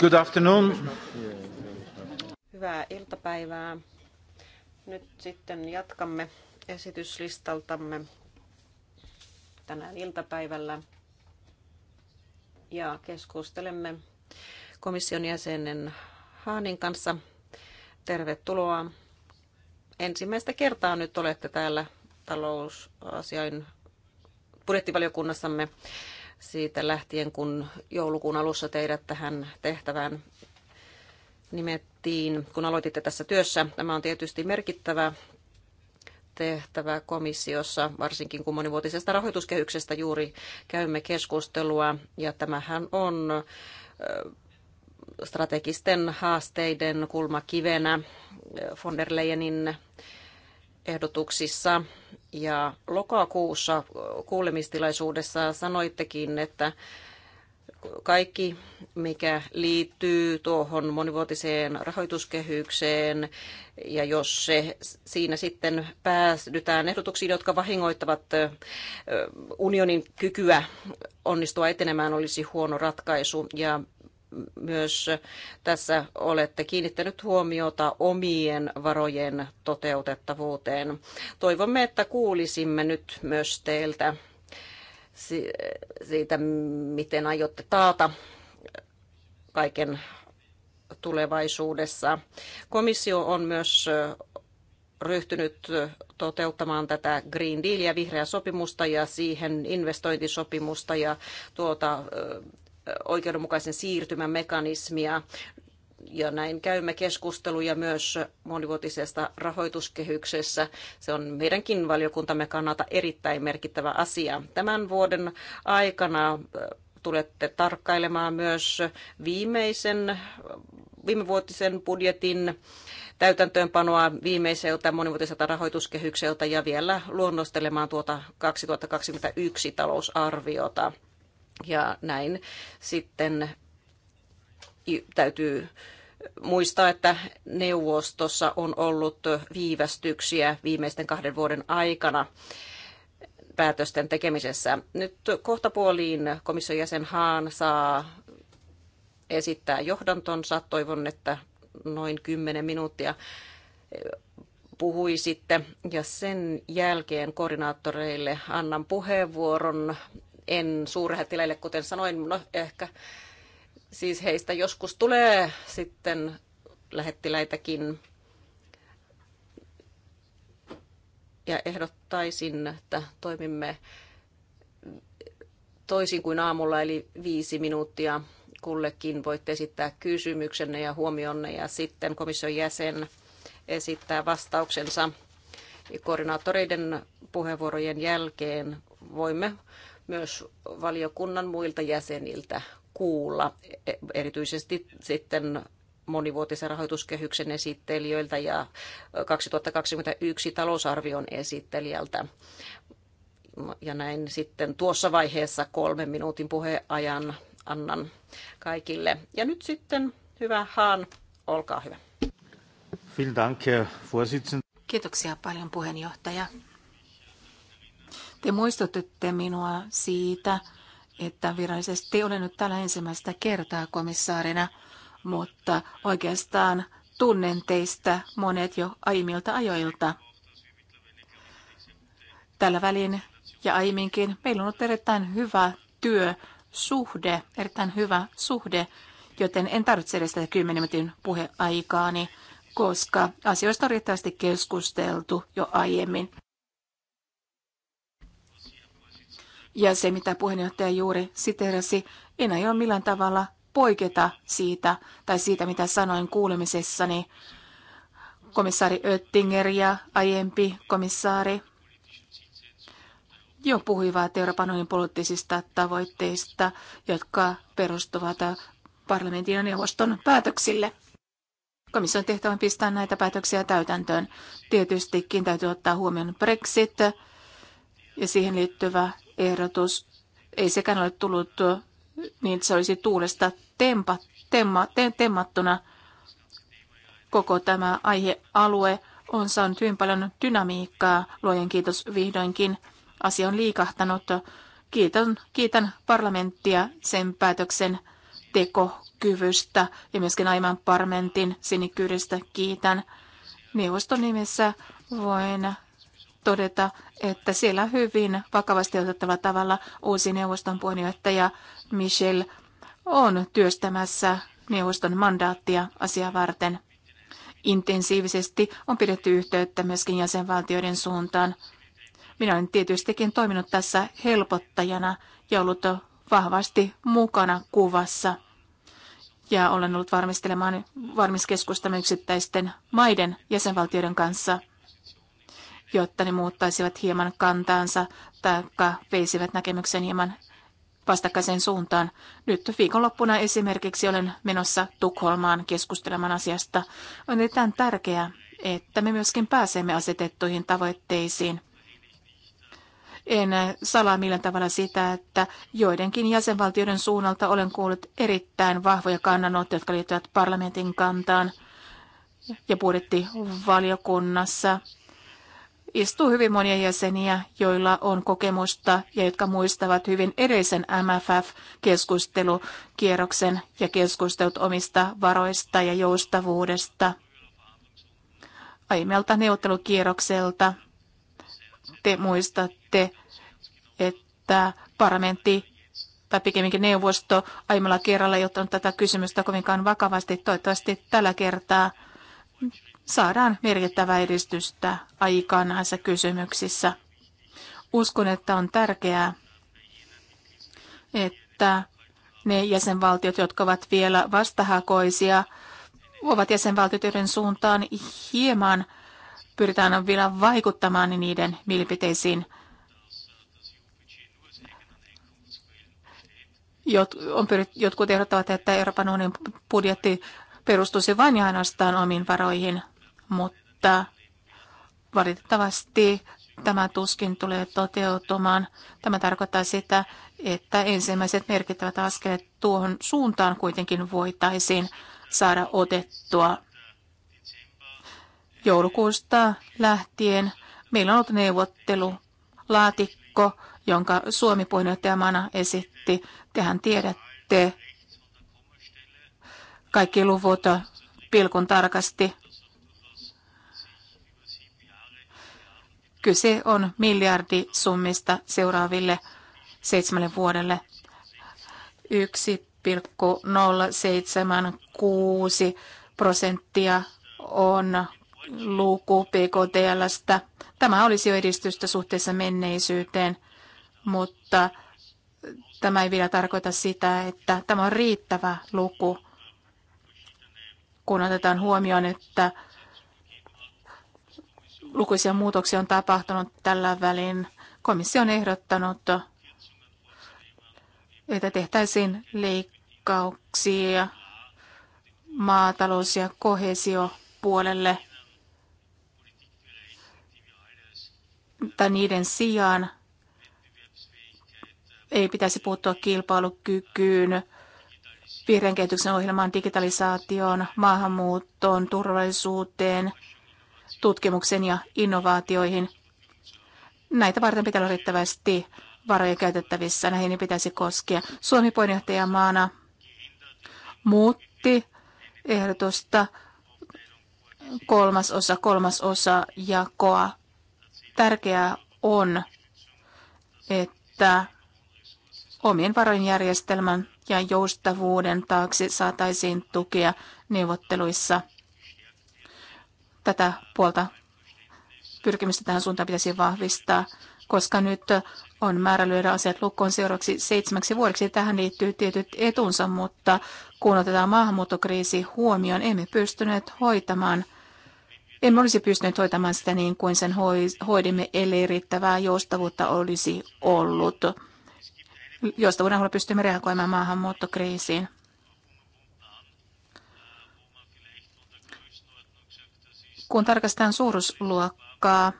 Good afternoon. Hyvää iltapäivää. Nyt sitten jatkamme esityslistaltamme tänään iltapäivällä ja keskustelemme komission jäsenen Haanin kanssa. Tervetuloa. Ensimmäistä kertaa nyt olette täällä talousasiain budjettivaliokunnassamme siitä lähtien, kun joulukuun alussa teidät tähän tehtävään nimettiin, kun aloititte tässä työssä. Tämä on tietysti merkittävä tehtävä komissiossa, varsinkin kun monivuotisesta rahoituskehyksestä juuri käymme keskustelua. Ja tämähän on strategisten haasteiden kulmakivenä von der Leyenin ehdotuksissa. Ja lokakuussa kuulemistilaisuudessa sanoittekin, että kaikki, mikä liittyy tuohon monivuotiseen rahoituskehykseen, ja jos se, siinä sitten päädytään ehdotuksiin, jotka vahingoittavat unionin kykyä onnistua etenemään, olisi huono ratkaisu. Ja myös tässä olette kiinnittänyt huomiota omien varojen toteutettavuuteen. Toivomme, että kuulisimme nyt myös teiltä siitä, miten aiotte taata kaiken tulevaisuudessa. Komissio on myös ryhtynyt toteuttamaan tätä Green Dealia, vihreää sopimusta ja siihen investointisopimusta ja tuota oikeudenmukaisen siirtymän mekanismia ja näin käymme keskusteluja myös monivuotisesta rahoituskehyksessä. Se on meidänkin valiokuntamme kannalta erittäin merkittävä asia. Tämän vuoden aikana äh, tulette tarkkailemaan myös viimeisen, viimevuotisen budjetin täytäntöönpanoa viimeiseltä monivuotiselta rahoituskehykseltä ja vielä luonnostelemaan tuota 2021 talousarviota. Ja näin sitten täytyy muistaa, että neuvostossa on ollut viivästyksiä viimeisten kahden vuoden aikana päätösten tekemisessä. Nyt kohtapuoliin komission jäsen Haan saa esittää johdantonsa. Toivon, että noin 10 minuuttia puhui sitten. Ja sen jälkeen koordinaattoreille annan puheenvuoron en suurlähettiläille, kuten sanoin, no ehkä siis heistä joskus tulee sitten lähettiläitäkin. Ja ehdottaisin, että toimimme toisin kuin aamulla, eli viisi minuuttia kullekin voitte esittää kysymyksenne ja huomionne ja sitten komission jäsen esittää vastauksensa koordinaattoreiden puheenvuorojen jälkeen voimme myös valiokunnan muilta jäseniltä kuulla, e- erityisesti sitten monivuotisen rahoituskehyksen esittelijöiltä ja 2021 talousarvion esittelijältä. Ja näin sitten tuossa vaiheessa kolmen minuutin puheajan annan kaikille. Ja nyt sitten, hyvä Haan, olkaa hyvä. Kiitoksia paljon puheenjohtaja. Te muistutitte minua siitä, että virallisesti olen nyt täällä ensimmäistä kertaa komissaarina, mutta oikeastaan tunnen teistä monet jo aiemmilta ajoilta. Tällä välin ja aiemminkin meillä on ollut erittäin hyvä työ suhde, erittäin hyvä suhde, joten en tarvitse edes tätä 10 minuutin puheaikaani, koska asioista on riittävästi keskusteltu jo aiemmin. Ja se, mitä puheenjohtaja juuri siterasi, en aio millään tavalla poiketa siitä tai siitä, mitä sanoin kuulemisessani. Komissaari Oettinger ja aiempi komissaari jo puhuivat Euroopan unionin poliittisista tavoitteista, jotka perustuvat parlamentin ja neuvoston päätöksille. Komission tehtävä on pistää näitä päätöksiä täytäntöön. Tietystikin täytyy ottaa huomioon Brexit ja siihen liittyvä ehdotus ei sekään ole tullut niin, että se olisi tuulesta tempa, temma, te, temmattuna. Koko tämä aihealue on saanut hyvin paljon dynamiikkaa. Luojen kiitos vihdoinkin. Asia on liikahtanut. Kiitän, kiitän parlamenttia sen päätöksen tekokyvystä ja myöskin aivan parlamentin sinikyydestä kiitän. Neuvoston nimessä voin todeta, että siellä hyvin vakavasti otettava tavalla uusi neuvoston puheenjohtaja Michel on työstämässä neuvoston mandaattia asiaa varten. Intensiivisesti on pidetty yhteyttä myöskin jäsenvaltioiden suuntaan. Minä olen tietystikin toiminut tässä helpottajana ja ollut vahvasti mukana kuvassa. Ja olen ollut varmistelemaan varmiskeskustamme yksittäisten maiden jäsenvaltioiden kanssa – jotta ne muuttaisivat hieman kantaansa tai veisivät näkemyksen hieman vastakkaiseen suuntaan. Nyt viikonloppuna esimerkiksi olen menossa Tukholmaan keskustelemaan asiasta. On erittäin tärkeää, että me myöskin pääsemme asetettuihin tavoitteisiin. En salaa millään tavalla sitä, että joidenkin jäsenvaltioiden suunnalta olen kuullut erittäin vahvoja kannanottoja, jotka liittyvät parlamentin kantaan ja budjettivaliokunnassa istuu hyvin monia jäseniä, joilla on kokemusta ja jotka muistavat hyvin edellisen MFF-keskustelukierroksen ja keskustelut omista varoista ja joustavuudesta aiemmalta neuvottelukierrokselta. Te muistatte, että parlamentti tai pikemminkin neuvosto aiemmalla kerralla ei ottanut tätä kysymystä kovinkaan vakavasti. Toivottavasti tällä kertaa saadaan merkittävää edistystä aikaan näissä kysymyksissä. Uskon, että on tärkeää, että ne jäsenvaltiot, jotka ovat vielä vastahakoisia, ovat jäsenvaltioiden suuntaan hieman pyritään vielä vaikuttamaan niiden mielipiteisiin. Jot, on pyrit, jotkut ehdottavat, että Euroopan unionin budjetti perustuisi vain ja ainoastaan omiin varoihin mutta valitettavasti tämä tuskin tulee toteutumaan. Tämä tarkoittaa sitä, että ensimmäiset merkittävät askeleet tuohon suuntaan kuitenkin voitaisiin saada otettua. Joulukuusta lähtien meillä on ollut neuvottelulaatikko, jonka Suomi puheenjohtajamana esitti. Tehän tiedätte kaikki luvut pilkun tarkasti. Kyse on miljardisummista seuraaville seitsemälle vuodelle. 1,076 prosenttia on luku PKTLstä. Tämä olisi jo edistystä suhteessa menneisyyteen, mutta tämä ei vielä tarkoita sitä, että tämä on riittävä luku, kun otetaan huomioon, että Lukuisia muutoksia on tapahtunut tällä välin. Komissio on ehdottanut, että tehtäisiin leikkauksia maatalous- ja kohesiopuolelle tai niiden sijaan ei pitäisi puuttua kilpailukykyyn, vihreän kehityksen ohjelmaan, digitalisaatioon, maahanmuuttoon, turvallisuuteen – tutkimuksen ja innovaatioihin. Näitä varten pitää olla riittävästi varoja käytettävissä, näihin pitäisi koskea. Suomi puheenjohtajamaana muutti ehdotusta kolmasosa, kolmasosa jakoa. Tärkeää on, että omien varojen järjestelmän ja joustavuuden taakse saataisiin tukea neuvotteluissa – tätä puolta pyrkimystä tähän suuntaan pitäisi vahvistaa, koska nyt on määrä lyödä asiat lukkoon seuraavaksi seitsemäksi vuodeksi. Tähän liittyy tietyt etunsa, mutta kun otetaan maahanmuuttokriisi huomioon, emme pystyneet hoitamaan emme olisi pystyneet hoitamaan sitä niin kuin sen hoidimme, ellei riittävää joustavuutta olisi ollut. Joustavuuden avulla pystymme reagoimaan maahanmuuttokriisiin. Kun tarkastetaan suuruusluokkaa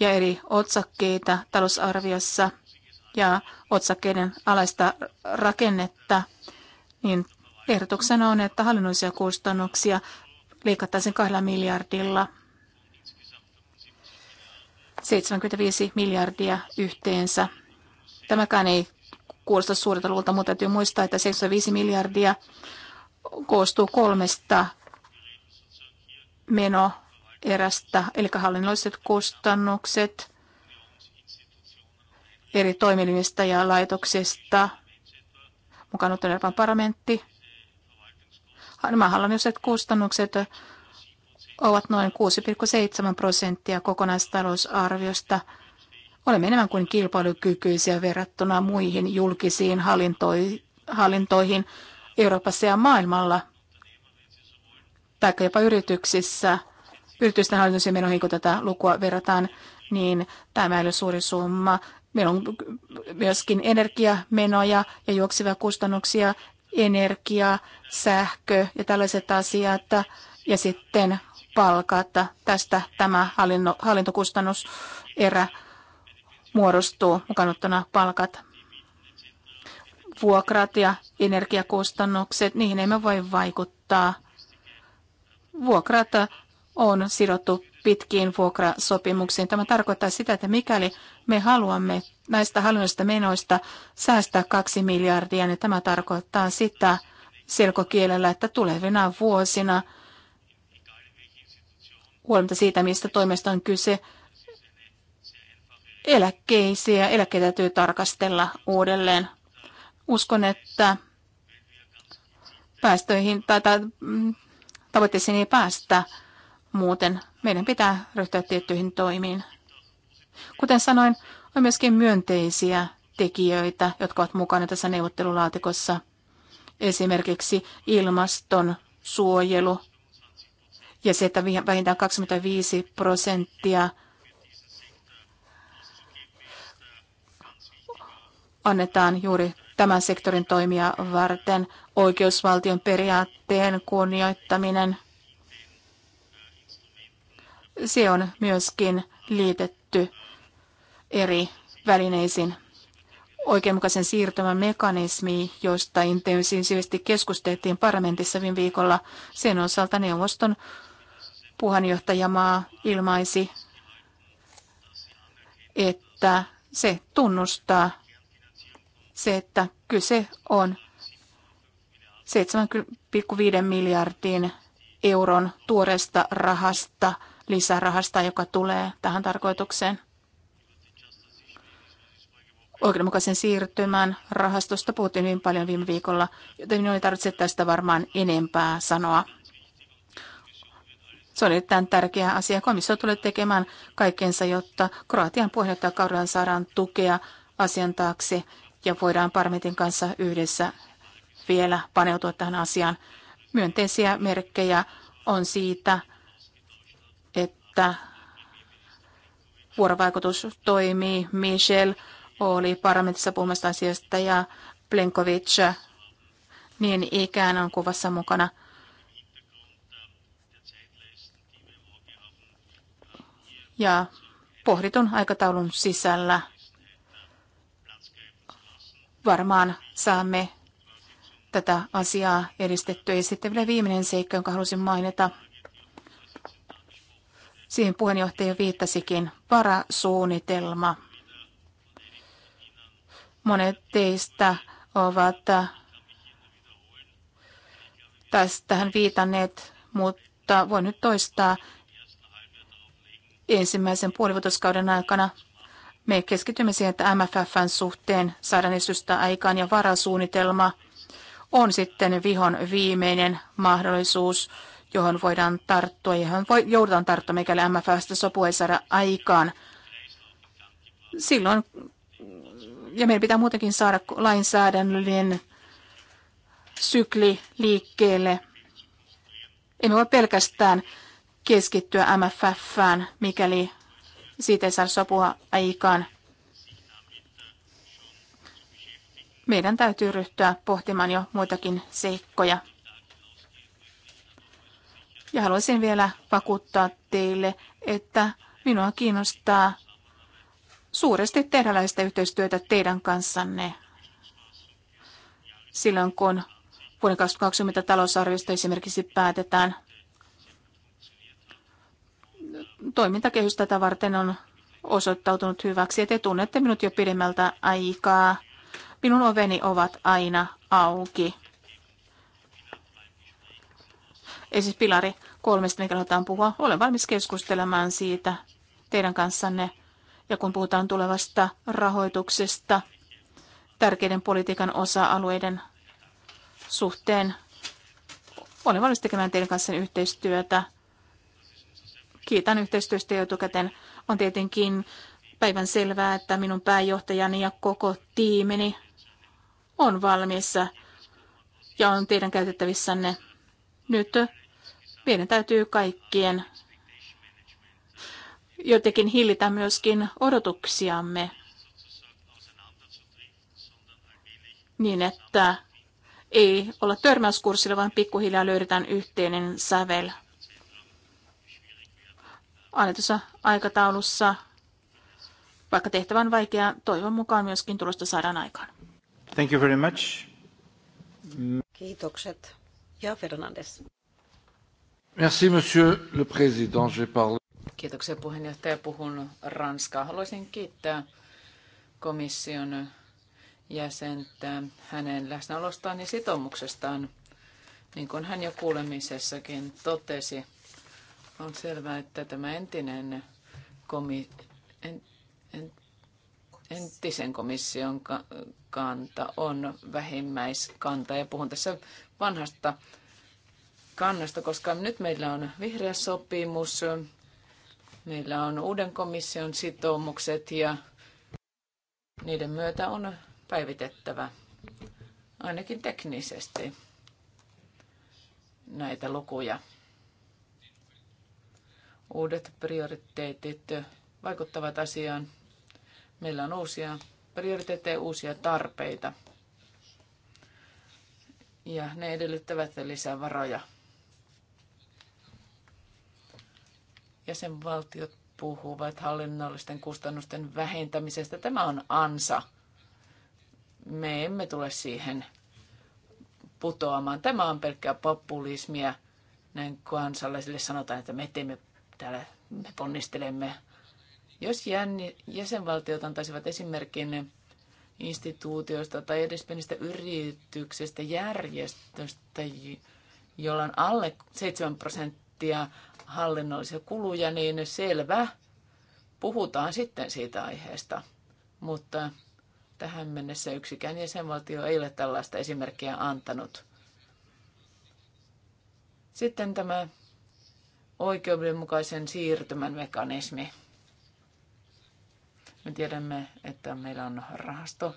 ja eri otsakkeita talousarviossa ja otsakkeiden alaista rakennetta, niin ehdotuksena on, että hallinnollisia kustannuksia leikattaisiin kahdella miljardilla 75 miljardia yhteensä. Tämäkään ei kuulosta suurta luulta, mutta täytyy muistaa, että 75 miljardia koostuu kolmesta menoerästä, eli hallinnolliset kustannukset eri toimielimistä ja laitoksista, mukaan ottanut Euroopan parlamentti. Nämä hallinnolliset kustannukset ovat noin 6,7 prosenttia kokonaistalousarviosta. Olemme enemmän kuin kilpailukykyisiä verrattuna muihin julkisiin hallintoihin Euroopassa ja maailmalla, tai jopa yrityksissä, yritysten hallinnollisiin menoihin, kun tätä lukua verrataan, niin tämä ei ole suuri summa. Meillä on myöskin energiamenoja ja juoksivia kustannuksia, energia, sähkö ja tällaiset asiat, ja sitten palkat. Tästä tämä hallinno, hallintokustannuserä muodostuu mukanottona palkat vuokrat ja energiakustannukset, niihin emme voi vaikuttaa. Vuokrat on sidottu pitkiin vuokrasopimuksiin. Tämä tarkoittaa sitä, että mikäli me haluamme näistä hallinnollisista menoista säästää kaksi miljardia, niin tämä tarkoittaa sitä selkokielellä, että tulevina vuosina, huolimatta siitä, mistä toimesta on kyse, eläkkeisiä, eläkkeitä täytyy tarkastella uudelleen. Uskon, että päästöihin tai, mm, tavoitteisiin ei päästä muuten. Meidän pitää ryhtyä tiettyihin toimiin. Kuten sanoin, on myöskin myönteisiä tekijöitä, jotka ovat mukana tässä neuvottelulaatikossa. Esimerkiksi ilmaston suojelu ja se, että vähintään 25 prosenttia annetaan juuri tämän sektorin toimia varten, oikeusvaltion periaatteen kunnioittaminen. Se on myöskin liitetty eri välineisiin oikeudenmukaisen siirtymän mekanismi, josta intensiivisesti keskusteltiin parlamentissa viime viikolla. Sen osalta neuvoston puheenjohtajamaa ilmaisi, että se tunnustaa se, että kyse on 7,5 miljardin euron tuoresta rahasta, lisärahasta, joka tulee tähän tarkoitukseen. Oikeudenmukaisen siirtymän rahastosta puhuttiin hyvin paljon viime viikolla, joten minun ei tarvitse tästä varmaan enempää sanoa. Se on erittäin tärkeä asia. Komissio tulee tekemään kaikkensa, jotta Kroatian puheenjohtajakaudella saadaan tukea asian taakse ja voidaan parmitin kanssa yhdessä vielä paneutua tähän asiaan. Myönteisiä merkkejä on siitä, että vuorovaikutus toimii. Michel oli parlamentissa puhumassa asiasta ja Plenkovic niin ikään on kuvassa mukana. Ja pohditun aikataulun sisällä varmaan saamme tätä asiaa edistettyä. Ja sitten vielä viimeinen seikka, jonka halusin mainita. Siihen puheenjohtaja viittasikin varasuunnitelma. Monet teistä ovat tähän viitanneet, mutta voin nyt toistaa ensimmäisen puolivuotoskauden aikana me keskitymme siihen, että MFFn suhteen saadaan esitystä aikaan ja varasuunnitelma on sitten vihon viimeinen mahdollisuus, johon voidaan tarttua ja johon voi, joudutaan tarttua, mikäli MFFstä sopu ei saada aikaan. Silloin, ja meidän pitää muutenkin saada lainsäädännöllinen sykli liikkeelle. Emme voi pelkästään keskittyä MFFään, mikäli siitä ei saa sopua aikaan. Meidän täytyy ryhtyä pohtimaan jo muitakin seikkoja. Ja haluaisin vielä vakuuttaa teille, että minua kiinnostaa suuresti tehdä yhteistyötä teidän kanssanne silloin, kun vuoden 2020 talousarviosta esimerkiksi päätetään – toimintakehys tätä varten on osoittautunut hyväksi. Ja te tunnette minut jo pidemmältä aikaa. Minun oveni ovat aina auki. Ei siis pilari kolmesta, mikä halutaan puhua. Olen valmis keskustelemaan siitä teidän kanssanne. Ja kun puhutaan tulevasta rahoituksesta, tärkeiden politiikan osa-alueiden suhteen, olen valmis tekemään teidän kanssanne yhteistyötä Kiitän yhteistyöstä jo etukäteen. On tietenkin päivän selvää, että minun pääjohtajani ja koko tiimini on valmiissa ja on teidän käytettävissänne. Nyt meidän täytyy kaikkien jotenkin hillitä myöskin odotuksiamme niin, että ei olla törmäyskurssilla, vaan pikkuhiljaa löydetään yhteinen sävel annetussa aikataulussa. Vaikka tehtävä on vaikea, toivon mukaan myöskin tulosta saadaan aikaan. Thank you very much. Kiitokset. Ja Fernandes. Merci, monsieur le président. Je parle... Kiitoksia puheenjohtaja. Puhun ranskaa. Haluaisin kiittää komission jäsentä hänen läsnäolostaan ja sitoumuksestaan, niin kuin hän jo kuulemisessakin totesi on selvää, että tämä entinen komi, en, en, entisen komission kanta on vähimmäiskanta. Ja puhun tässä vanhasta kannasta, koska nyt meillä on vihreä sopimus, meillä on uuden komission sitoumukset ja niiden myötä on päivitettävä ainakin teknisesti näitä lukuja. Uudet prioriteetit vaikuttavat asiaan. Meillä on uusia prioriteetteja, uusia tarpeita. Ja ne edellyttävät lisää varoja. Jäsenvaltiot puhuvat hallinnollisten kustannusten vähentämisestä. Tämä on ansa. Me emme tule siihen putoamaan. Tämä on pelkkää populismia. Näin kansalaisille sanotaan, että me teemme täällä me ponnistelemme. Jos jäsenvaltiot antaisivat esimerkin instituutioista tai edes pienistä yrityksestä, järjestöstä, jolla on alle 7 prosenttia hallinnollisia kuluja, niin selvä, puhutaan sitten siitä aiheesta. Mutta tähän mennessä yksikään jäsenvaltio ei ole tällaista esimerkkiä antanut. Sitten tämä oikeudenmukaisen siirtymän mekanismi. Me tiedämme, että meillä on rahasto,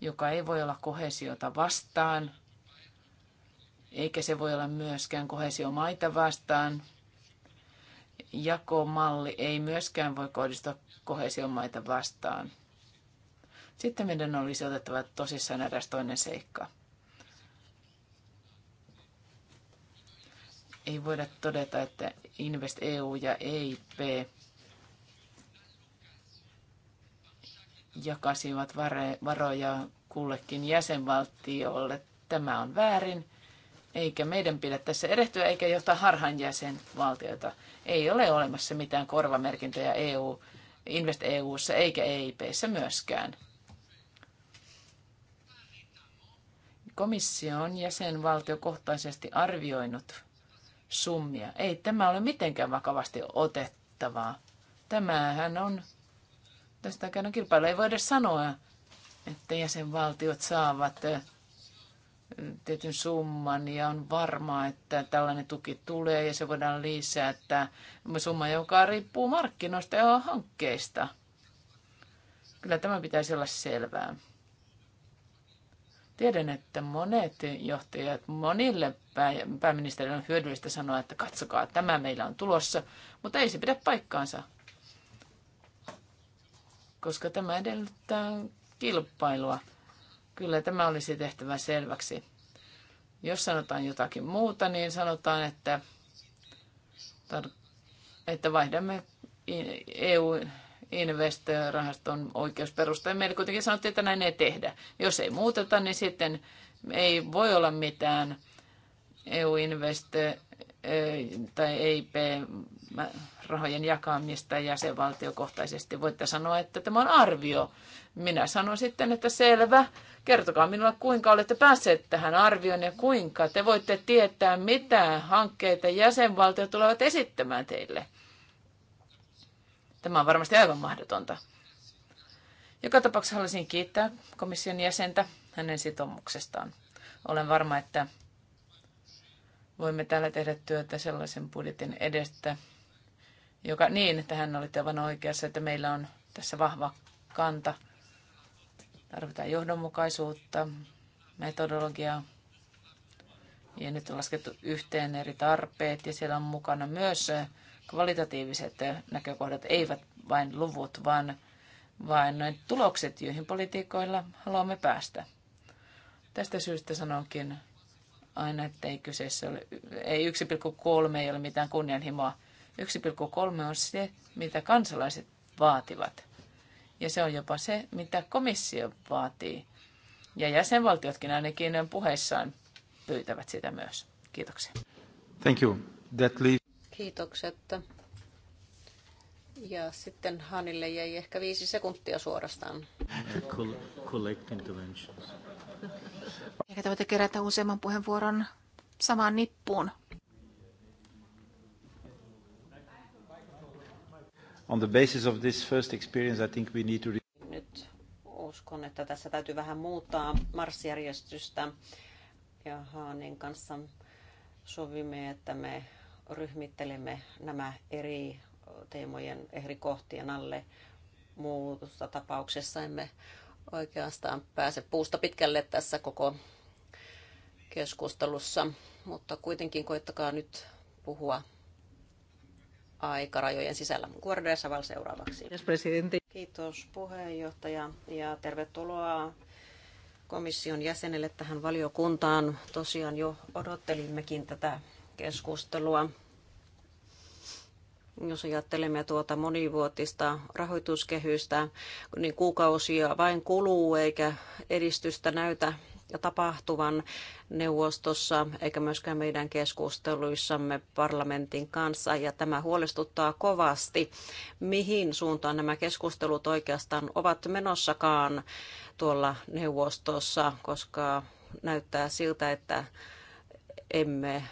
joka ei voi olla kohesiota vastaan, eikä se voi olla myöskään kohesiomaita vastaan. Jakomalli ei myöskään voi kohdistua kohesiomaita vastaan. Sitten meidän olisi otettava tosissaan eräs toinen seikka – ei voida todeta, että Invest EU ja EIP jakasivat varoja kullekin jäsenvaltiolle. Tämä on väärin, eikä meidän pidä tässä erehtyä eikä johtaa harhan jäsenvaltioita. Ei ole olemassa mitään korvamerkintöjä EU, Invest EUssa eikä EIPssä myöskään. Komissio on jäsenvaltiokohtaisesti arvioinut summia. Ei tämä ole mitenkään vakavasti otettavaa. Tämähän on, tästä käydään kilpailu. Ei voida sanoa, että jäsenvaltiot saavat tietyn summan ja on varmaa, että tällainen tuki tulee ja se voidaan lisätä. Summa, joka riippuu markkinoista ja hankkeista. Kyllä tämä pitäisi olla selvää. Tiedän, että monet johtajat, monille pääministerille on hyödyllistä sanoa, että katsokaa, tämä meillä on tulossa, mutta ei se pidä paikkaansa, koska tämä edellyttää kilpailua. Kyllä tämä olisi tehtävä selväksi. Jos sanotaan jotakin muuta, niin sanotaan, että, että vaihdamme EU Invest-rahaston oikeusperusta. Meille kuitenkin sanottiin, että näin ei tehdä. Jos ei muuteta, niin sitten ei voi olla mitään EU-invest e, tai EIP-rahojen jakamista ja se valtiokohtaisesti. Voitte sanoa, että tämä on arvio. Minä sanon sitten, että selvä. Kertokaa minulle, kuinka olette päässeet tähän arvioon ja kuinka te voitte tietää, mitä hankkeita jäsenvaltiot tulevat esittämään teille. Tämä on varmasti aivan mahdotonta. Joka tapauksessa haluaisin kiittää komission jäsentä hänen sitoumuksestaan. Olen varma, että voimme täällä tehdä työtä sellaisen budjetin edestä, joka niin, että hän oli aivan oikeassa, että meillä on tässä vahva kanta. Tarvitaan johdonmukaisuutta, metodologiaa ja nyt on laskettu yhteen eri tarpeet ja siellä on mukana myös kvalitatiiviset näkökohdat, eivät vain luvut, vaan, vaan noin tulokset, joihin politiikoilla haluamme päästä. Tästä syystä sanonkin aina, että ei kyseessä ole, ei 1,3 ei ole mitään kunnianhimoa. 1,3 on se, mitä kansalaiset vaativat. Ja se on jopa se, mitä komissio vaatii. Ja jäsenvaltiotkin ainakin puheissaan pyytävät sitä myös. Kiitoksia. Thank you. That leaves Kiitokset. Ja sitten Hanille jäi ehkä viisi sekuntia suorastaan. Collect interventions. Ehkä te voitte kerätä useamman puheenvuoron samaan nippuun. On the basis of this first experience, I think we need to... Nyt uskon, että tässä täytyy vähän muuttaa marssijärjestystä. Ja Haanin kanssa sovimme, että me ryhmittelemme nämä eri teemojen eri kohtien alle. Muussa tapauksessa emme oikeastaan pääse puusta pitkälle tässä koko keskustelussa, mutta kuitenkin koittakaa nyt puhua aikarajojen sisällä. Guardia Saval seuraavaksi. Kiitos puheenjohtaja ja tervetuloa komission jäsenelle tähän valiokuntaan. Tosiaan jo odottelimmekin tätä keskustelua. Jos ajattelemme tuota monivuotista rahoituskehystä, niin kuukausia vain kuluu eikä edistystä näytä ja tapahtuvan neuvostossa eikä myöskään meidän keskusteluissamme parlamentin kanssa. Ja tämä huolestuttaa kovasti, mihin suuntaan nämä keskustelut oikeastaan ovat menossakaan tuolla neuvostossa, koska näyttää siltä, että emme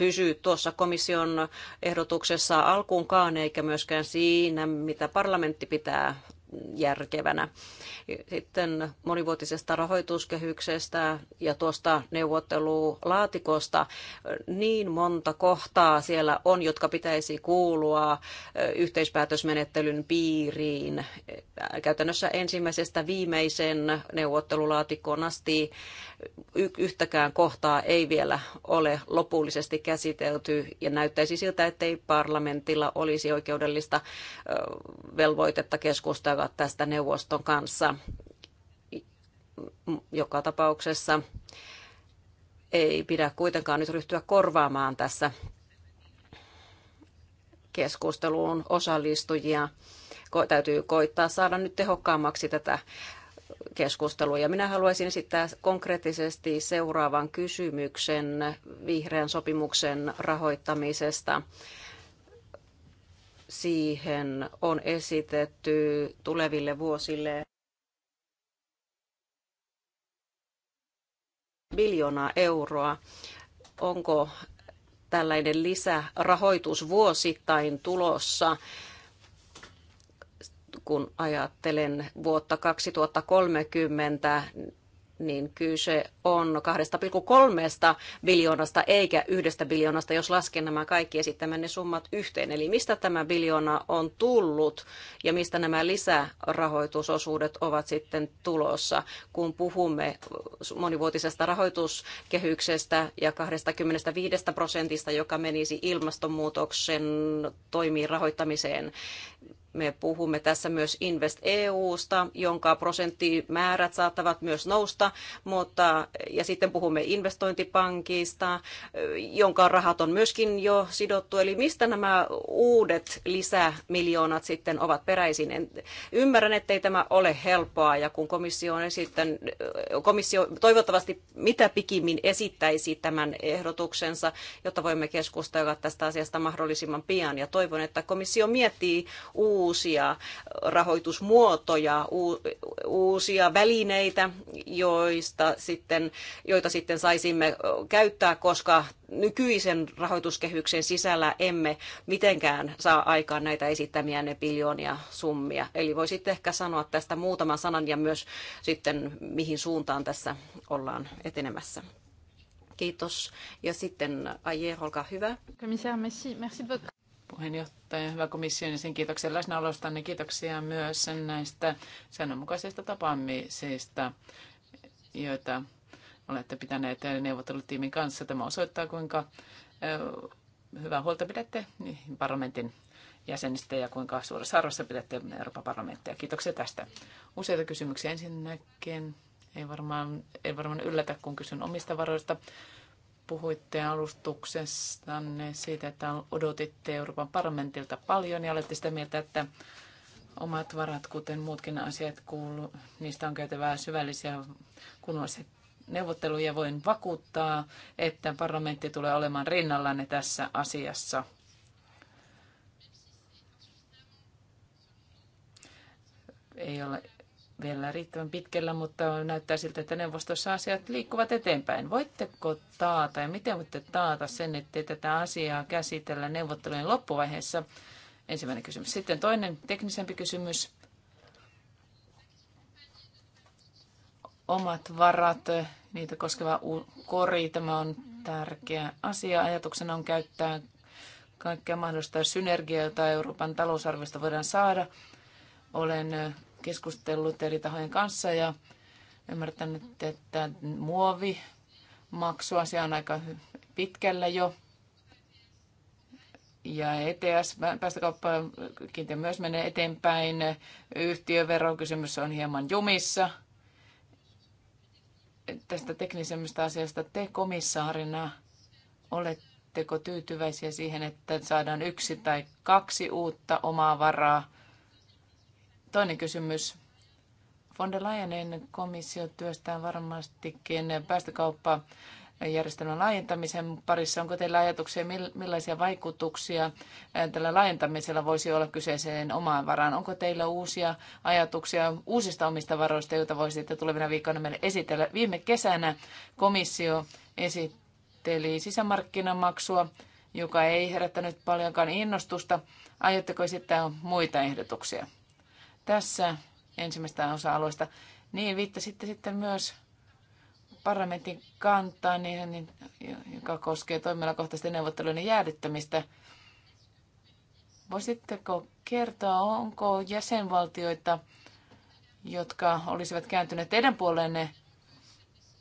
pysy tuossa komission ehdotuksessa alkuunkaan, eikä myöskään siinä, mitä parlamentti pitää järkevänä. Sitten monivuotisesta rahoituskehyksestä ja tuosta neuvottelulaatikosta niin monta kohtaa siellä on, jotka pitäisi kuulua yhteispäätösmenettelyn piiriin. Käytännössä ensimmäisestä viimeisen neuvottelulaatikon asti yhtäkään kohtaa ei vielä ole lopullisesti käsitelty ja näyttäisi siltä, ettei parlamentilla olisi oikeudellista velvoitetta keskustella tästä neuvoston kanssa. Joka tapauksessa ei pidä kuitenkaan nyt ryhtyä korvaamaan tässä keskusteluun osallistujia. Ko- täytyy koittaa saada nyt tehokkaammaksi tätä keskustelu. Ja minä haluaisin esittää konkreettisesti seuraavan kysymyksen vihreän sopimuksen rahoittamisesta. Siihen on esitetty tuleville vuosille biljoonaa euroa. Onko tällainen lisärahoitus vuosittain tulossa? kun ajattelen vuotta 2030, niin kyse on 2,3 biljoonasta eikä yhdestä biljoonasta, jos lasken nämä kaikki esittämänne summat yhteen. Eli mistä tämä biljoona on tullut ja mistä nämä lisärahoitusosuudet ovat sitten tulossa, kun puhumme monivuotisesta rahoituskehyksestä ja 25 prosentista, joka menisi ilmastonmuutoksen toimiin rahoittamiseen me puhumme tässä myös Invest EUsta, jonka prosenttimäärät saattavat myös nousta, mutta, ja sitten puhumme investointipankista, jonka rahat on myöskin jo sidottu. Eli mistä nämä uudet lisämiljoonat sitten ovat peräisin? En, ymmärrän, ettei tämä ole helppoa, ja kun komissio on esittänyt, komissio toivottavasti mitä pikimmin esittäisi tämän ehdotuksensa, jotta voimme keskustella tästä asiasta mahdollisimman pian, ja toivon, että komissio miettii uusia uusia rahoitusmuotoja, uusia välineitä, joista sitten, joita sitten saisimme käyttää, koska nykyisen rahoituskehyksen sisällä emme mitenkään saa aikaan näitä esittämiä ne biljoonia summia. Eli voisitte ehkä sanoa tästä muutaman sanan ja myös sitten mihin suuntaan tässä ollaan etenemässä. Kiitos. Ja sitten Aje, olkaa hyvä. Komissaari, merci. merci puheenjohtaja, hyvä komissio, ja sen kiitoksia niin Kiitoksia myös näistä säännönmukaisista tapaamisista, joita olette pitäneet neuvottelutiimin kanssa. Tämä osoittaa, kuinka hyvää huolta pidätte parlamentin jäsenistä ja kuinka suuressa arvossa pidätte Euroopan parlamenttia. Kiitoksia tästä. Useita kysymyksiä ensinnäkin. Ei varmaan, ei varmaan yllätä, kun kysyn omista varoista puhuitte alustuksestanne siitä, että odotitte Euroopan parlamentilta paljon ja olette sitä mieltä, että omat varat, kuten muutkin asiat kuuluu, niistä on käytävää syvällisiä kunnollisia neuvotteluja. Voin vakuuttaa, että parlamentti tulee olemaan rinnallanne tässä asiassa. Ei ole vielä riittävän pitkällä, mutta näyttää siltä, että neuvostossa asiat liikkuvat eteenpäin. Voitteko taata ja miten voitte taata sen, että tätä asiaa käsitellä neuvottelujen loppuvaiheessa? Ensimmäinen kysymys. Sitten toinen teknisempi kysymys. Omat varat, niitä koskeva kori, tämä on tärkeä asia. Ajatuksena on käyttää kaikkea mahdollista synergiaa, jota Euroopan talousarviosta voidaan saada. Olen keskustellut eri tahojen kanssa ja ymmärtänyt, että muovi maksuasia on aika pitkällä jo. Ja ETS, päästökauppa kiinteä myös menee eteenpäin. Yhtiöverokysymys on hieman jumissa. Tästä teknisemmästä asiasta te komissaarina oletteko tyytyväisiä siihen, että saadaan yksi tai kaksi uutta omaa varaa Toinen kysymys. Von der Leyenin komissio työstää varmastikin päästökauppa järjestelmän laajentamisen parissa. Onko teillä ajatuksia, millaisia vaikutuksia eh, tällä laajentamisella voisi olla kyseiseen omaan varaan? Onko teillä uusia ajatuksia uusista omista varoista, joita voisitte tulevina viikkoina meille esitellä? Viime kesänä komissio esitteli sisämarkkinamaksua, joka ei herättänyt paljonkaan innostusta. Aiotteko esittää muita ehdotuksia? tässä ensimmäistä osa-alueesta. Niin, viittasitte sitten myös parlamentin kantaa, niin, niin, joka koskee toimialakohtaisten neuvottelujen jäädyttämistä. Voisitteko kertoa, onko jäsenvaltioita, jotka olisivat kääntyneet teidän puoleenne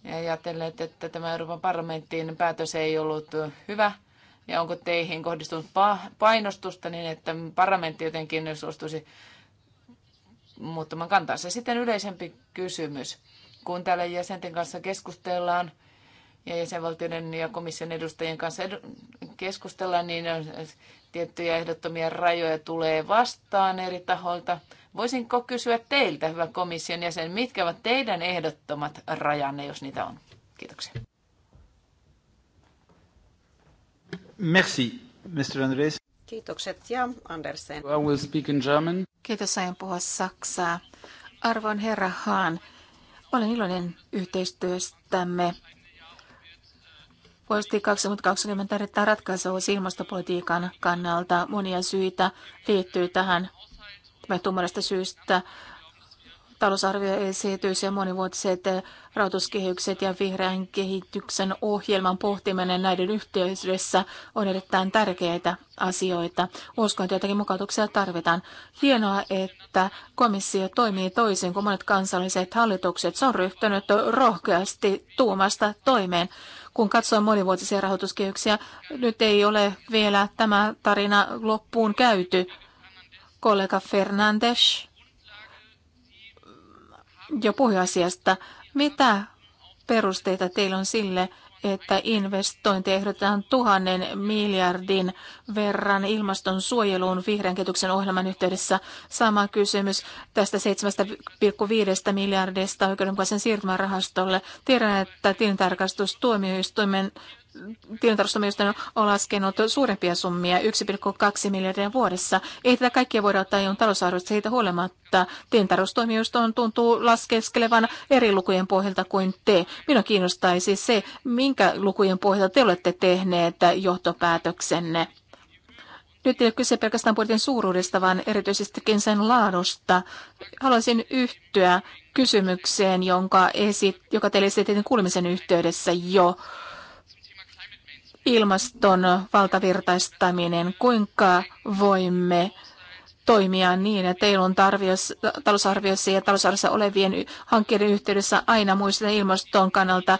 ja ajatelleet, että tämä Euroopan parlamenttiin päätös ei ollut hyvä? Ja onko teihin kohdistunut painostusta niin, että parlamentti jotenkin suostuisi muuttamaan kantaansa. Sitten yleisempi kysymys. Kun täällä jäsenten kanssa keskustellaan ja jäsenvaltioiden ja komission edustajien kanssa keskustellaan, niin tiettyjä ehdottomia rajoja tulee vastaan eri tahoilta. Voisinko kysyä teiltä, hyvä komission jäsen, mitkä ovat teidän ehdottomat rajanne, jos niitä on? Kiitoksia. Merci, Mr. Andres. Kiitokset ja Andersen. I will speak in German. Kiitos, aion puhua saksaa. Arvon herra Haan, olen iloinen yhteistyöstämme. Vuosi 2020 tarvittaa ratkaisua ilmastopolitiikan kannalta. Monia syitä liittyy tähän. Tummarasta syystä esitys ja monivuotiset rahoituskehykset ja vihreän kehityksen ohjelman pohtiminen näiden yhteydessä on erittäin tärkeitä asioita. Uskon, että jotakin mukautuksia tarvitaan. Hienoa, että komissio toimii toisin kuin monet kansalliset hallitukset. Se on ryhtynyt rohkeasti tuumasta toimeen. Kun katsoo monivuotisia rahoituskehyksiä, nyt ei ole vielä tämä tarina loppuun käyty. Kollega Fernandes jo pohjoasiasta. Mitä perusteita teillä on sille, että investointi ehdotetaan tuhannen miljardin verran ilmaston suojeluun vihreän kehityksen ohjelman yhteydessä. Sama kysymys tästä 7,5 miljardista oikeudenmukaisen siirtymärahastolle. Tiedän, että tilintarkastustuomioistuimen tilintarkastustoimijoista on laskenut suurempia summia, 1,2 miljardia vuodessa. Ei tätä kaikkea voida ottaa EUn talousarvosta siitä huolimatta. on tuntuu laskeskelevan eri lukujen pohjalta kuin te. Minua kiinnostaisi se, minkä lukujen pohjalta te olette tehneet johtopäätöksenne. Nyt ei ole kyse pelkästään budjetin suuruudesta, vaan erityisestikin sen laadusta. Haluaisin yhtyä kysymykseen, jonka esit, joka teille esitettiin kuulemisen yhteydessä jo ilmaston valtavirtaistaminen, kuinka voimme toimia niin, että ole talousarviossa ja talousarviossa olevien hankkeiden yhteydessä aina muistetaan ilmaston kannalta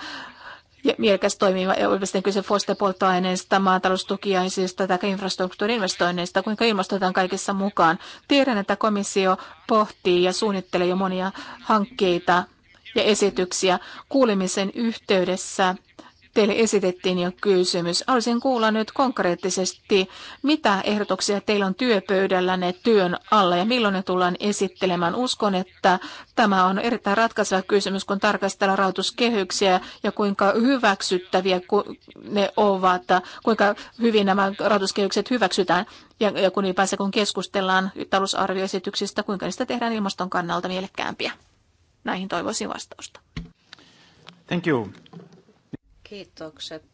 mielekäs toimiva, e sitten kyse fossiilista polttoaineista, maataloustukiaisista tai infrastruktuuriinvestoinneista, kuinka ilmastotaan kaikessa mukaan. Tiedän, että komissio pohtii ja suunnittelee jo monia hankkeita ja esityksiä kuulemisen yhteydessä Teille esitettiin jo kysymys. Haluaisin kuulla nyt konkreettisesti, mitä ehdotuksia teillä on työpöydällänne työn alla ja milloin ne tullaan esittelemään. Uskon, että tämä on erittäin ratkaiseva kysymys, kun tarkastellaan rahoituskehyksiä ja kuinka hyväksyttäviä ne ovat, kuinka hyvin nämä rahoituskehykset hyväksytään. Ja, ja kun ylipäänsä kun keskustellaan talousarvioesityksistä, kuinka niistä tehdään ilmaston kannalta mielekkäämpiä. Näihin toivoisin vastausta. Thank you. Kiitokset.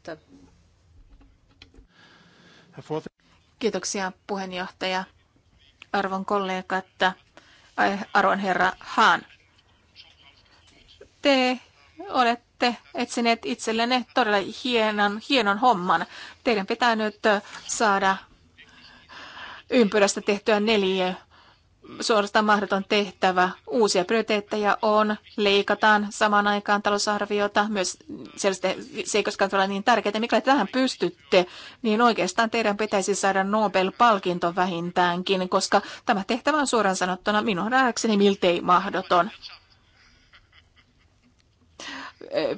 Kiitoksia puheenjohtaja, arvon kollegat, arvon herra Haan. Te olette etsineet itsellenne todella hienon, hienon homman. Teidän pitää nyt saada ympyrästä tehtyä neliö suorastaan mahdoton tehtävä. Uusia prioriteetteja on, leikataan samaan aikaan talousarviota, myös ei koskaan ole niin tärkeää, mikä tähän pystytte, niin oikeastaan teidän pitäisi saada Nobel-palkinto vähintäänkin, koska tämä tehtävä on suoraan sanottuna minun nähdäkseni miltei mahdoton.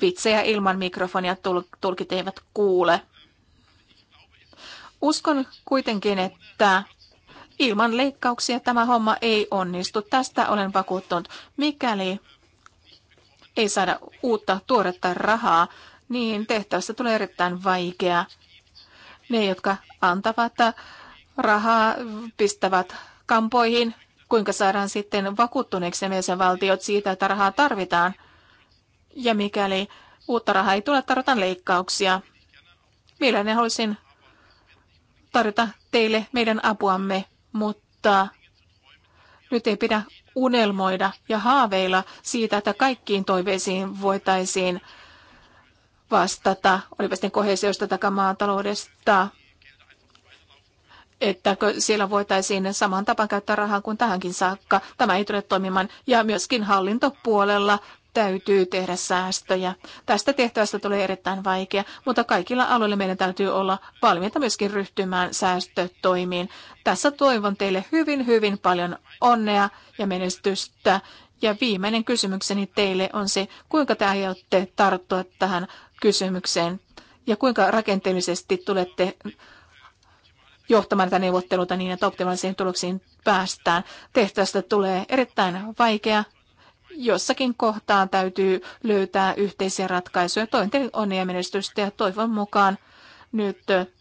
Vitsejä ilman mikrofonia tulkit eivät kuule. Uskon kuitenkin, että Ilman leikkauksia tämä homma ei onnistu. Tästä olen vakuuttunut. Mikäli ei saada uutta tuoretta rahaa, niin tehtävästä tulee erittäin vaikea. Ne, jotka antavat rahaa, pistävät kampoihin, kuinka saadaan sitten vakuuttuneeksi valtiot siitä, että rahaa tarvitaan. Ja mikäli uutta rahaa ei tule, tarvitaan leikkauksia. millä ne haluaisin tarjota teille meidän apuamme mutta nyt ei pidä unelmoida ja haaveilla siitä, että kaikkiin toiveisiin voitaisiin vastata, olipa sitten kohesiosta tai maataloudesta, että siellä voitaisiin saman tapaan käyttää rahaa kuin tähänkin saakka. Tämä ei tule toimimaan. Ja myöskin hallintopuolella täytyy tehdä säästöjä. Tästä tehtävästä tulee erittäin vaikea, mutta kaikilla aloilla meidän täytyy olla valmiita myöskin ryhtymään säästötoimiin. Tässä toivon teille hyvin, hyvin paljon onnea ja menestystä. Ja viimeinen kysymykseni teille on se, kuinka te aiotte tarttua tähän kysymykseen ja kuinka rakenteellisesti tulette johtamaan tätä neuvotteluta niin, että optimaalisiin tuloksiin päästään. Tehtävästä tulee erittäin vaikea jossakin kohtaa täytyy löytää yhteisiä ratkaisuja. Toin teille onnea menestystä ja toivon mukaan nyt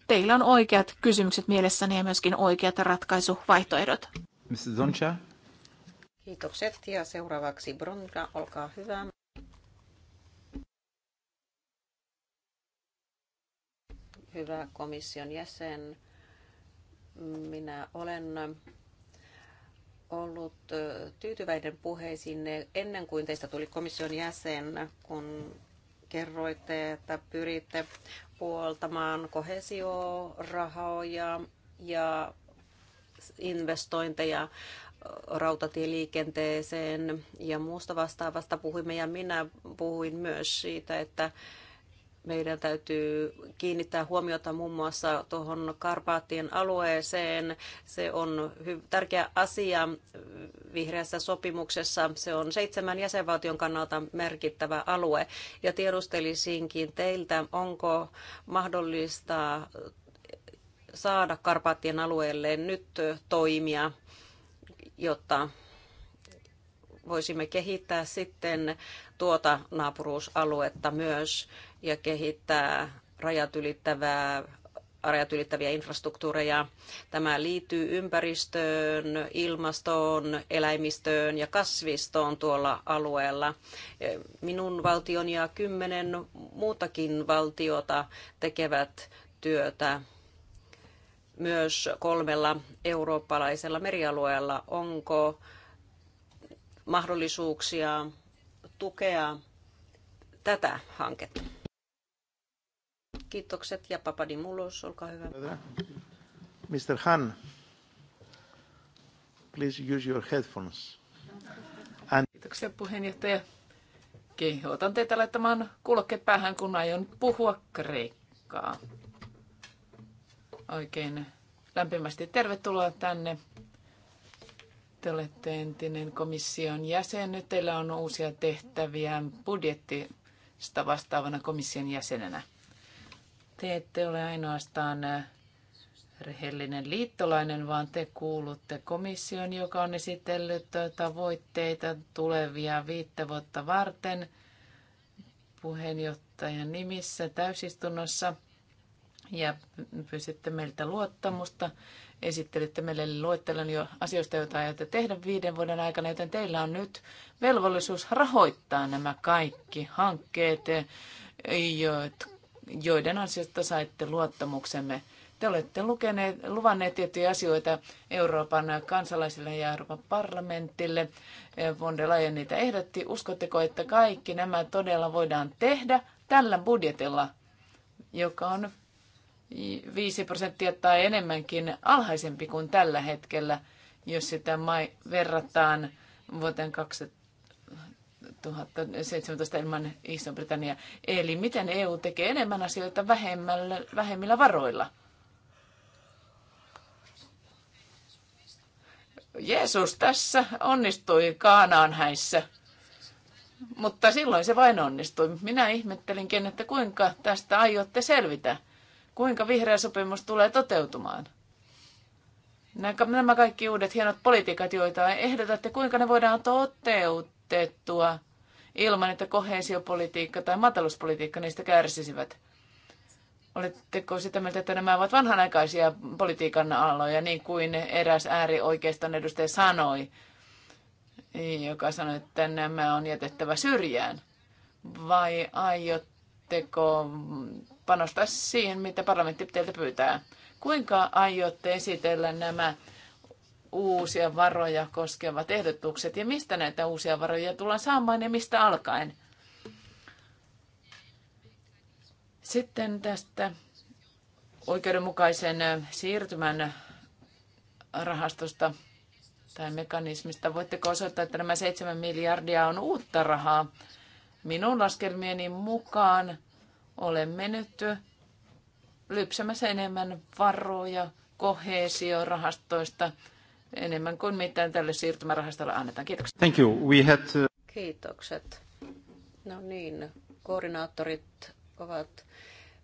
teillä on oikeat kysymykset mielessäni ja myöskin oikeat ratkaisuvaihtoehdot. Kiitokset ja seuraavaksi Bronka, olkaa hyvä. Hyvä komission jäsen, minä olen ollut tyytyväinen puheisiinne ennen kuin teistä tuli komission jäsen, kun kerroitte, että pyritte puoltamaan kohesiorahoja ja investointeja rautatieliikenteeseen ja muusta vastaavasta puhuimme ja minä puhuin myös siitä, että meidän täytyy kiinnittää huomiota muun muassa tuohon Karpaattien alueeseen. Se on tärkeä asia vihreässä sopimuksessa. Se on seitsemän jäsenvaltion kannalta merkittävä alue. Ja tiedustelisinkin teiltä, onko mahdollista saada Karpaattien alueelle nyt toimia, jotta voisimme kehittää sitten tuota naapuruusaluetta myös ja kehittää rajat ylittävää rajat ylittäviä infrastruktuureja. Tämä liittyy ympäristöön, ilmastoon, eläimistöön ja kasvistoon tuolla alueella. Minun valtioni ja kymmenen muutakin valtiota tekevät työtä myös kolmella eurooppalaisella merialueella. Onko mahdollisuuksia tukea tätä hanketta? Kiitokset ja Mulos, olkaa hyvä. Mr. Han, please use your headphones. And... Kiitoksia puheenjohtaja. Kehotan teitä laittamaan kuulokkeet päähän, kun aion puhua kreikkaa. Oikein lämpimästi tervetuloa tänne. Te olette entinen komission jäsen. Nyt teillä on uusia tehtäviä budjettista vastaavana komission jäsenenä. Te ette ole ainoastaan äh, rehellinen liittolainen, vaan te kuulutte komission, joka on esitellyt äh, tavoitteita tulevia viittä vuotta varten puheenjohtajan nimissä täysistunnossa. Ja pyysitte meiltä luottamusta. Esittelitte meille luettelon jo asioista, joita aiotte tehdä viiden vuoden aikana, joten teillä on nyt velvollisuus rahoittaa nämä kaikki hankkeet, jotka joiden ansiosta saitte luottamuksemme. Te olette lukeneet, luvanneet tiettyjä asioita Euroopan kansalaisille ja Euroopan parlamentille. Eh, von der Leyen niitä ehdotti. Uskotteko, että kaikki nämä todella voidaan tehdä tällä budjetilla, joka on 5 prosenttia tai enemmänkin alhaisempi kuin tällä hetkellä, jos sitä verrataan vuoteen 2000 2017 ilman Iso-Britannia. Eli miten EU tekee enemmän asioita vähemmällä, vähemmillä varoilla? Jeesus tässä onnistui Kaanaan häissä. Mutta silloin se vain onnistui. Minä ihmettelinkin, että kuinka tästä aiotte selvitä. Kuinka vihreä sopimus tulee toteutumaan. Nämä kaikki uudet hienot politiikat, joita ehdotatte, kuinka ne voidaan toteutettua ilman, että kohesiopolitiikka tai maatalouspolitiikka niistä kärsisivät? Oletteko sitä mieltä, että nämä ovat vanhanaikaisia politiikan aloja, niin kuin eräs äärioikeiston edustaja sanoi, joka sanoi, että nämä on jätettävä syrjään? Vai aiotteko panostaa siihen, mitä parlamentti teiltä pyytää? Kuinka aiotte esitellä nämä uusia varoja koskevat ehdotukset ja mistä näitä uusia varoja tullaan saamaan ja mistä alkaen. Sitten tästä oikeudenmukaisen siirtymän rahastosta tai mekanismista. Voitteko osoittaa, että nämä 7 miljardia on uutta rahaa? Minun laskelmieni mukaan olen mennyt lypsämässä enemmän varoja koheesiorahastoista rahastoista enemmän kuin mitään tälle siirtymärahastolle annetaan. Kiitokset. Thank you. We had, to... Uh, Kiitokset. No niin, koordinaattorit ovat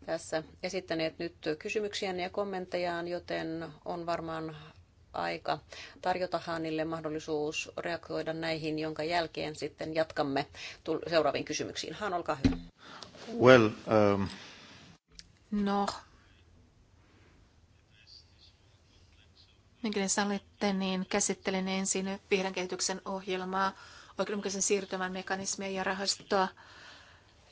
tässä esittäneet nyt kysymyksiä ja kommenttejaan, joten on varmaan aika tarjota Haanille mahdollisuus reagoida näihin, jonka jälkeen sitten jatkamme seuraaviin kysymyksiin. Haan, olkaa hyvä. Well, um... No, Mikäli sallitte, niin käsittelen ensin vihreän kehityksen ohjelmaa, oikeudenmukaisen siirtymän mekanismia ja rahastoa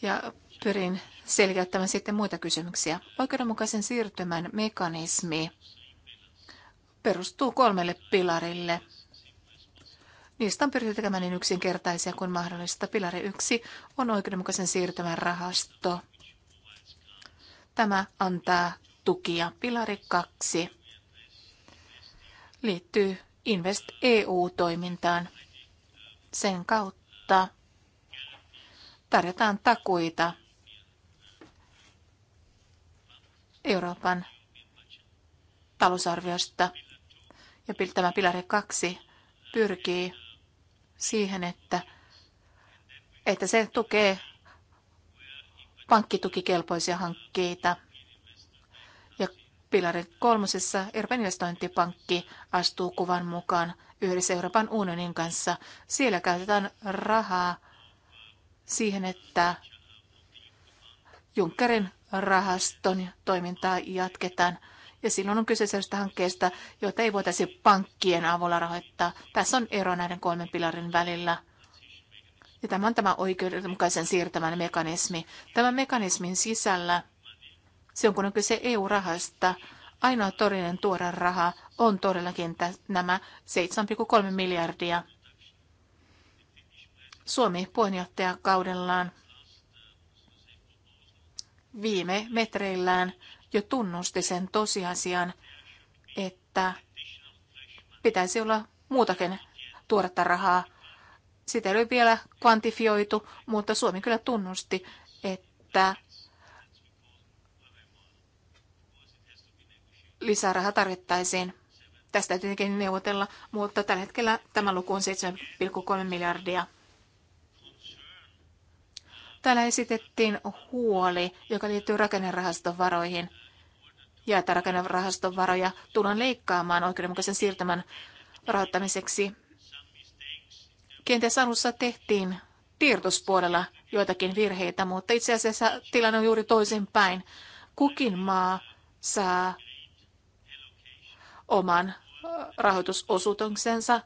ja pyrin selkeyttämään sitten muita kysymyksiä. Oikeudenmukaisen siirtymän mekanismi perustuu kolmelle pilarille. Niistä on pyritty tekemään niin yksinkertaisia kuin mahdollista. Pilari yksi on oikeudenmukaisen siirtymän rahasto. Tämä antaa tukia. Pilari kaksi liittyy Invest EU-toimintaan. Sen kautta tarjotaan takuita Euroopan talousarviosta. Ja tämä pilari 2 pyrkii siihen, että, että se tukee pankkitukikelpoisia hankkeita Pilari kolmosessa Euroopan investointipankki astuu kuvan mukaan yhdessä Euroopan unionin kanssa. Siellä käytetään rahaa siihen, että Junckerin rahaston toimintaa jatketaan. Ja silloin on kyse sellaista hankkeesta, jota ei voitaisi pankkien avulla rahoittaa. Tässä on ero näiden kolmen pilarin välillä. Ja tämä on tämä oikeudenmukaisen siirtämän mekanismi. Tämän mekanismin sisällä – Silloin kun on kyse EU-rahasta, ainoa todellinen tuoda raha on todellakin nämä 7,3 miljardia. Suomi puheenjohtajakaudellaan viime metreillään jo tunnusti sen tosiasian, että pitäisi olla muutakin tuoretta rahaa. Sitä ei ole vielä kvantifioitu, mutta Suomi kyllä tunnusti, että lisäraha tarvittaisiin. Tästä tietenkin neuvotella, mutta tällä hetkellä tämä luku on 7,3 miljardia. Täällä esitettiin huoli, joka liittyy rakennerahaston varoihin. Ja että rakennerahaston varoja tullaan leikkaamaan oikeudenmukaisen siirtämän rahoittamiseksi. Kenties alussa tehtiin tiedotuspuolella joitakin virheitä, mutta itse asiassa tilanne on juuri toisinpäin. Kukin maa saa oman rahoitusosuutensa,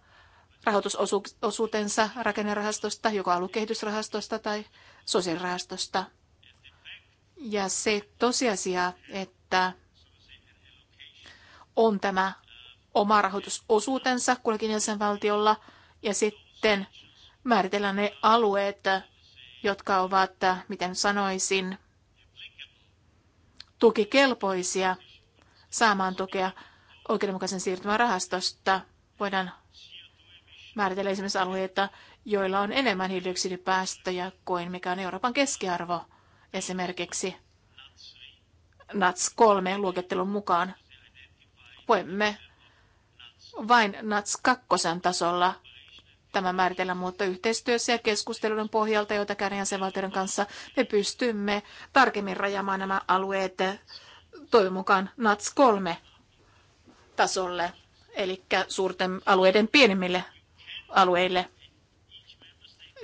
rahoitusosuutensa rakennerahastosta, joko aluekehitysrahastosta tai sosiaalirahastosta. Ja se tosiasia, että on tämä oma rahoitusosuutensa kullakin jäsenvaltiolla ja sitten määritellään ne alueet, jotka ovat, miten sanoisin, tukikelpoisia saamaan tukea oikeudenmukaisen siirtymän rahastosta voidaan määritellä esimerkiksi alueita, joilla on enemmän hiilidioksidipäästöjä kuin mikä on Euroopan keskiarvo esimerkiksi NATS 3 luokittelun mukaan. Voimme vain NATS 2 tasolla tämä määritellä, mutta yhteistyössä ja keskustelun pohjalta, joita käydään jäsenvaltioiden kanssa, me pystymme tarkemmin rajamaan nämä alueet toivon mukaan NATS 3 tasolle, eli suurten alueiden pienemmille alueille.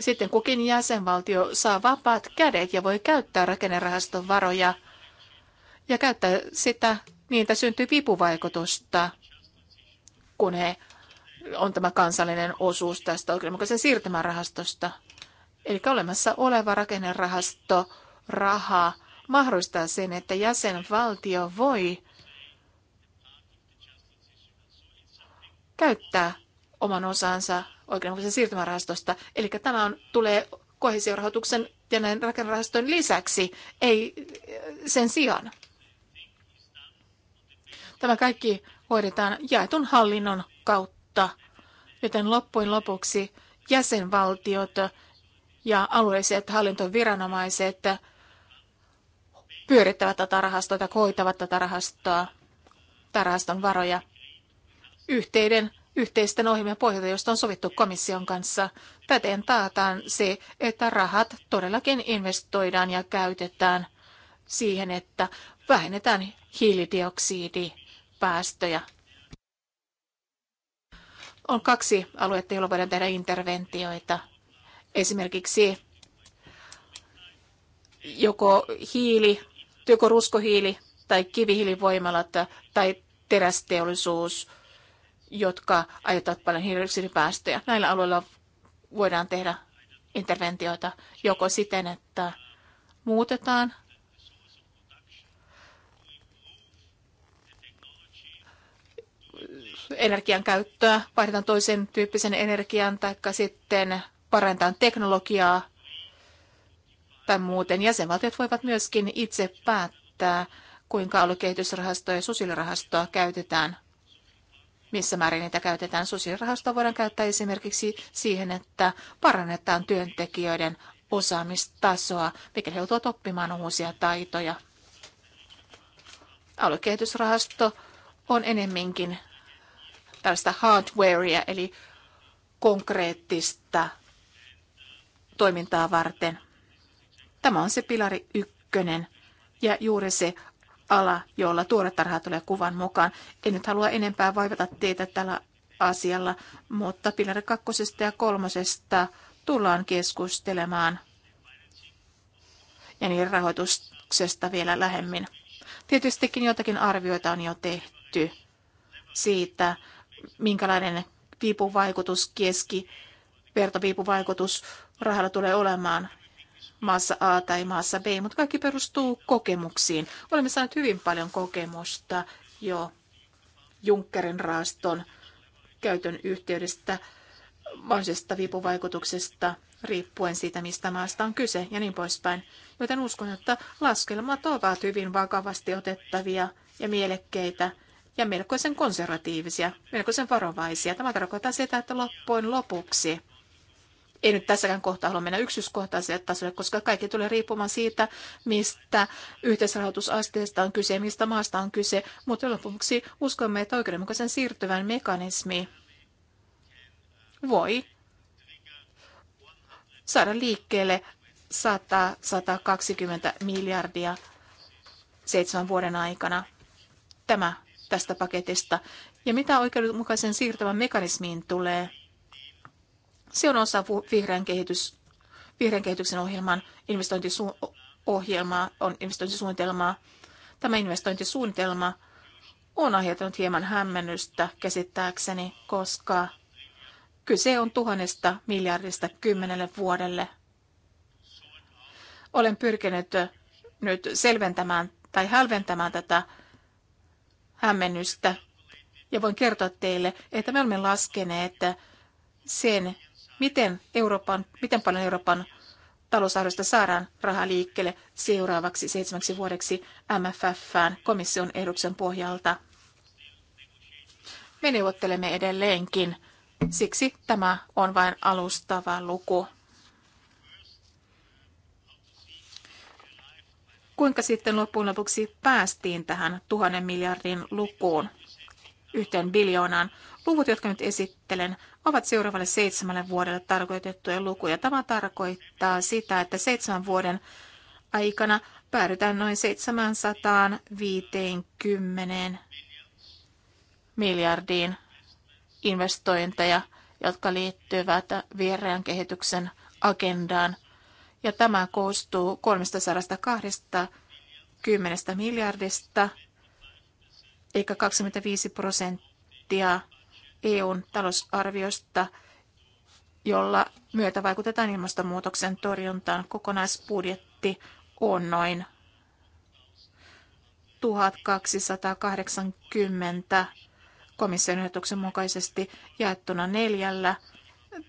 Sitten kukin jäsenvaltio saa vapaat kädet ja voi käyttää rakennerahaston varoja ja käyttää sitä, niitä syntyy vipuvaikutusta, kun he on tämä kansallinen osuus tästä oikeudenmukaisen siirtymärahastosta. rahastosta. Eli olemassa oleva rakennerahasto, raha, mahdollistaa sen, että jäsenvaltio voi käyttää oman osansa oikeudenmukaisen siirtymärahastosta. Eli tämä on, tulee kohesiorahoituksen ja näiden rakennerahastojen lisäksi, ei eh, sen sijaan. Tämä kaikki hoidetaan jaetun hallinnon kautta, joten loppujen lopuksi jäsenvaltiot ja alueelliset hallintoviranomaiset pyörittävät tätä rahastoa tai hoitavat tätä rahastoa, tätä rahaston varoja yhteiden yhteisten ohjelmien pohjalta, joista on sovittu komission kanssa. Täten taataan se, että rahat todellakin investoidaan ja käytetään siihen, että vähennetään hiilidioksidipäästöjä. On kaksi aluetta, joilla voidaan tehdä interventioita. Esimerkiksi joko hiili, joko ruskohiili tai kivihiilivoimalat tai terästeollisuus – jotka aiheuttavat paljon hiilidioksidipäästöjä. Näillä alueilla voidaan tehdä interventioita joko siten, että muutetaan energian käyttöä, vaihdetaan toisen tyyppisen energian tai sitten parantaa teknologiaa tai muuten. Jäsenvaltiot voivat myöskin itse päättää, kuinka aluekehitysrahastoa ja sosiaalirahastoa käytetään missä määrin niitä käytetään. Susirahastoa voidaan käyttää esimerkiksi siihen, että parannetaan työntekijöiden osaamistasoa, mikä he joutuvat oppimaan uusia taitoja. Aluekehitysrahasto on enemminkin tällaista hardwarea, eli konkreettista toimintaa varten. Tämä on se pilari ykkönen ja juuri se ala, jolla tuore tarha tulee kuvan mukaan. En nyt halua enempää vaivata teitä tällä asialla, mutta pilari kakkosesta ja kolmosesta tullaan keskustelemaan ja niiden rahoituksesta vielä lähemmin. Tietystikin jotakin arvioita on jo tehty siitä, minkälainen viipuvaikutus, keski, vertoviipuvaikutus rahalla tulee olemaan maassa A tai maassa B, mutta kaikki perustuu kokemuksiin. Olemme saaneet hyvin paljon kokemusta jo Junckerin raaston käytön yhteydestä, mahdollisesta vipuvaikutuksesta, riippuen siitä, mistä maasta on kyse ja niin poispäin. Joten uskon, että laskelmat ovat hyvin vakavasti otettavia ja mielekkeitä ja melkoisen konservatiivisia, melkoisen varovaisia. Tämä tarkoittaa sitä, että loppujen lopuksi ei nyt tässäkään kohtaa halua mennä yksityiskohtaiselle tasolle, koska kaikki tulee riippumaan siitä, mistä yhteisrahoitusasteesta on kyse, mistä maasta on kyse, mutta lopuksi uskomme, että oikeudenmukaisen siirtyvän mekanismi voi saada liikkeelle 100-120 miljardia seitsemän vuoden aikana. Tämä tästä paketista. Ja mitä oikeudenmukaisen siirtävän mekanismiin tulee, se on osa vihreän, kehitys, vihreän kehityksen ohjelman investointiohjelmaa, on investointisuunnitelmaa. Tämä investointisuunnitelma on aiheuttanut hieman hämmennystä käsittääkseni, koska kyse on tuhannesta miljardista kymmenelle vuodelle. Olen pyrkinyt nyt selventämään tai hälventämään tätä hämmennystä. Ja voin kertoa teille, että me olemme laskeneet sen, miten, Euroopan, miten paljon Euroopan talousarvosta saadaan rahaa liikkeelle seuraavaksi seitsemäksi vuodeksi MFFään komission ehdotuksen pohjalta. Me neuvottelemme edelleenkin, siksi tämä on vain alustava luku. Kuinka sitten loppujen lopuksi päästiin tähän tuhannen miljardin lukuun, yhteen biljoonaan? Luvut, jotka nyt esittelen, ovat seuraavalle seitsemälle vuodelle tarkoitettuja lukuja. Tämä tarkoittaa sitä, että seitsemän vuoden aikana päädytään noin 750 miljardiin investointeja, jotka liittyvät vihreän kehityksen agendaan. Ja tämä koostuu 320 miljardista, eikä 25 prosenttia EUn talousarviosta, jolla myötä vaikutetaan ilmastonmuutoksen torjuntaan. Kokonaisbudjetti on noin 1280 komission ehdotuksen mukaisesti jaettuna neljällä.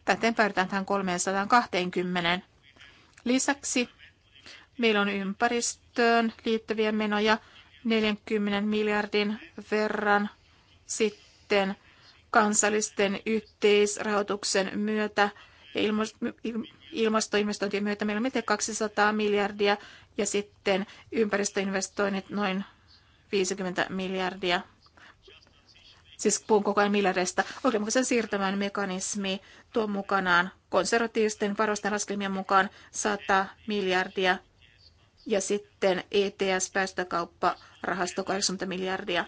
Täten päädytään tähän 320. Lisäksi meillä on ympäristöön liittyviä menoja 40 miljardin verran. Sitten kansallisten yhteisrahoituksen myötä ja ilmastoinvestointien myötä meillä on 200 miljardia ja sitten ympäristöinvestoinnit noin 50 miljardia. Siis puhun koko ajan miljardista. Oikeamukaisen siirtämään mekanismi tuo mukanaan konservatiivisten varoisten laskelmien mukaan 100 miljardia ja sitten ETS-päästökauppa 80 miljardia.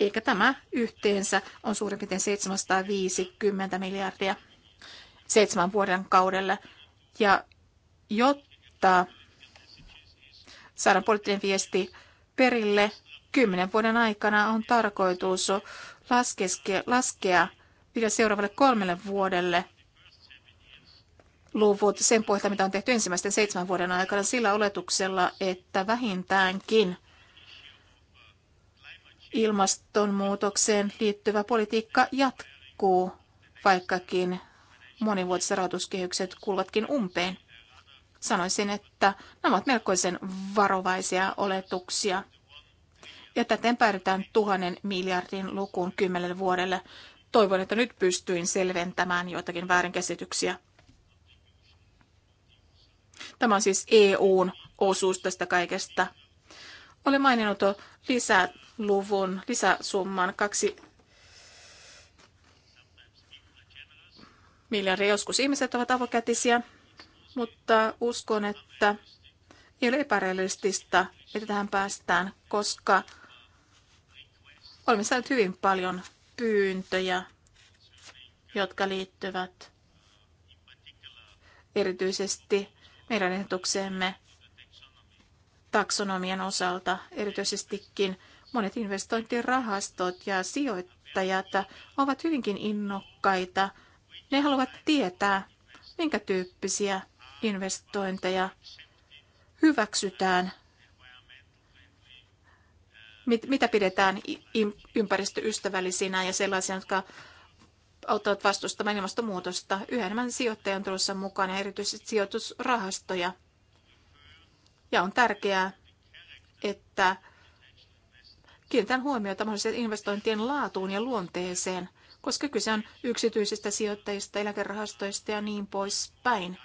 Eikä tämä yhteensä on suurin piirtein 750 miljardia seitsemän vuoden kaudelle. Ja jotta saadaan poliittinen viesti perille, kymmenen vuoden aikana on tarkoitus laskea, laskea vielä seuraavalle kolmelle vuodelle luvut sen pohjalta, mitä on tehty ensimmäisten seitsemän vuoden aikana, sillä oletuksella, että vähintäänkin Ilmastonmuutokseen liittyvä politiikka jatkuu, vaikkakin monivuotiset rahoituskehykset kulvatkin umpeen. Sanoisin, että nämä ovat melkoisen varovaisia oletuksia. Ja täten päädytään tuhannen miljardin lukuun kymmenelle vuodelle. Toivon, että nyt pystyin selventämään joitakin väärinkäsityksiä. Tämä on siis EUn osuus tästä kaikesta. Olen maininnut lisää luvun lisäsumman kaksi miljardia. Joskus ihmiset ovat avokätisiä, mutta uskon, että ei ole epärealistista, että tähän päästään, koska olemme saaneet hyvin paljon pyyntöjä, jotka liittyvät erityisesti meidän ehdotukseemme taksonomian osalta, erityisestikin Monet investointirahastot ja sijoittajat ovat hyvinkin innokkaita. Ne haluavat tietää, minkä tyyppisiä investointeja hyväksytään, mit, mitä pidetään ympäristöystävällisinä ja sellaisia, jotka auttavat vastustamaan ilmastonmuutosta. Yhä enemmän sijoittajia on tulossa mukana ja erityisesti sijoitusrahastoja. Ja on tärkeää, että Kiinnitän huomiota mahdollisten investointien laatuun ja luonteeseen, koska kyse on yksityisistä sijoittajista, eläkerahastoista ja niin poispäin.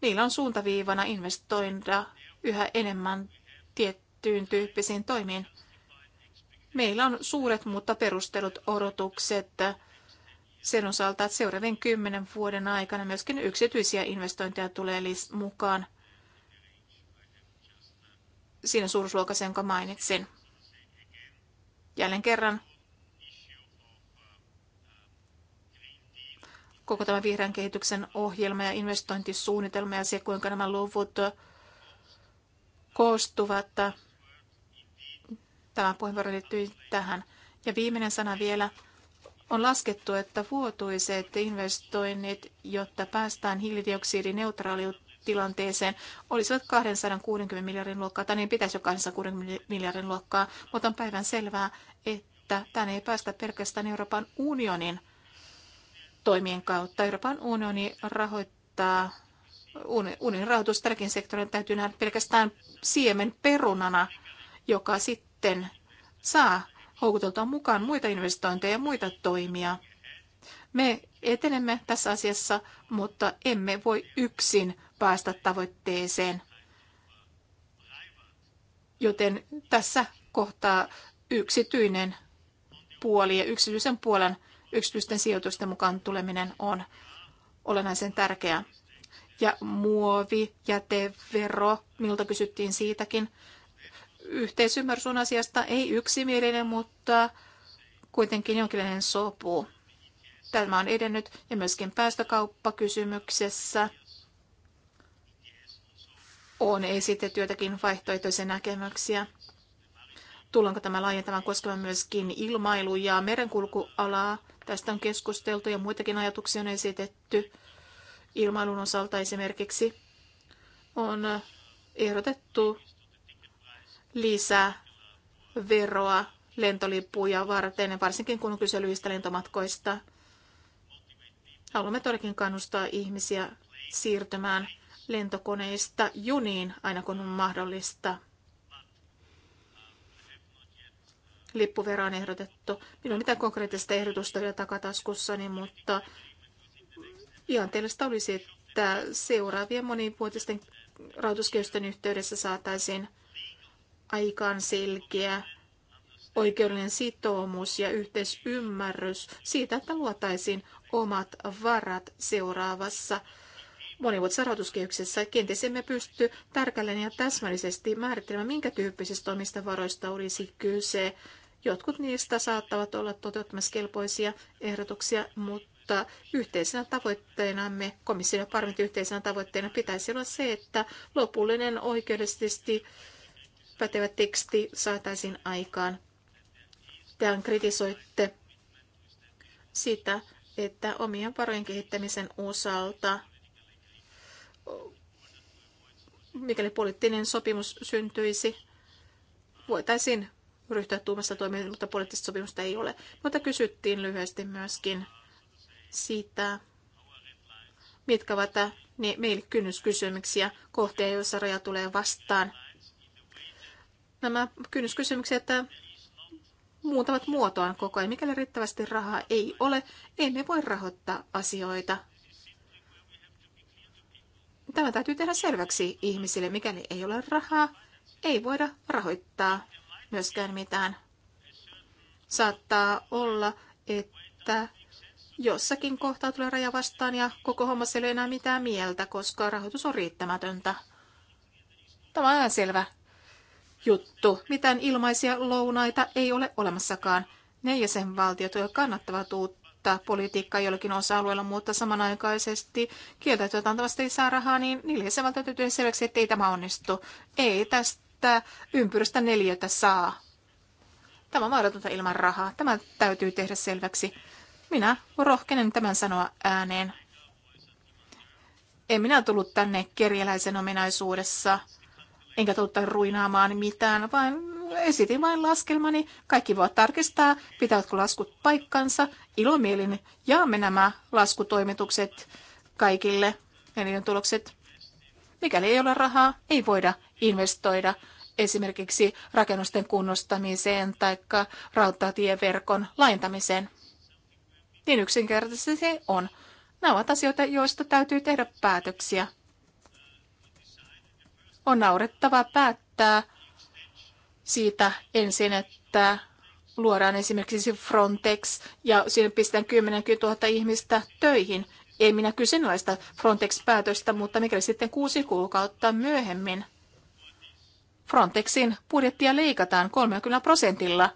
Niillä on suuntaviivana investoida yhä enemmän tiettyyn tyyppisiin toimiin. Meillä on suuret, mutta perustelut odotukset sen osalta, että seuraavien kymmenen vuoden aikana myöskin yksityisiä investointeja tulee mukaan siinä suuruusluokassa, jonka mainitsin. Jälleen kerran koko tämä vihreän kehityksen ohjelma ja investointisuunnitelma ja se, kuinka nämä luvut koostuvat. Tämä puheenvuoro liittyy tähän. Ja viimeinen sana vielä. On laskettu, että vuotuiset investoinnit, jotta päästään hiilidioksidineutraaliuteen, tilanteeseen olisivat 260 miljardin luokkaa, tai niin pitäisi jo 260 miljardin luokkaa, mutta on päivän selvää, että tänne ei päästä pelkästään Euroopan unionin toimien kautta. Euroopan unioni rahoittaa, unionin rahoitus tälläkin sektorilla täytyy nähdä pelkästään siemen perunana, joka sitten saa houkuteltua mukaan muita investointeja ja muita toimia. Me etenemme tässä asiassa, mutta emme voi yksin päästä tavoitteeseen. Joten tässä kohtaa yksityinen puoli ja yksityisen puolen yksityisten sijoitusten mukaan tuleminen on olennaisen tärkeää. Ja muovi, jätevero, minulta kysyttiin siitäkin. Yhteisymmärrys on asiasta ei yksimielinen, mutta kuitenkin jonkinlainen sopu. Tämä on edennyt ja myöskin päästökauppakysymyksessä – on esitetty joitakin vaihtoehtoisia näkemyksiä. Tullaanko tämä laajentamaan koskemaan myöskin ilmailu- ja merenkulkualaa? Tästä on keskusteltu ja muitakin ajatuksia on esitetty. Ilmailun osalta esimerkiksi on ehdotettu lisää veroa lentolippuja varten, varsinkin kun on kyse lyhyistä lentomatkoista. Haluamme todellakin kannustaa ihmisiä siirtymään lentokoneista juniin aina kun on mahdollista. Lippuvera on ehdotettu. Minulla on mitään konkreettista ehdotusta vielä takataskussani, mutta ihanteellista olisi, että seuraavien monivuotisten rahoituskehysten yhteydessä saataisiin aikaan selkeä oikeudellinen sitoumus ja yhteisymmärrys siitä, että luotaisiin omat varat seuraavassa monivuotisessa rahoituskehyksessä kenties emme pysty tarkalleen ja täsmällisesti määrittelemään, minkä tyyppisistä omista varoista olisi kyse. Jotkut niistä saattavat olla toteuttamiskelpoisia ehdotuksia, mutta yhteisenä tavoitteenamme, komission ja parlamentin yhteisenä tavoitteena pitäisi olla se, että lopullinen oikeudellisesti pätevä teksti saataisiin aikaan. Tämän kritisoitte sitä, että omien varojen kehittämisen osalta mikäli poliittinen sopimus syntyisi, voitaisiin ryhtyä tuumasta toimeen, mutta poliittista sopimusta ei ole. Mutta kysyttiin lyhyesti myöskin siitä, mitkä ovat ne meille kynnyskysymyksiä, kohtia, joissa raja tulee vastaan. Nämä kynnyskysymykset muutavat muotoaan koko ajan. Mikäli riittävästi rahaa ei ole, emme voi rahoittaa asioita Tämä täytyy tehdä selväksi ihmisille, mikäli ei ole rahaa, ei voida rahoittaa myöskään mitään. Saattaa olla, että jossakin kohtaa tulee raja vastaan ja koko homma ei ole enää mitään mieltä, koska rahoitus on riittämätöntä. Tämä on selvä juttu. Mitään ilmaisia lounaita ei ole olemassakaan. Ne jäsenvaltiot, jotka kannattavat uutta muuttaa politiikkaa jollakin osa-alueella, mutta samanaikaisesti kieltäytyä antamasta ei saa rahaa, niin niille jäsenvaltio täytyy selväksi, että ei tämä onnistu. Ei tästä ympyrästä neljötä saa. Tämä on mahdotonta ilman rahaa. Tämä täytyy tehdä selväksi. Minä rohkenen tämän sanoa ääneen. En minä tullut tänne kerjäläisen ominaisuudessa, enkä tullut ruinaamaan mitään, vaan esitin vain laskelmani. Kaikki voivat tarkistaa, pitävätkö laskut paikkansa. Ilomielin jaamme nämä laskutoimitukset kaikille ja niiden tulokset. Mikäli ei ole rahaa, ei voida investoida esimerkiksi rakennusten kunnostamiseen tai rautatieverkon laajentamiseen. Niin yksinkertaisesti se on. Nämä ovat asioita, joista täytyy tehdä päätöksiä. On naurettavaa päättää siitä ensin, että luodaan esimerkiksi Frontex ja sinne pistetään 10 000 ihmistä töihin. Ei minä kyseenalaista Frontex-päätöstä, mutta mikäli sitten kuusi kuukautta myöhemmin Frontexin budjettia leikataan 30 prosentilla,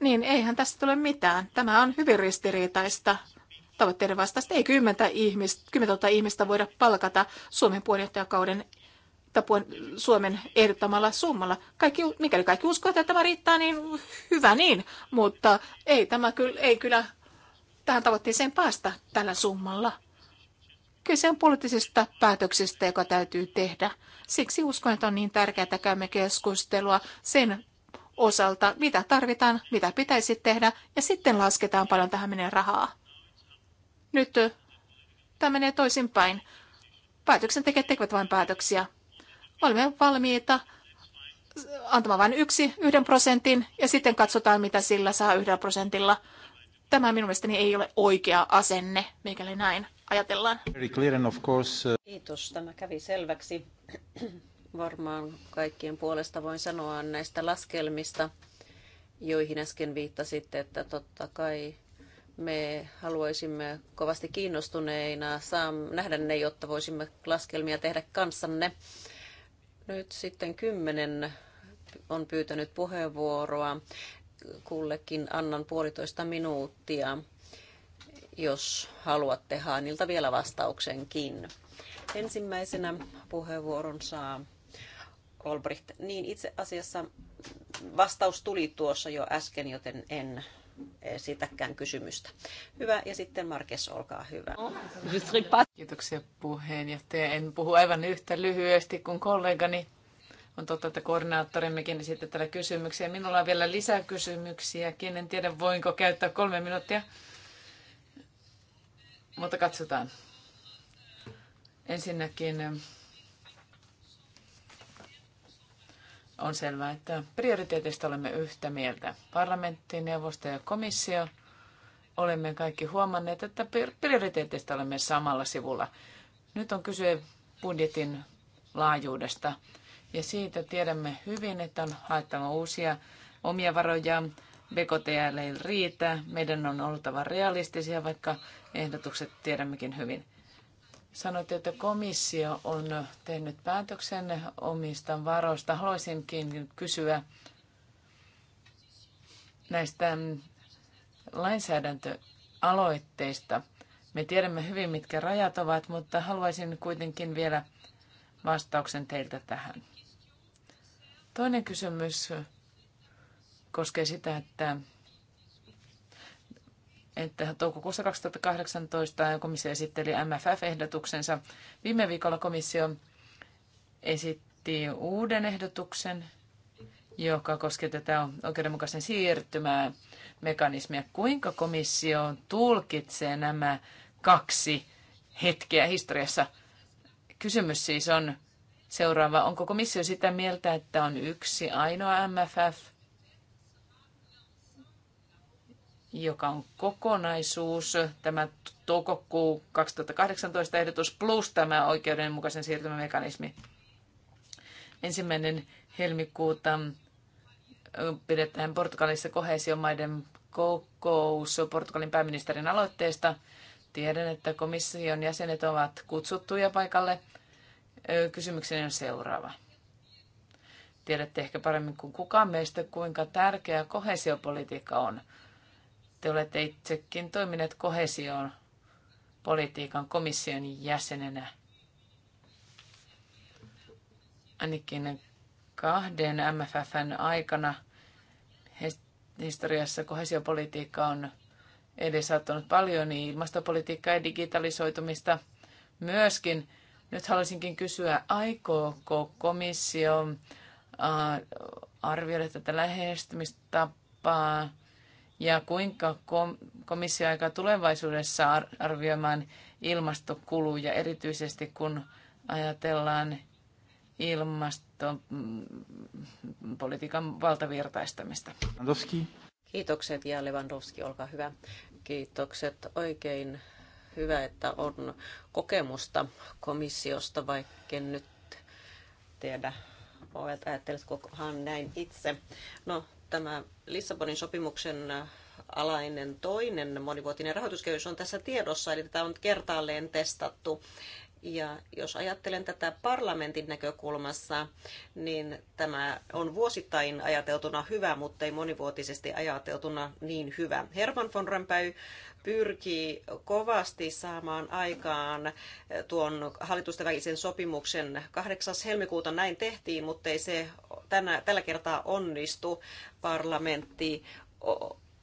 niin eihän tästä tule mitään. Tämä on hyvin ristiriitaista tavoitteiden vastaista. Ei 10 000 ihmistä voida palkata Suomen puheenjohtajakauden tapuen Suomen ehdottamalla summalla. Kaikki, mikäli kaikki uskoo, että tämä riittää, niin hyvä niin, mutta ei tämä kyllä, ei kyllä tähän tavoitteeseen päästä tällä summalla. Kyse on poliittisesta päätöksestä, joka täytyy tehdä. Siksi uskon, että on niin tärkeää, että käymme keskustelua sen osalta, mitä tarvitaan, mitä pitäisi tehdä, ja sitten lasketaan paljon tähän menee rahaa. Nyt tämä menee toisinpäin. Päätöksentekijät tekevät vain päätöksiä. Me olemme valmiita antamaan vain yksi, yhden prosentin, ja sitten katsotaan, mitä sillä saa yhdellä prosentilla. Tämä minun mielestäni ei ole oikea asenne, mikäli näin ajatellaan. Uh, Kiitos, tämä kävi selväksi. Varmaan kaikkien puolesta voin sanoa näistä laskelmista, joihin äsken viittasitte, että totta kai me haluaisimme kovasti kiinnostuneina saa nähdä ne, jotta voisimme laskelmia tehdä kanssanne nyt sitten kymmenen on pyytänyt puheenvuoroa. Kullekin annan puolitoista minuuttia, jos haluatte Haanilta vielä vastauksenkin. Ensimmäisenä puheenvuoron saa Olbricht. Niin itse asiassa vastaus tuli tuossa jo äsken, joten en esitäkään kysymystä. Hyvä, ja sitten Markes, olkaa hyvä. Kiitoksia puheenjohtaja. En puhu aivan yhtä lyhyesti kuin kollegani. On totta, että koordinaattorimmekin esitti tällä kysymyksiä. Minulla on vielä lisäkysymyksiä. En tiedä, voinko käyttää kolme minuuttia, mutta katsotaan. Ensinnäkin On selvää, että prioriteetista olemme yhtä mieltä. Parlamentti, neuvosto ja komissio olemme kaikki huomanneet, että prioriteetista olemme samalla sivulla. Nyt on kyse budjetin laajuudesta ja siitä tiedämme hyvin, että on haettava uusia omia varoja. BKTL ei riitä, meidän on oltava realistisia, vaikka ehdotukset tiedämmekin hyvin. Sanoitte, että komissio on tehnyt päätöksen omista varoista. Haluaisinkin kysyä näistä lainsäädäntöaloitteista. Me tiedämme hyvin, mitkä rajat ovat, mutta haluaisin kuitenkin vielä vastauksen teiltä tähän. Toinen kysymys koskee sitä, että että toukokuussa 2018 komissio esitteli MFF-ehdotuksensa. Viime viikolla komissio esitti uuden ehdotuksen, joka koskee tätä oikeudenmukaisen siirtymää mekanismia. Kuinka komissio tulkitsee nämä kaksi hetkeä historiassa? Kysymys siis on seuraava. Onko komissio sitä mieltä, että on yksi ainoa MFF joka on kokonaisuus, tämä toukokuu 2018 ehdotus plus tämä oikeudenmukaisen siirtymämekanismi. Ensimmäinen helmikuuta pidetään Portugalissa kohesiomaiden kokous Portugalin pääministerin aloitteesta. Tiedän, että komission jäsenet ovat kutsuttuja paikalle. Kysymykseni on seuraava. Tiedätte ehkä paremmin kuin kukaan meistä, kuinka tärkeä kohesiopolitiikka on – te olette itsekin toimineet kohesioon politiikan komission jäsenenä. Ainakin kahden MFFn aikana historiassa kohesiopolitiikka on edesauttanut paljon niin ilmastopolitiikkaa ja digitalisoitumista myöskin. Nyt haluaisinkin kysyä, aikooko komissio arvioida tätä lähestymistapaa ja kuinka komissio aika tulevaisuudessa arvioimaan ilmastokuluja, erityisesti kun ajatellaan ilmastopolitiikan mm, valtavirtaistamista. Lewandowski. Kiitokset ja Lewandowski, olkaa hyvä. Kiitokset oikein hyvä, että on kokemusta komissiosta, vaikka nyt tiedä, kokohan näin itse. No, tämä Lissabonin sopimuksen alainen toinen monivuotinen rahoituskehys on tässä tiedossa, eli tätä on kertaalleen testattu ja jos ajattelen tätä parlamentin näkökulmassa, niin tämä on vuosittain ajateltuna hyvä, mutta ei monivuotisesti ajateltuna niin hyvä. Herman von Rompuy pyrkii kovasti saamaan aikaan tuon hallitusten välisen sopimuksen. 8. helmikuuta näin tehtiin, mutta ei se tänä, tällä kertaa onnistu. Parlamentti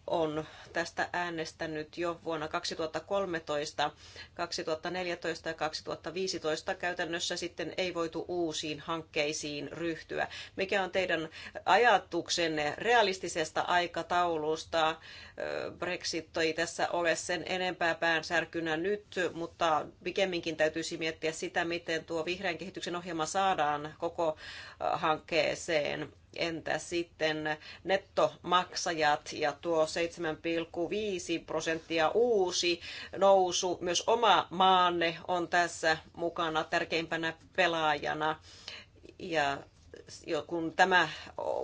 on tästä äänestänyt jo vuonna 2013, 2014 ja 2015 käytännössä sitten ei voitu uusiin hankkeisiin ryhtyä. Mikä on teidän ajatuksenne realistisesta aikataulusta? Brexit ei tässä ole sen enempää päänsärkynä nyt, mutta pikemminkin täytyisi miettiä sitä, miten tuo vihreän kehityksen ohjelma saadaan koko hankkeeseen Entä sitten nettomaksajat ja tuo 7,5 prosenttia uusi nousu. Myös oma maanne on tässä mukana tärkeimpänä pelaajana. Ja kun tämä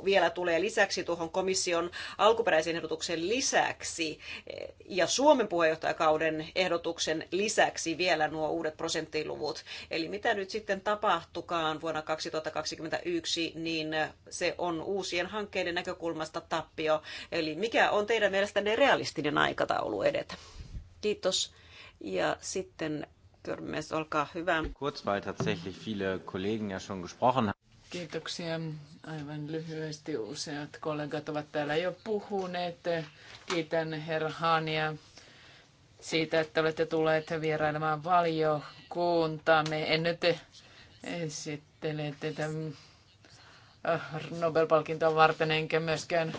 vielä tulee lisäksi tuohon komission alkuperäisen ehdotuksen lisäksi ja Suomen puheenjohtajakauden ehdotuksen lisäksi vielä nuo uudet prosenttiluvut. Eli mitä nyt sitten tapahtukaan vuonna 2021, niin se on uusien hankkeiden näkökulmasta tappio. Eli mikä on teidän mielestänne realistinen aikataulu edetä? Kiitos. Ja sitten Kurz, weil tatsächlich viele Kollegen ja schon gesprochen haben. Kiitoksia. Aivan lyhyesti useat kollegat ovat täällä jo puhuneet. Kiitän herra Haania siitä, että olette tulleet vierailemaan valiokuntaamme. En nyt esittele tätä äh, Nobel-palkintoa varten, enkä myöskään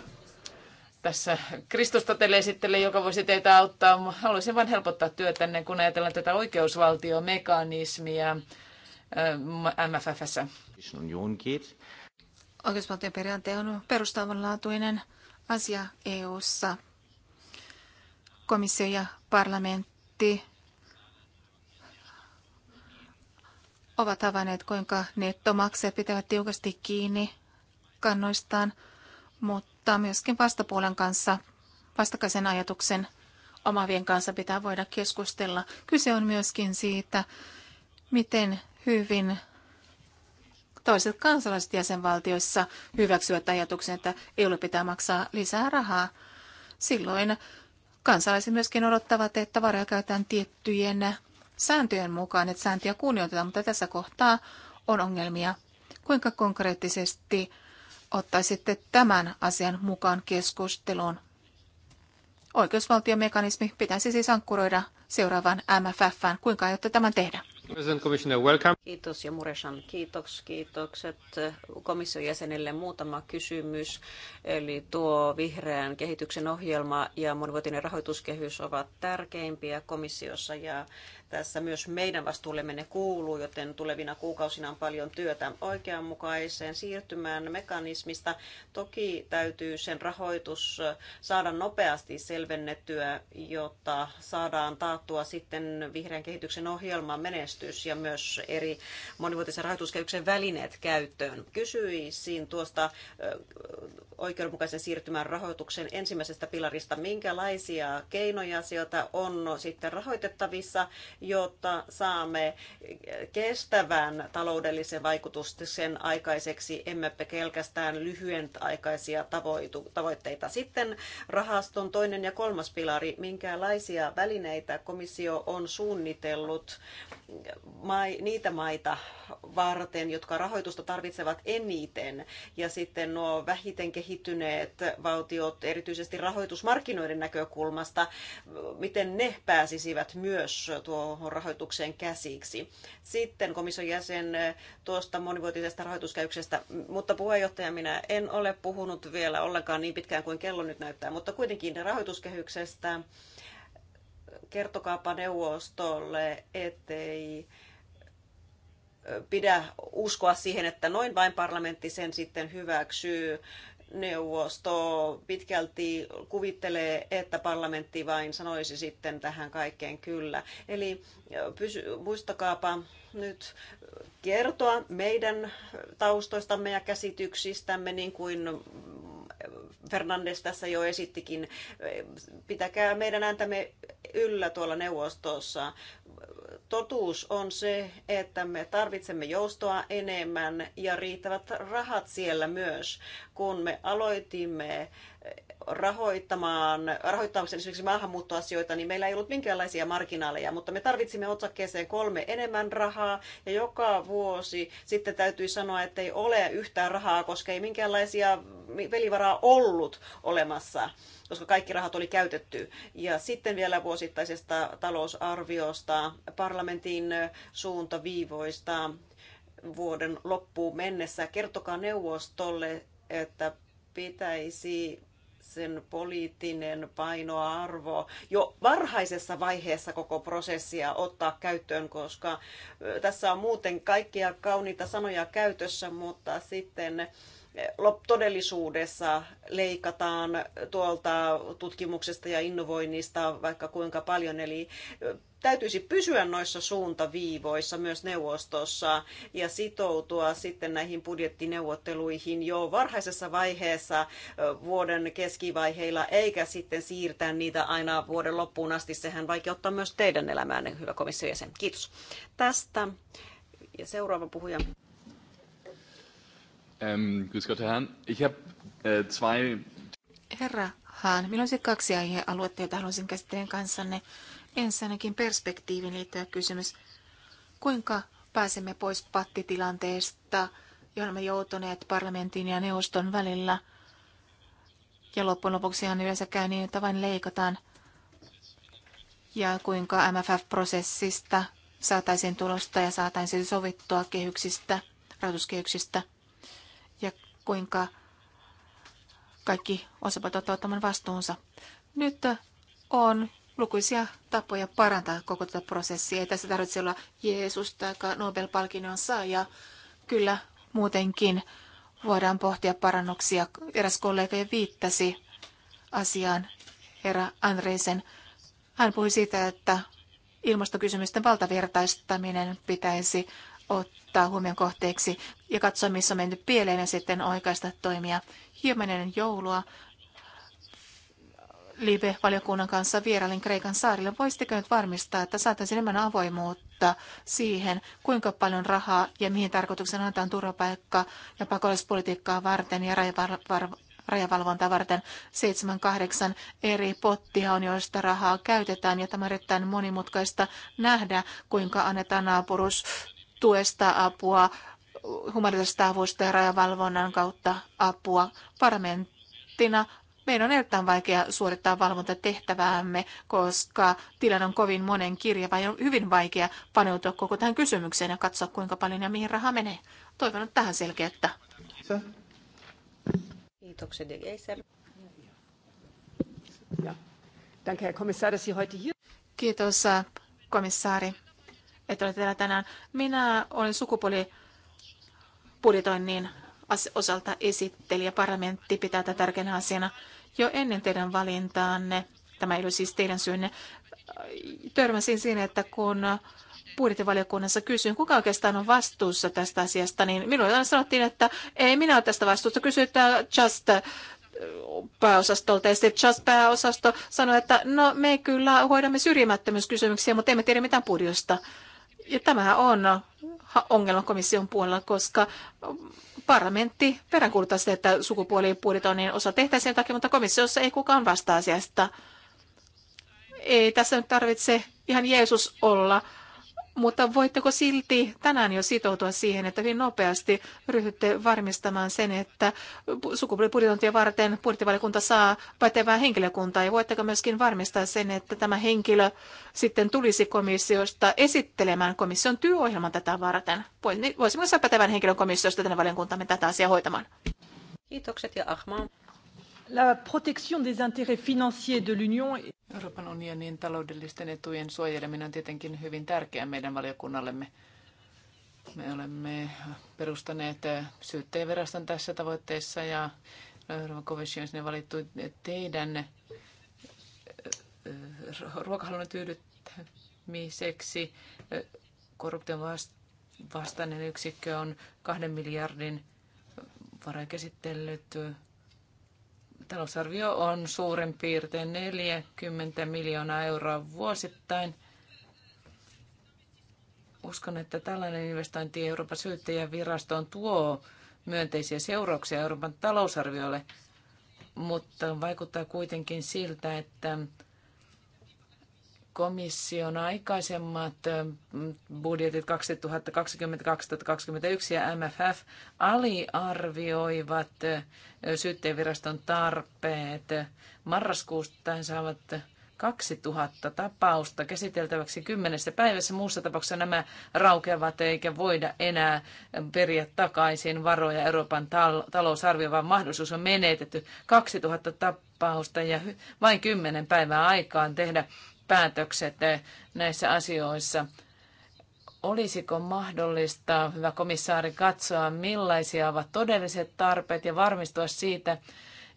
tässä Kristusta teille esittele, joka voisi teitä auttaa. Haluaisin vain helpottaa työtä, kun ajatellaan tätä oikeusvaltiomekanismia äh, MFFssä. Oikeusvaltioperiaate on perustavanlaatuinen asia EU:ssa. Komissio ja parlamentti ovat havainneet, kuinka nettomaksajat pitävät tiukasti kiinni kannoistaan, mutta myöskin vastapuolen kanssa vastakaisen ajatuksen omavien kanssa pitää voida keskustella. Kyse on myöskin siitä, miten hyvin toiset kansalaiset jäsenvaltioissa hyväksyvät ajatuksen, että EU pitää maksaa lisää rahaa. Silloin kansalaiset myöskin odottavat, että varoja käytetään tiettyjen sääntöjen mukaan, että sääntöjä kunnioitetaan, mutta tässä kohtaa on ongelmia. Kuinka konkreettisesti ottaisitte tämän asian mukaan keskusteluun? Oikeusvaltiomekanismi pitäisi siis ankkuroida seuraavan MFFään. Kuinka aiotte tämän tehdä? Kiitos ja Mureshan kiitos, kiitokset komission jäsenille. Muutama kysymys. Eli tuo vihreän kehityksen ohjelma ja monivuotinen rahoituskehys ovat tärkeimpiä komissiossa ja tässä myös meidän vastuullemme ne kuuluu, joten tulevina kuukausina on paljon työtä oikeanmukaiseen siirtymään mekanismista. Toki täytyy sen rahoitus saada nopeasti selvennettyä, jotta saadaan taattua sitten vihreän kehityksen ohjelman menestys ja myös eri monivuotisen rahoituskehyksen välineet käyttöön. Kysyisin tuosta oikeudenmukaisen siirtymän rahoituksen ensimmäisestä pilarista. Minkälaisia keinoja sieltä on sitten rahoitettavissa, jotta saamme kestävän taloudellisen sen aikaiseksi, emme pelkästään lyhyen aikaisia tavoitteita. Sitten rahaston toinen ja kolmas pilari, minkälaisia välineitä komissio on suunnitellut niitä maita varten, jotka rahoitusta tarvitsevat eniten, ja sitten nuo vähiten kehittyneet kehittyneet valtiot, erityisesti rahoitusmarkkinoiden näkökulmasta, miten ne pääsisivät myös tuohon rahoitukseen käsiksi. Sitten komission jäsen tuosta monivuotisesta rahoituskäyksestä, mutta puheenjohtaja, minä en ole puhunut vielä ollenkaan niin pitkään kuin kello nyt näyttää, mutta kuitenkin rahoituskehyksestä kertokaapa neuvostolle, ettei pidä uskoa siihen, että noin vain parlamentti sen sitten hyväksyy neuvosto pitkälti kuvittelee, että parlamentti vain sanoisi sitten tähän kaikkeen kyllä. Eli pysy, muistakaapa nyt kertoa meidän taustoistamme ja käsityksistämme, niin kuin Fernandes tässä jo esittikin. Pitäkää meidän ääntämme yllä tuolla neuvostossa totuus on se, että me tarvitsemme joustoa enemmän ja riittävät rahat siellä myös. Kun me aloitimme rahoittamaan, rahoittamaan esimerkiksi maahanmuuttoasioita, niin meillä ei ollut minkäänlaisia marginaaleja, mutta me tarvitsimme otsakkeeseen kolme enemmän rahaa ja joka vuosi sitten täytyy sanoa, että ei ole yhtään rahaa, koska ei minkäänlaisia pelivaraa ollut olemassa koska kaikki rahat oli käytetty. Ja sitten vielä vuosittaisesta talousarviosta, parlamentin suuntaviivoista vuoden loppuun mennessä. Kertokaa neuvostolle, että pitäisi sen poliittinen painoarvo jo varhaisessa vaiheessa koko prosessia ottaa käyttöön, koska tässä on muuten kaikkia kauniita sanoja käytössä, mutta sitten todellisuudessa leikataan tuolta tutkimuksesta ja innovoinnista vaikka kuinka paljon, eli täytyisi pysyä noissa suuntaviivoissa myös neuvostossa ja sitoutua sitten näihin budjettineuvotteluihin jo varhaisessa vaiheessa vuoden keskivaiheilla, eikä sitten siirtää niitä aina vuoden loppuun asti. Sehän vaikeuttaa myös teidän elämäänne, hyvä komission jäsen. Kiitos tästä. Ja seuraava puhuja. Ähm, äh, Herra Hahn, minulla on se siis kaksi aihealuetta, joita haluaisin käsitellä kanssanne. Ensinnäkin perspektiivin liittyvä kysymys. Kuinka pääsemme pois pattitilanteesta, johon me joutuneet parlamentin ja neuvoston välillä? Ja loppujen lopuksi ihan yleensä käy niin, että vain leikataan. Ja kuinka MFF-prosessista saataisiin tulosta ja saataisiin sovittua kehyksistä, rahoituskehyksistä. Ja kuinka kaikki osapuolet ottavat tämän vastuunsa. Nyt on lukuisia tapoja parantaa koko tätä prosessia. Ei tässä tarvitse olla Jeesus tai Nobel-palkinnon saaja. Kyllä muutenkin voidaan pohtia parannuksia. Eräs kollega viittasi asiaan, herra Andreisen. Hän puhui siitä, että ilmastokysymysten valtavirtaistaminen pitäisi ottaa huomion kohteeksi ja katsoa, missä on mennyt pieleen ja sitten oikaista toimia. Hieman ennen joulua Libe-valiokunnan kanssa vierailin Kreikan saarille. Voisitteko nyt varmistaa, että saataisiin enemmän avoimuutta siihen, kuinka paljon rahaa ja mihin tarkoituksena annetaan turvapaikka- ja pakolaispolitiikkaa varten ja rajavalvontaa varten. 7-8 eri pottia on, joista rahaa käytetään, ja tämä on erittäin monimutkaista nähdä, kuinka annetaan tuesta apua, humanitaarista avusta ja rajavalvonnan kautta apua. Parlamenttina meidän on erittäin vaikea suorittaa valvontatehtäväämme, koska tilanne on kovin monen kirja, vai on hyvin vaikea paneutua koko tähän kysymykseen ja katsoa, kuinka paljon ja mihin raha menee. Toivon, tähän selkeyttä. Kiitos, äh, komissaari, että olette täällä tänään. Minä olen sukupuolibudjetoinnin osalta esittelijä parlamentti pitää tätä tärkeänä asiana jo ennen teidän valintaanne, tämä ei ole siis teidän syynne, törmäsin siinä, että kun budjettivaliokunnassa kysyin, kuka oikeastaan on vastuussa tästä asiasta, niin minulle aina sanottiin, että ei minä ole tästä vastuussa. kysytään äh, just äh, pääosastolta. Ja sitten Just pääosasto sanoi, että no me kyllä hoidamme syrjimättömyyskysymyksiä, mutta emme tiedä mitään budjosta. Ja tämä on ongelma komission puolella, koska Parlamentti peräkuuluttaa sitä, että sukupuolibudjetoinnin osa tehtäisiin jotakin, mutta komissiossa ei kukaan vastaa asiasta. Ei tässä nyt tarvitse ihan Jeesus olla mutta voitteko silti tänään jo sitoutua siihen, että hyvin nopeasti ryhdytte varmistamaan sen, että sukupuolibudjetointia varten budjettivaliokunta saa pätevää henkilökuntaa? Ja voitteko myöskin varmistaa sen, että tämä henkilö sitten tulisi komissiosta esittelemään komission työohjelman tätä varten? Voisimme saada pätevän henkilön komissiosta tänne valiokuntamme tätä asiaa hoitamaan? Kiitokset ja Ahmaa. La protection des intérêts financiers de l'Union. Euroopan unionin taloudellisten etujen suojeleminen on tietenkin hyvin tärkeää meidän valiokunnallemme. Me olemme perustaneet eh, syyttäjäviraston tässä tavoitteessa ja Euroopan komission sinne valittu teidän eh, eh, ruokahalunnon tyydyttämiseksi. Korruption vastainen yksikkö on kahden miljardin varoja käsitellyt Talousarvio on suurin piirtein 40 miljoonaa euroa vuosittain. Uskon, että tällainen investointi Euroopan syyttäjävirastoon tuo myönteisiä seurauksia Euroopan talousarviolle, mutta vaikuttaa kuitenkin siltä, että komission aikaisemmat ähm, budjetit 2020-2021 ja MFF aliarvioivat äh, syytteenviraston tarpeet. Marraskuusta saavat 2000 tapausta käsiteltäväksi kymmenessä päivässä. Muussa tapauksessa nämä raukeavat eikä voida enää periä takaisin varoja Euroopan tal- talousarvioon, vaan mahdollisuus on menetetty 2000 tapausta ja vain kymmenen päivää aikaan tehdä päätökset eh, näissä asioissa. Olisiko mahdollista, hyvä komissaari, katsoa millaisia ovat todelliset tarpeet ja varmistua siitä,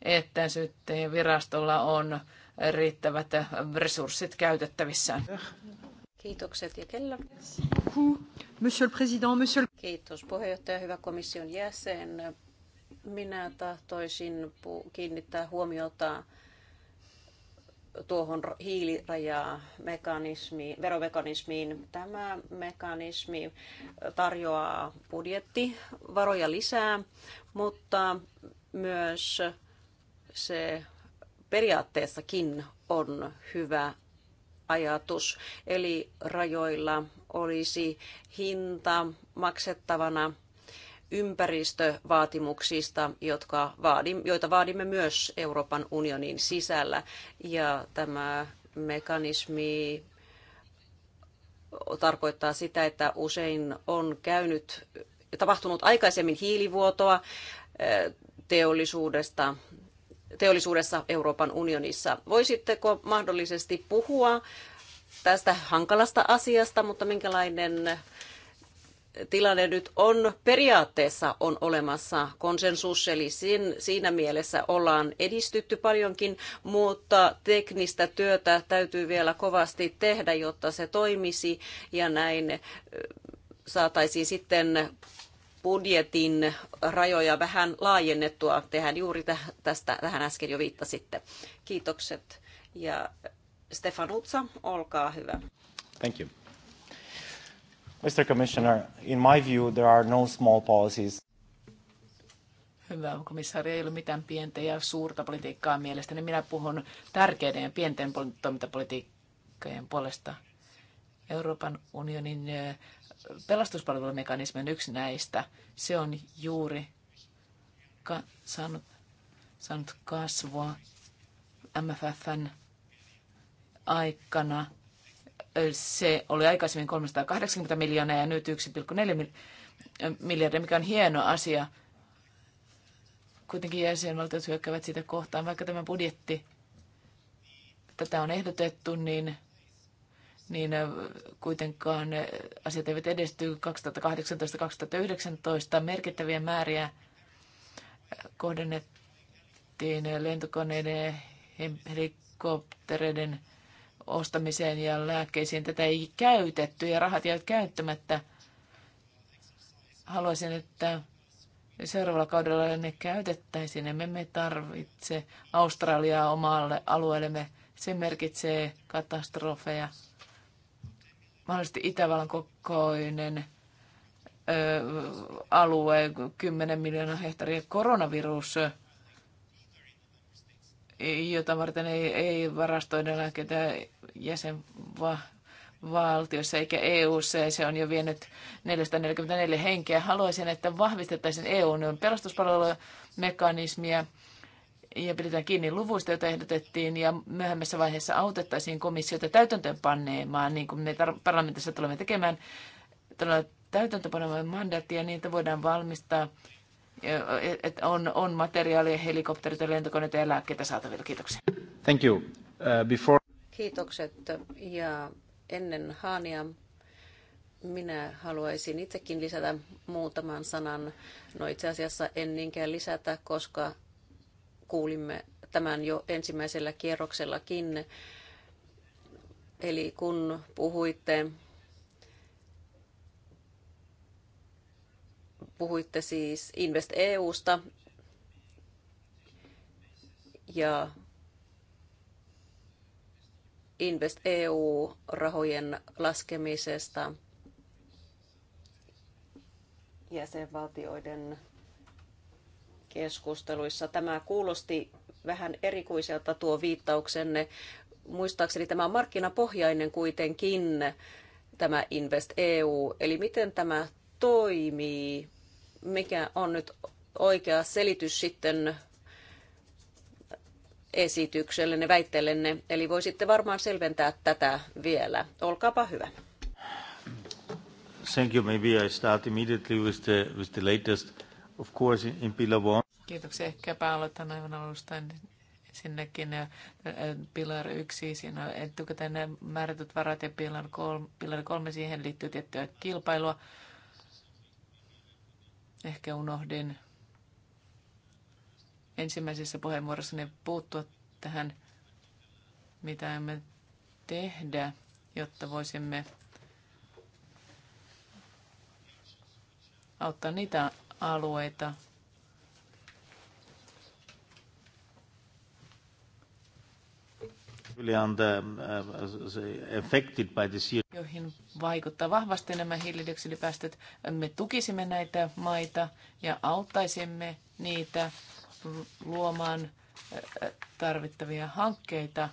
että syyttäjän virastolla on riittävät eh, resurssit käytettävissään? Kiitokset ja kello. Monsieur le Président, monsieur... Kiitos puheenjohtaja, hyvä komission jäsen. Minä tahtoisin kiinnittää huomiota tuohon hiilirajamekanismiin, veromekanismiin. Tämä mekanismi tarjoaa budjettivaroja lisää, mutta myös se periaatteessakin on hyvä ajatus. Eli rajoilla olisi hinta maksettavana ympäristövaatimuksista, jotka vaadimme, joita vaadimme myös Euroopan unionin sisällä. Ja tämä mekanismi tarkoittaa sitä, että usein on käynyt, tapahtunut aikaisemmin hiilivuotoa eh, teollisuudesta, teollisuudessa Euroopan unionissa. Voisitteko mahdollisesti puhua tästä hankalasta asiasta, mutta minkälainen tilanne nyt on periaatteessa on olemassa konsensus, eli siinä mielessä ollaan edistytty paljonkin, mutta teknistä työtä täytyy vielä kovasti tehdä, jotta se toimisi ja näin saataisiin sitten budjetin rajoja vähän laajennettua. Tehän juuri tästä, tähän äsken jo viittasitte. Kiitokset. Ja Stefan Utsa, olkaa hyvä. Thank you. Mr. Commissioner, in my view there are no small policies. Hyvä komissaari, ei ole mitään pientä ja suurta politiikkaa mielestäni. Minä puhun tärkeiden ja pienten toimintapolitiikkojen puolesta. Euroopan unionin pelastuspalvelumekanismi on yksi näistä. Se on juuri ka- saanut, saanut kasvua MFFn aikana – se oli aikaisemmin 380 miljoonaa ja nyt 1,4 miljardia, mikä on hieno asia. Kuitenkin jäsenvaltiot hyökkäävät sitä kohtaan, vaikka tämä budjetti tätä on ehdotettu, niin, niin kuitenkaan asiat eivät edesty 2018-2019 merkittäviä määriä kohdennettiin lentokoneiden, helikoptereiden ostamiseen ja lääkkeisiin. Tätä ei käytetty ja rahat jäivät käyttämättä. Haluaisin, että seuraavalla kaudella ne käytettäisiin. Emme me tarvitse Australiaa omalle alueellemme. Se merkitsee katastrofeja. Mahdollisesti Itävallan kokoinen ö, alue, 10 miljoonaa hehtaaria koronavirus jota varten ei, ei varastoida ketään jäsenvaltiossa eikä EU:ssa ja se on jo vienyt 444 henkeä. Haluaisin, että vahvistettaisiin EUn pelastuspalvelumekanismia ja pidetään kiinni luvuista, joita ehdotettiin, ja myöhemmässä vaiheessa autettaisiin komissiota täytäntöönpaneemaan, niin kuin me parlamentissa tulemme tekemään, täytäntöönpanemaan mandaattia niin, että voidaan valmistaa että on, on materiaalia, helikopterit ja lentokoneita ja lääkkeitä saatavilla. Kiitoksia. Thank you. Uh, before... Kiitokset. Ja ennen Haania minä haluaisin itsekin lisätä muutaman sanan. No itse asiassa en niinkään lisätä, koska kuulimme tämän jo ensimmäisellä kierroksellakin. Eli kun puhuitte Puhuitte siis Invest EUsta ja Invest EU-rahojen laskemisesta jäsenvaltioiden keskusteluissa. Tämä kuulosti vähän erikoiselta tuo viittauksenne. Muistaakseni tämä on markkinapohjainen kuitenkin, tämä Invest EU. Eli miten tämä toimii? mikä on nyt oikea selitys sitten esityksellenne, väitteellenne. Eli voisitte varmaan selventää tätä vielä. Olkaapa hyvä. Thank you. Maybe I start immediately with the, with the latest. Of course, in, in Pillar 1. Kiitoksia. Ehkäpä aloitan aivan alusta sinnekin äh, Pilar 1, siinä on etukäteen määrätyt varat ja Pilar 3, Pilar 3, siihen liittyy tiettyä kilpailua Ehkä unohdin ensimmäisessä puheenvuorossani puuttua tähän, mitä emme tehdä, jotta voisimme auttaa niitä alueita, Äh, joihin vaikuttaa vahvasti nämä hiilidioksidipäästöt. Me tukisimme näitä maita ja auttaisimme niitä luomaan äh, tarvittavia hankkeita.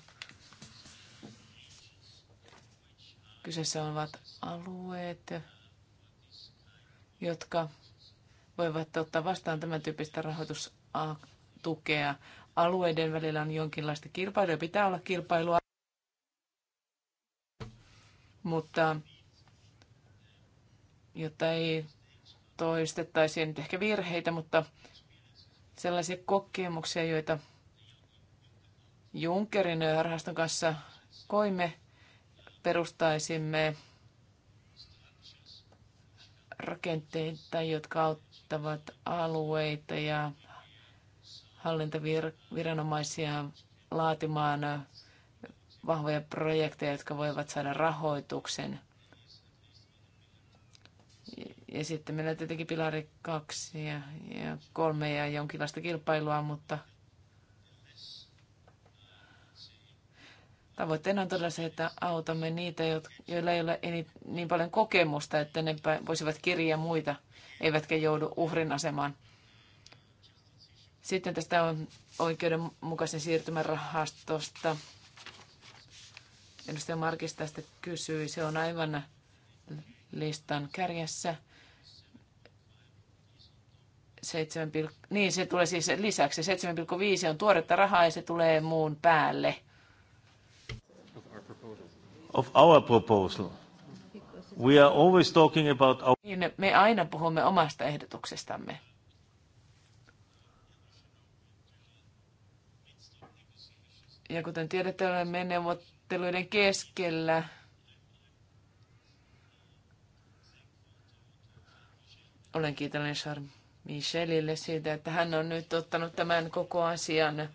Kyseessä ovat alueet, jotka voivat ottaa vastaan tämän tyyppistä rahoitustukea alueiden välillä on jonkinlaista kilpailua, pitää olla kilpailua, mutta jotta ei toistettaisiin nyt ehkä virheitä, mutta sellaisia kokemuksia, joita Junckerin rahaston kanssa koimme, perustaisimme rakenteita, jotka auttavat alueita ja hallintaviranomaisia laatimaan vahvoja projekteja, jotka voivat saada rahoituksen. Ja sitten meillä on tietenkin pilari kaksi ja, ja kolme ja jonkinlaista kilpailua, mutta tavoitteena on todella se, että autamme niitä, joilla ei ole niin paljon kokemusta, että ne voisivat kirjaa muita, eivätkä joudu uhrin asemaan. Sitten tästä on oikeudenmukaisen siirtymän rahastosta. Edustaja Markis tästä kysyi. Se on aivan listan kärjessä. 7, niin, se tulee siis lisäksi. 7,5 on tuoretta rahaa ja se tulee muun päälle. Of our proposal. We are always talking about our... Niin, me aina puhumme omasta ehdotuksestamme. Ja kuten tiedätte, olemme neuvotteluiden keskellä. Olen kiitollinen Charles Michelille siitä, että hän on nyt ottanut tämän koko asian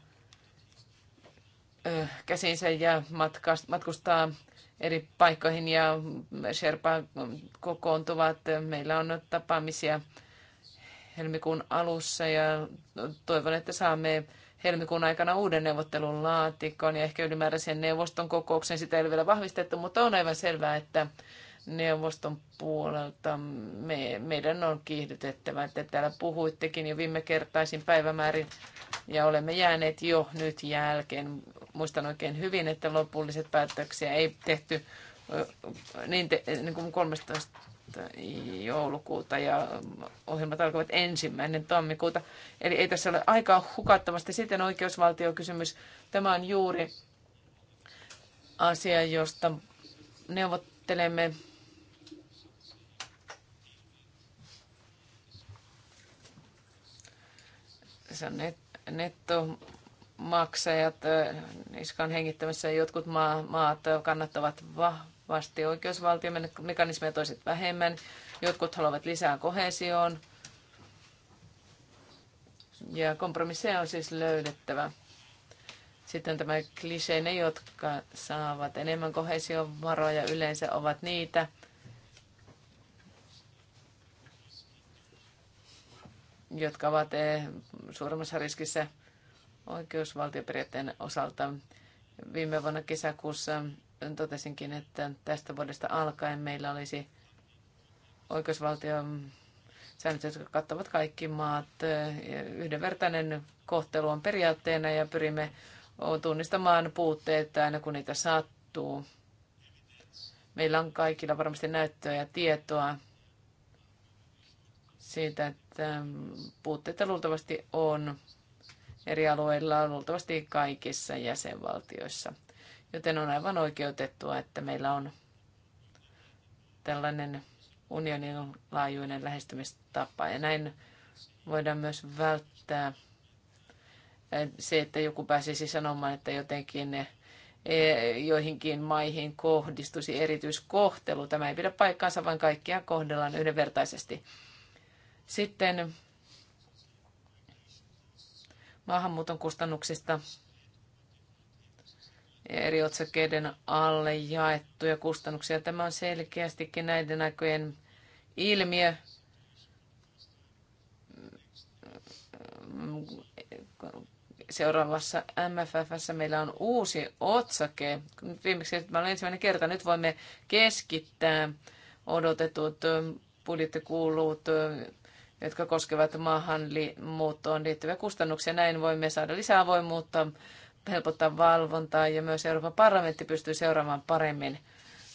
käsinsä ja matkustaa eri paikkoihin ja Sherpa kokoontuvat. Meillä on tapaamisia helmikuun alussa ja toivon, että saamme helmikuun aikana uuden neuvottelun laatikon ja ehkä ylimääräisen neuvoston kokouksen. Sitä ei ole vielä vahvistettu, mutta on aivan selvää, että neuvoston puolelta me, meidän on kiihdytettävä, että täällä puhuittekin jo viime kertaisin päivämäärin ja olemme jääneet jo nyt jälkeen. Muistan oikein hyvin, että lopulliset päätöksiä ei tehty niin, te, niin kuin 13 joulukuuta ja ohjelmat alkavat ensimmäinen tammikuuta. Eli ei tässä ole aikaa hukattomasti. Sitten oikeusvaltiokysymys. Tämä on juuri asia, josta neuvottelemme se on net, nettomaksajat äh, niskan hengittämässä jotkut maat kannattavat va, vasti oikeusvaltiomekanismeja, toiset vähemmän. Jotkut haluavat lisää kohesioon. Ja kompromisseja on siis löydettävä. Sitten tämä klisee, ne jotka saavat enemmän kohesion varoja yleensä ovat niitä, jotka ovat eh, suuremmassa riskissä oikeusvaltioperiaatteen osalta. Viime vuonna kesäkuussa totesinkin, että tästä vuodesta alkaen meillä olisi oikeusvaltion säännöt, jotka kattavat kaikki maat. Yhdenvertainen kohtelu on periaatteena ja pyrimme tunnistamaan puutteet aina kun niitä sattuu. Meillä on kaikilla varmasti näyttöä ja tietoa siitä, että puutteita luultavasti on eri alueilla, luultavasti kaikissa jäsenvaltioissa. Joten on aivan oikeutettua, että meillä on tällainen unionin laajuinen lähestymistapa. Ja näin voidaan myös välttää eh, se, että joku pääsisi sanomaan, että jotenkin ne eh, joihinkin maihin kohdistusi erityiskohtelu. Tämä ei pidä paikkaansa, vaan kaikkia kohdellaan yhdenvertaisesti. Sitten maahanmuuton kustannuksista eri otsakkeiden alle jaettuja kustannuksia. Tämä on selkeästikin näiden aikojen ilmiö. Seuraavassa MFFssä meillä on uusi otsake. Nyt viimeksi että olen ensimmäinen kerta. Nyt voimme keskittää odotetut budjettikulut jotka koskevat maahanmuuttoon liittyviä kustannuksia. Näin voimme saada lisää avoimuutta helpottaa valvontaa ja myös Euroopan parlamentti pystyy seuraamaan paremmin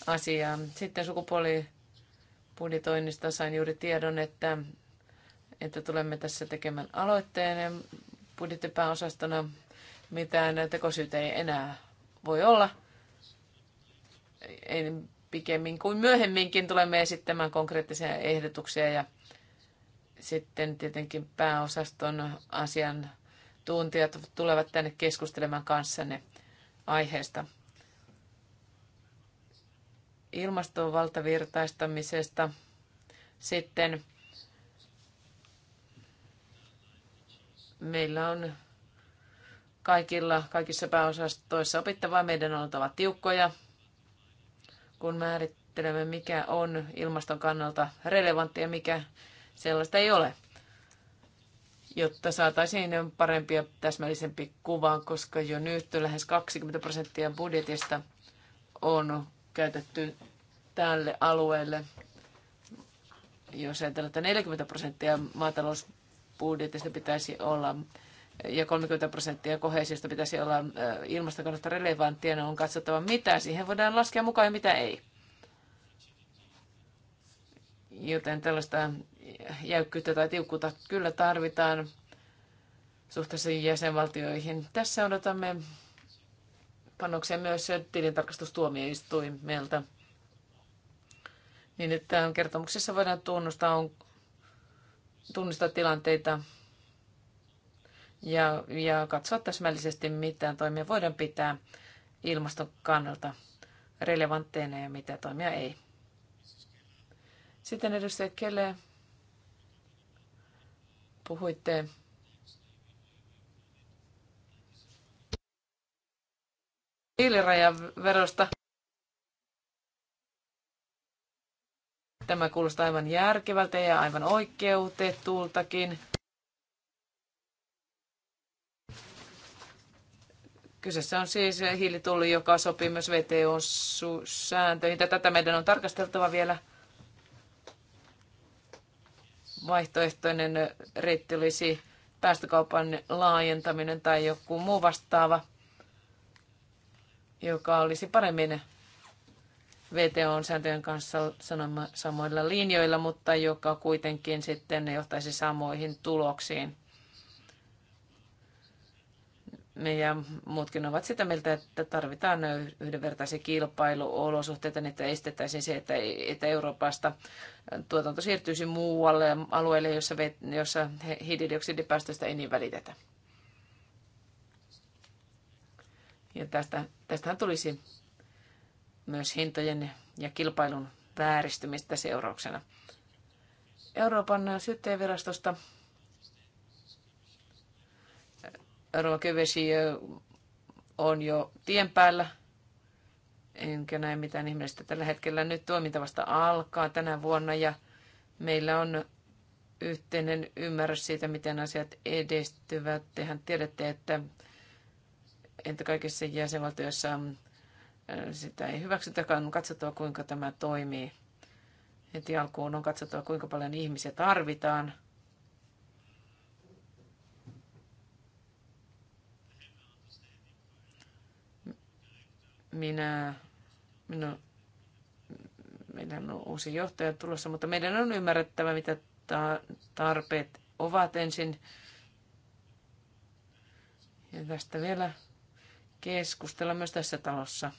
asiaa. Sitten sukupuolibudjetoinnista sain juuri tiedon, että, että tulemme tässä tekemään aloitteen budjettipääosastona. Mitään tekosyitä ei enää voi olla. Ei pikemmin kuin myöhemminkin tulemme esittämään konkreettisia ehdotuksia ja sitten tietenkin pääosaston asian asiantuntijat tulevat tänne keskustelemaan kanssanne aiheesta. Ilmaston valtavirtaistamisesta sitten meillä on kaikilla, kaikissa pääosastoissa opittavaa. Meidän on oltava tiukkoja, kun määrittelemme, mikä on ilmaston kannalta relevantti ja mikä sellaista ei ole jotta saataisiin parempia täsmällisempi kuva, koska jo nyt lähes 20 prosenttia budjetista on käytetty tälle alueelle. Jos ajatellaan, että 40 prosenttia maatalousbudjetista pitäisi olla ja 30 prosenttia kohesiosta pitäisi olla äh, ilmaston kannalta relevanttia, niin on katsottava mitä siihen voidaan laskea mukaan ja mitä ei joten tällaista jäykkyyttä tai tiukkuutta kyllä tarvitaan suhteessa jäsenvaltioihin. Tässä odotamme panoksia myös tilintarkastustuomioistuimelta, niin että kertomuksessa voidaan tunnustaa, on, tunnistaa tilanteita ja, ja katsoa täsmällisesti, mitä toimia voidaan pitää ilmaston kannalta relevantteina ja mitä toimia ei. Sitten edustaja Kele, puhuitte hiilirajan verosta. Tämä kuulostaa aivan järkevältä ja aivan oikeutetultakin. Kyseessä on siis hiilitulli, joka sopii myös VTO-sääntöihin. Tätä meidän on tarkasteltava vielä. Vaihtoehtoinen reitti olisi päästökaupan laajentaminen tai joku muu vastaava, joka olisi paremmin VTO-sääntöjen kanssa samoilla linjoilla, mutta joka kuitenkin sitten johtaisi samoihin tuloksiin me niin, ja muutkin ovat sitä mieltä, että tarvitaan yhdenvertaisia kilpailuolosuhteita, niin että estettäisiin se, että, että Euroopasta tuotanto siirtyisi muualle alueelle, jossa, jossa hiilidioksidipäästöistä ei niin välitetä. Ja tästä, tästähän tulisi myös hintojen ja kilpailun vääristymistä seurauksena. Euroopan syyttäjävirastosta Rova on jo tien päällä. Enkä näe mitään ihmeellistä tällä hetkellä. Nyt toiminta vasta alkaa tänä vuonna ja meillä on yhteinen ymmärrys siitä, miten asiat edistyvät. Tehän tiedätte, että, entä kaikissa jäsenvaltioissa sitä ei hyväksytäkään. On katsottava, kuinka tämä toimii. Heti alkuun on katsottava, kuinka paljon ihmisiä tarvitaan – Minä, minä, meillä on uusi johtaja tulossa, mutta meidän on ymmärrettävä, mitä tarpeet ovat ensin. Ja tästä vielä keskustella myös tässä talossa.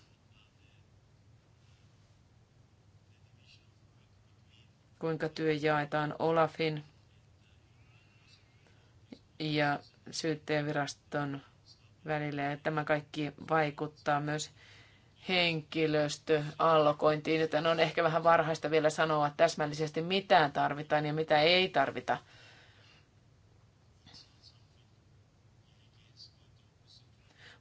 Kuinka työ jaetaan Olafin ja syyttäjäviraston välillä. Ja tämä kaikki vaikuttaa myös henkilöstöallokointiin, joten on ehkä vähän varhaista vielä sanoa täsmällisesti, mitä tarvitaan ja mitä ei tarvita.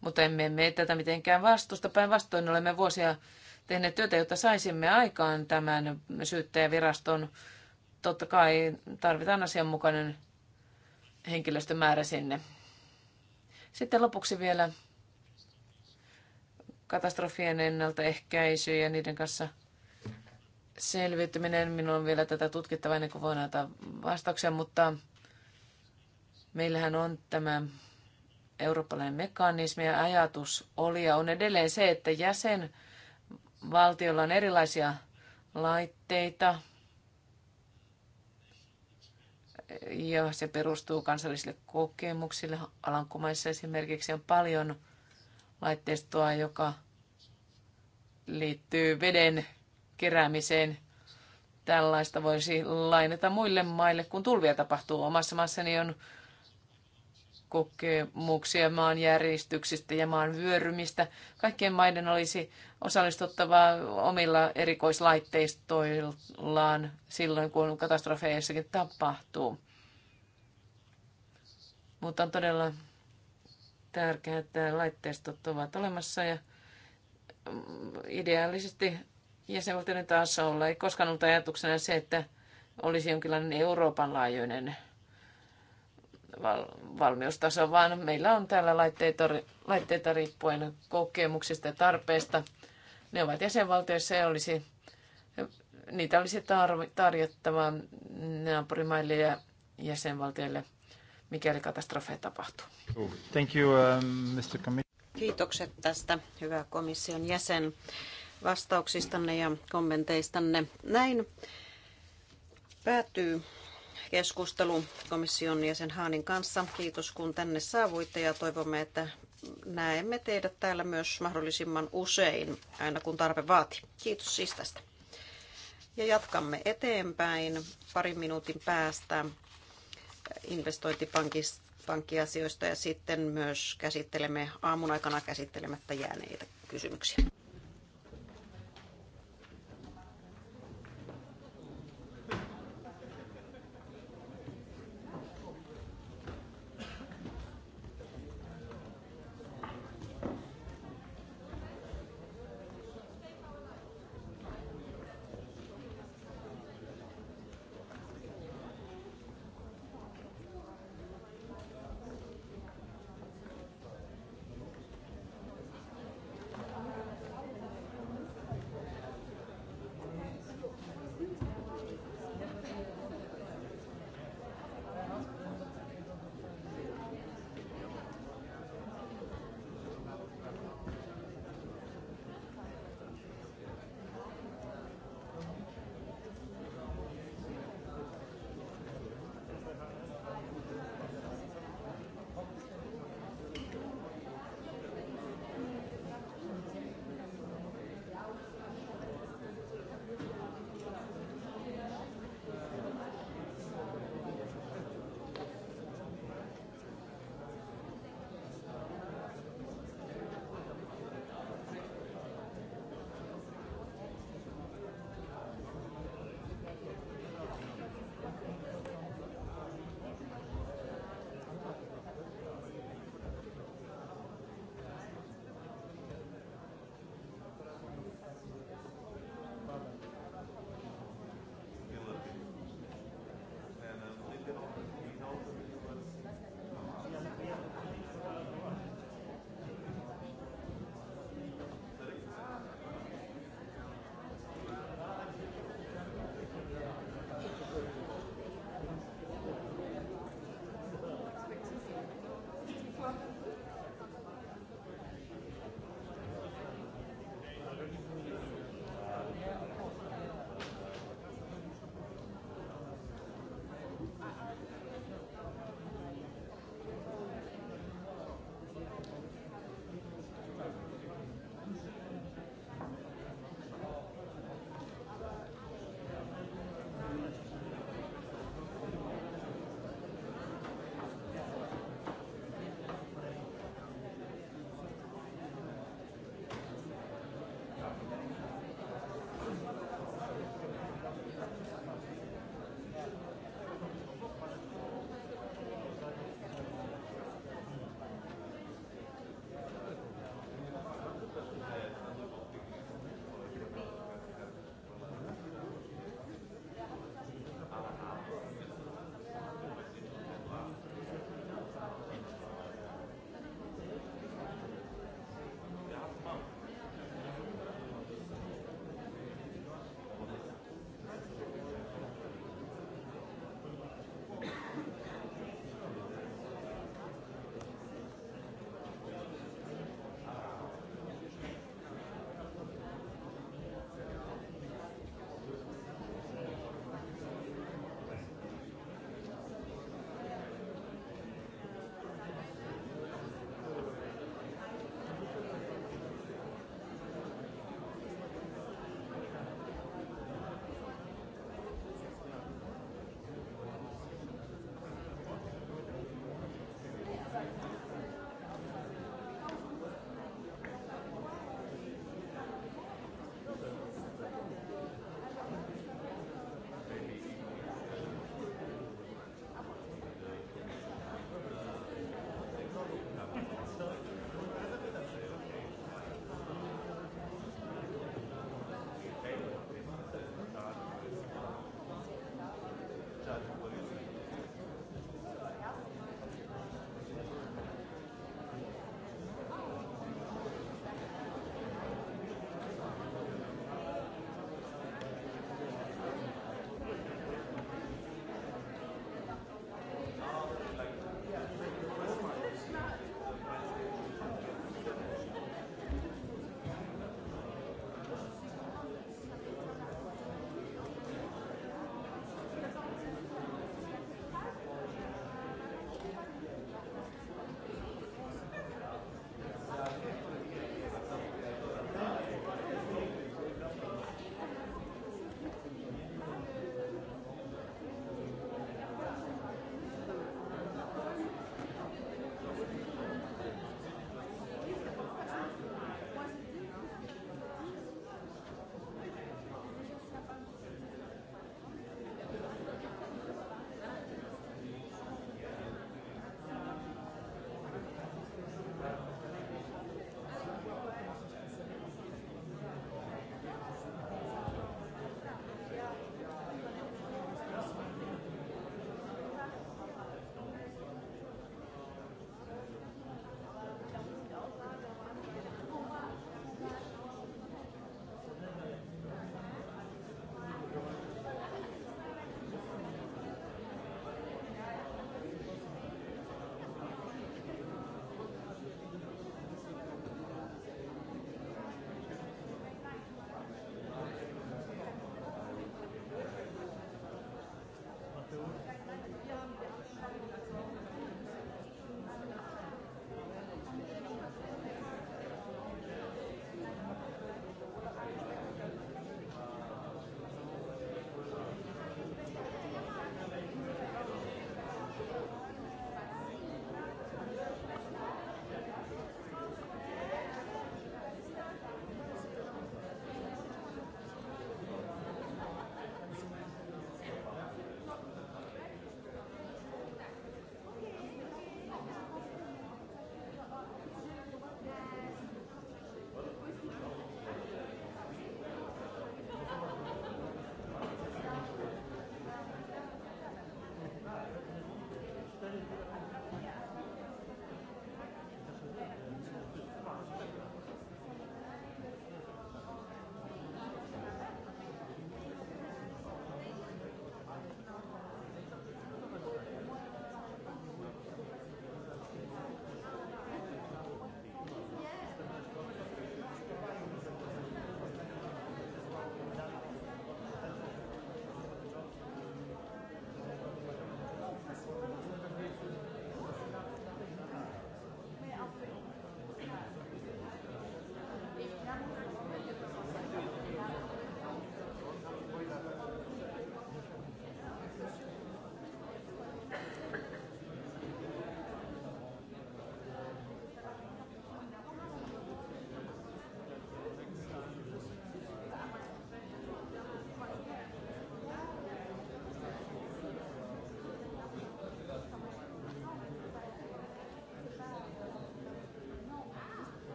Mutta emme me tätä mitenkään vastusta. Päinvastoin olemme vuosia tehneet työtä, jotta saisimme aikaan tämän syyttäjäviraston. Totta kai tarvitaan asianmukainen henkilöstömäärä sinne. Sitten lopuksi vielä katastrofien ennaltaehkäisy ja niiden kanssa selviytyminen. Minun on vielä tätä tutkittavaa ennen kuin voin antaa vastauksia, mutta meillähän on tämä eurooppalainen mekanismi ja ajatus oli ja on edelleen se, että jäsenvaltiolla on erilaisia laitteita, ja se perustuu kansallisille kokemuksille. Alankomaissa esimerkiksi on paljon laitteistoa, joka liittyy veden keräämiseen. Tällaista voisi lainata muille maille, kun tulvia tapahtuu. Omassa maassani on kokemuksia järjestyksistä ja maan vyörymistä. Kaikkien maiden olisi osallistuttava omilla erikoislaitteistoillaan silloin, kun katastrofeissakin tapahtuu. Mutta on todella tärkeää, että laitteistot ovat olemassa ja ideaalisesti jäsenvaltioiden olla. ei koskaan ollut ajatuksena se, että olisi jonkinlainen Euroopan laajuinen val- valmiustaso, vaan meillä on täällä laitteita, laitteita riippuen kokemuksista ja tarpeista. Ne ovat jäsenvaltioissa ja olisi, niitä olisi tar- tarjottava naapurimaille ja jäsenvaltioille, mikäli katastrofeja tapahtuu. Thank you, um, Mr. Kiitokset tästä, hyvä komission jäsen, vastauksistanne ja kommenteistanne. Näin päättyy keskustelu komission jäsen Haanin kanssa. Kiitos kun tänne saavuitte ja toivomme, että näemme teidät täällä myös mahdollisimman usein, aina kun tarve vaatii. Kiitos siis tästä. Ja jatkamme eteenpäin parin minuutin päästä investointipankista pankkiasioista ja sitten myös käsittelemme aamun aikana käsittelemättä jääneitä kysymyksiä.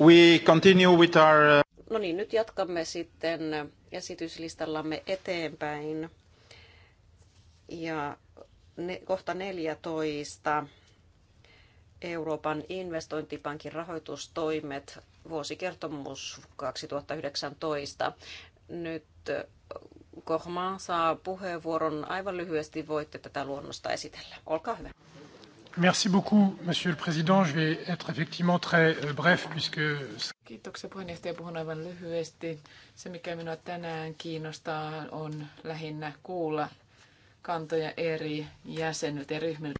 We continue with our... Uh, no niin, nyt jatkamme sitten esityslistallamme eteenpäin. Ja ne, kohta 14. Euroopan investointipankin rahoitustoimet vuosikertomus 2019. Nyt uh, Kohma saa puheenvuoron. Aivan lyhyesti voitte tätä luonnosta esitellä. Olkaa hyvä. Merci beaucoup, Monsieur le Président. Je vais être effectivement très euh, bref puisque... Kiitoksia puheenjohtaja. Puhun aivan lyhyesti. Se, mikä minua tänään kiinnostaa, on lähinnä kuulla kantoja eri jäseniltä ja ryhmiltä.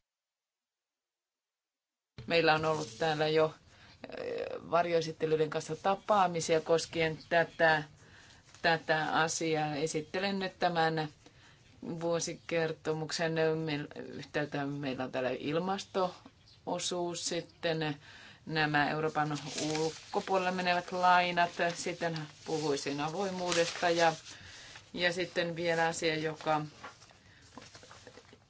Meillä on ollut täällä jo äh, varjoesittelyiden kanssa tapaamisia koskien tätä, tätä asiaa. Esittelen nyt tämän vuosikertomuksen yhteyttä meillä on täällä ilmastoosuus, sitten nämä Euroopan ulkopuolelle menevät lainat, sitten puhuisin avoimuudesta ja, ja sitten vielä asia, joka,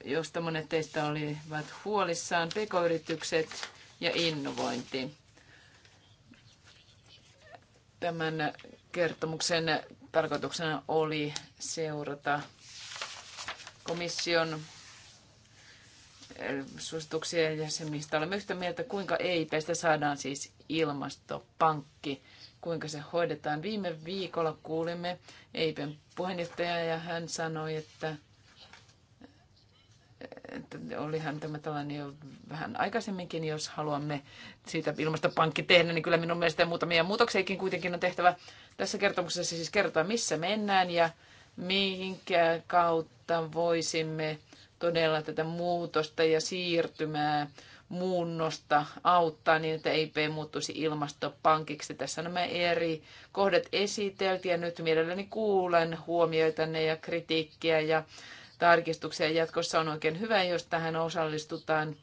josta monet teistä olivat huolissaan, pk-yritykset ja innovointi. Tämän kertomuksen tarkoituksena oli seurata komission eh, suosituksia ja se, mistä olemme yhtä mieltä, kuinka EIPstä saadaan siis ilmastopankki, kuinka se hoidetaan. Viime viikolla kuulimme EIPn puheenjohtaja ja hän sanoi, että, että olihan tämä tällainen jo vähän aikaisemminkin, jos haluamme siitä ilmastopankki tehdä, niin kyllä minun mielestä muutamia muutoksiakin kuitenkin on tehtävä. Tässä kertomuksessa siis kertoa, missä mennään ja minkä kautta voisimme todella tätä muutosta ja siirtymää muunnosta auttaa niin, että EIP muuttuisi ilmastopankiksi. Tässä nämä eri kohdat esiteltiin ja nyt mielelläni kuulen huomioitanne ja kritiikkiä ja tarkistuksia. Jatkossa on oikein hyvä, jos tähän osallistutaan,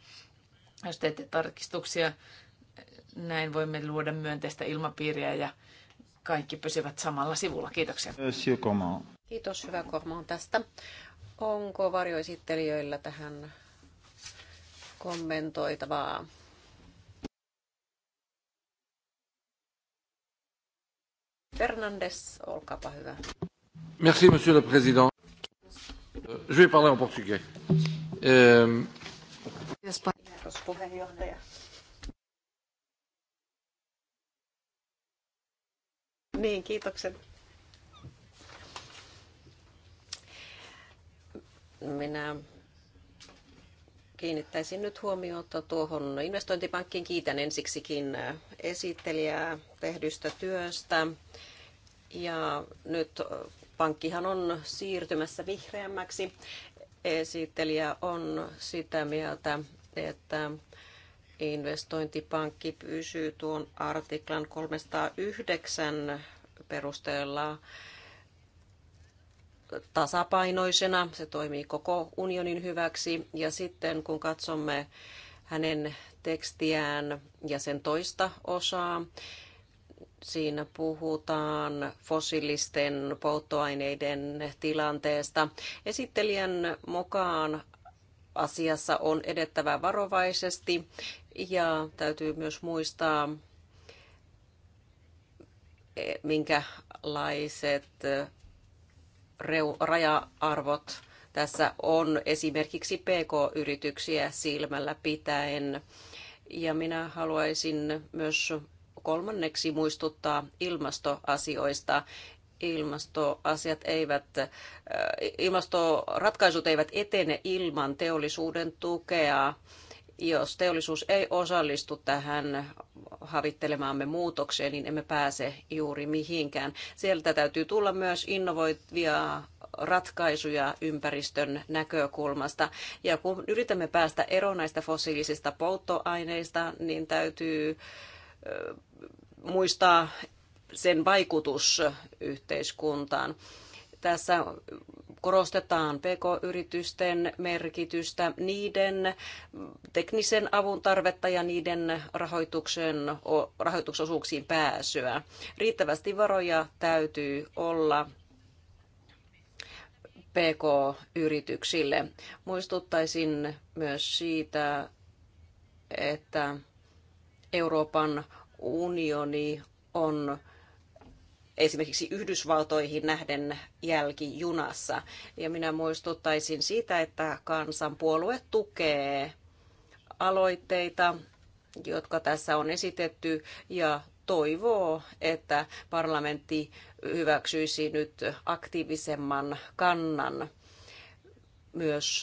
jos teette tarkistuksia. Näin voimme luoda myönteistä ilmapiiriä ja kaikki pysyvät samalla sivulla. Kiitoksia. Kiitos, hyvä Kormaan tästä. Onko varjoesittelijöillä tähän kommentoitavaa? Fernandes, olkaapa hyvä. Merci, monsieur le président. Euh, je vais parler en portugais. Euh... Kiitos puheenjohtaja. Niin, kiitokset. Minä kiinnittäisin nyt huomiota tuohon investointipankkiin. Kiitän ensiksikin äh, esittelijää tehdystä työstä. Ja nyt äh, pankkihan on siirtymässä vihreämmäksi. Esittelijä on sitä mieltä, että investointipankki pysyy tuon artiklan 309 perusteella tasapainoisena. Se toimii koko unionin hyväksi. Ja sitten kun katsomme hänen tekstiään ja sen toista osaa, siinä puhutaan fossiilisten polttoaineiden tilanteesta. Esittelijän mukaan asiassa on edettävä varovaisesti ja täytyy myös muistaa, e, minkälaiset e, raja-arvot tässä on esimerkiksi PK-yrityksiä silmällä pitäen. Ja minä haluaisin myös kolmanneksi muistuttaa ilmastoasioista. Ilmastoasiat eivät, e, ilmastoratkaisut eivät etene ilman teollisuuden tukea jos teollisuus ei osallistu tähän havittelemaamme muutokseen, niin emme pääse juuri mihinkään. Sieltä täytyy tulla myös innovoivia ratkaisuja ympäristön näkökulmasta. Ja kun yritämme päästä eroon näistä fossiilisista polttoaineista, niin täytyy muistaa sen vaikutus yhteiskuntaan. Tässä korostetaan PK-yritysten merkitystä, niiden teknisen avun tarvetta ja niiden rahoituksen, rahoituksosuuksiin pääsyä. Riittävästi varoja täytyy olla PK-yrityksille. Muistuttaisin myös siitä, että Euroopan unioni on esimerkiksi Yhdysvaltoihin nähden jälkijunassa. Ja minä muistuttaisin siitä, että kansanpuolue tukee aloitteita, jotka tässä on esitetty, ja toivoo, että parlamentti hyväksyisi nyt aktiivisemman kannan myös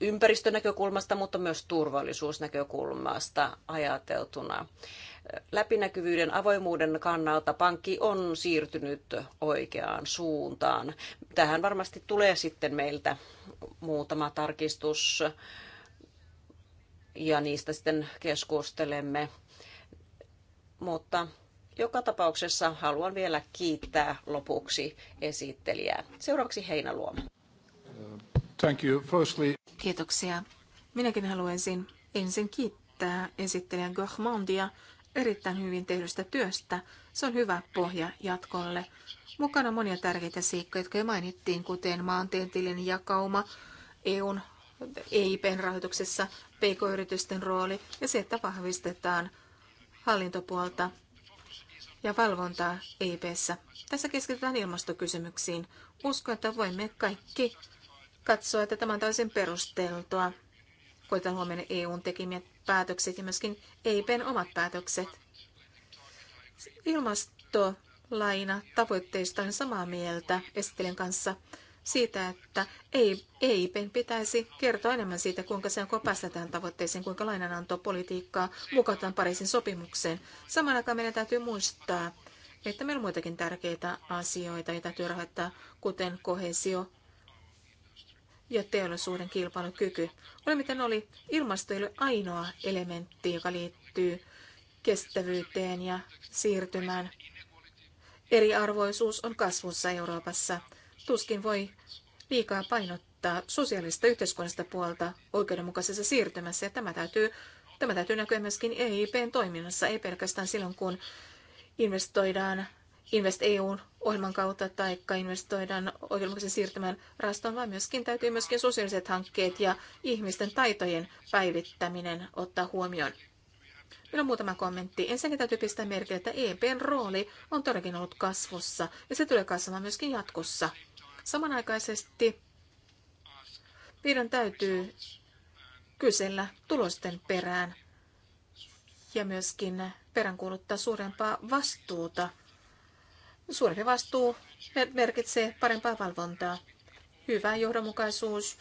ympäristönäkökulmasta, mutta myös turvallisuusnäkökulmasta ajateltuna läpinäkyvyyden avoimuuden kannalta pankki on siirtynyt oikeaan suuntaan. Tähän varmasti tulee sitten meiltä muutama tarkistus ja niistä sitten keskustelemme. Mutta joka tapauksessa haluan vielä kiittää lopuksi esittelijää. Seuraavaksi Heinaluoma. Thank you. Firstly... Kiitoksia. Minäkin haluaisin ensin kiittää esittelijän Gohmandia erittäin hyvin tehdystä työstä. Se on hyvä pohja jatkolle. Mukana monia tärkeitä seikkoja, jotka jo mainittiin, kuten maantieteellinen jakauma, EUn EIPn rahoituksessa, PK-yritysten rooli ja se, että vahvistetaan hallintopuolta ja valvontaa EIPssä. Tässä keskitytään ilmastokysymyksiin. Uskon, että voimme kaikki katsoa, että tämä on täysin perusteltua Koitetaan huomenna EUn tekemiä päätökset ja myöskin EIPn omat päätökset. Ilmastolaina tavoitteista on samaa mieltä esittelen kanssa siitä, että EIPn pitäisi kertoa enemmän siitä, kuinka se on päästä tähän tavoitteeseen, kuinka lainanantopolitiikkaa mukataan Pariisin sopimukseen. Samaan aikaan meidän täytyy muistaa, että meillä on muitakin tärkeitä asioita, joita täytyy rahoittaa, kuten kohesio, ja teollisuuden kilpailukyky. Oli miten oli, ilmasto ei ole ainoa elementti, joka liittyy kestävyyteen ja siirtymään. Eriarvoisuus on kasvussa Euroopassa. Tuskin voi liikaa painottaa sosiaalista yhteiskunnasta puolta oikeudenmukaisessa siirtymässä, ja tämä täytyy, tämä täytyy näkyä myöskin EIPn toiminnassa, ei pelkästään silloin, kun investoidaan Invest EU-ohjelman kautta tai investoidaan oikeudenmukaisen siirtämään rastoon, vaan myöskin täytyy myöskin sosiaaliset hankkeet ja ihmisten taitojen päivittäminen ottaa huomioon. Minulla on muutama kommentti. Ensinnäkin täytyy pistää merkille, että EPn rooli on todellakin ollut kasvussa ja se tulee kasvamaan myöskin jatkossa. Samanaikaisesti meidän täytyy kysellä tulosten perään ja myöskin peräänkuuluttaa suurempaa vastuuta Suurempi vastuu merkitsee parempaa valvontaa, hyvää johdonmukaisuus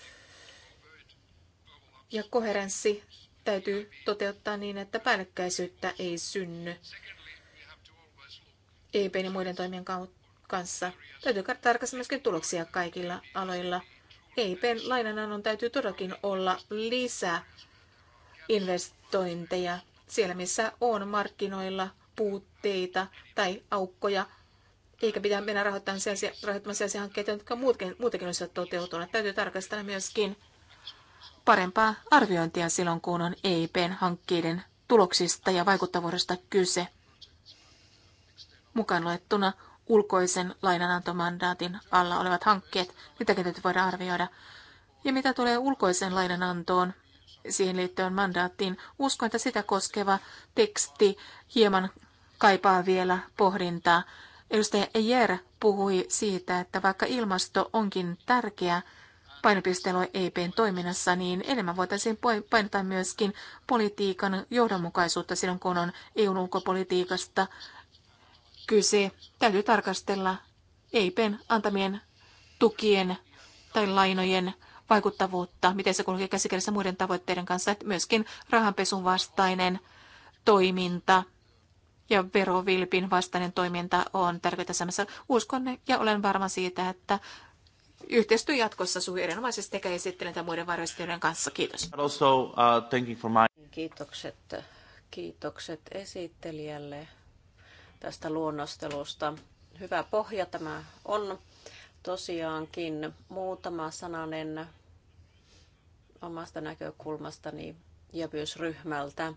ja koherenssi täytyy toteuttaa niin, että päällekkäisyyttä ei synny ei ja muiden toimien kanssa. Täytyy tarkastaa myöskin tuloksia kaikilla aloilla. EIPn lainanannon täytyy todellakin olla lisää investointeja siellä, missä on markkinoilla puutteita tai aukkoja eikä pitää mennä rahoittamaan sellaisia, rahoittamaan sellaisia hankkeita, jotka muutkin, muutenkin olisivat toteutuneet. Täytyy tarkastella myöskin parempaa arviointia silloin, kun on EIPn hankkeiden tuloksista ja vaikuttavuudesta kyse. Mukaan luettuna ulkoisen lainanantomandaatin alla olevat hankkeet, mitäkin täytyy voidaan arvioida. Ja mitä tulee ulkoisen lainanantoon, siihen liittyen mandaattiin, uskon, että sitä koskeva teksti hieman kaipaa vielä pohdintaa Edustaja Ejer puhui siitä, että vaikka ilmasto onkin tärkeä painopistealue EPn toiminnassa, niin enemmän voitaisiin painottaa myöskin politiikan johdonmukaisuutta silloin, kun on EUn ulkopolitiikasta kyse. Täytyy tarkastella EIPn antamien tukien tai lainojen vaikuttavuutta, miten se kulkee käsikädessä muiden tavoitteiden kanssa, että myöskin rahanpesun vastainen toiminta – ja verovilpin vastainen toiminta on tärkeää samassa. Uskon ja olen varma siitä, että yhteistyö jatkossa sujuu erinomaisesti sekä esittelen tämän muiden varjoistyöiden kanssa. Kiitos. Also, uh, for my... Kiitokset, kiitokset esittelijälle tästä luonnostelusta. Hyvä pohja tämä on tosiaankin muutama sananen omasta näkökulmastani ja myös ryhmältä.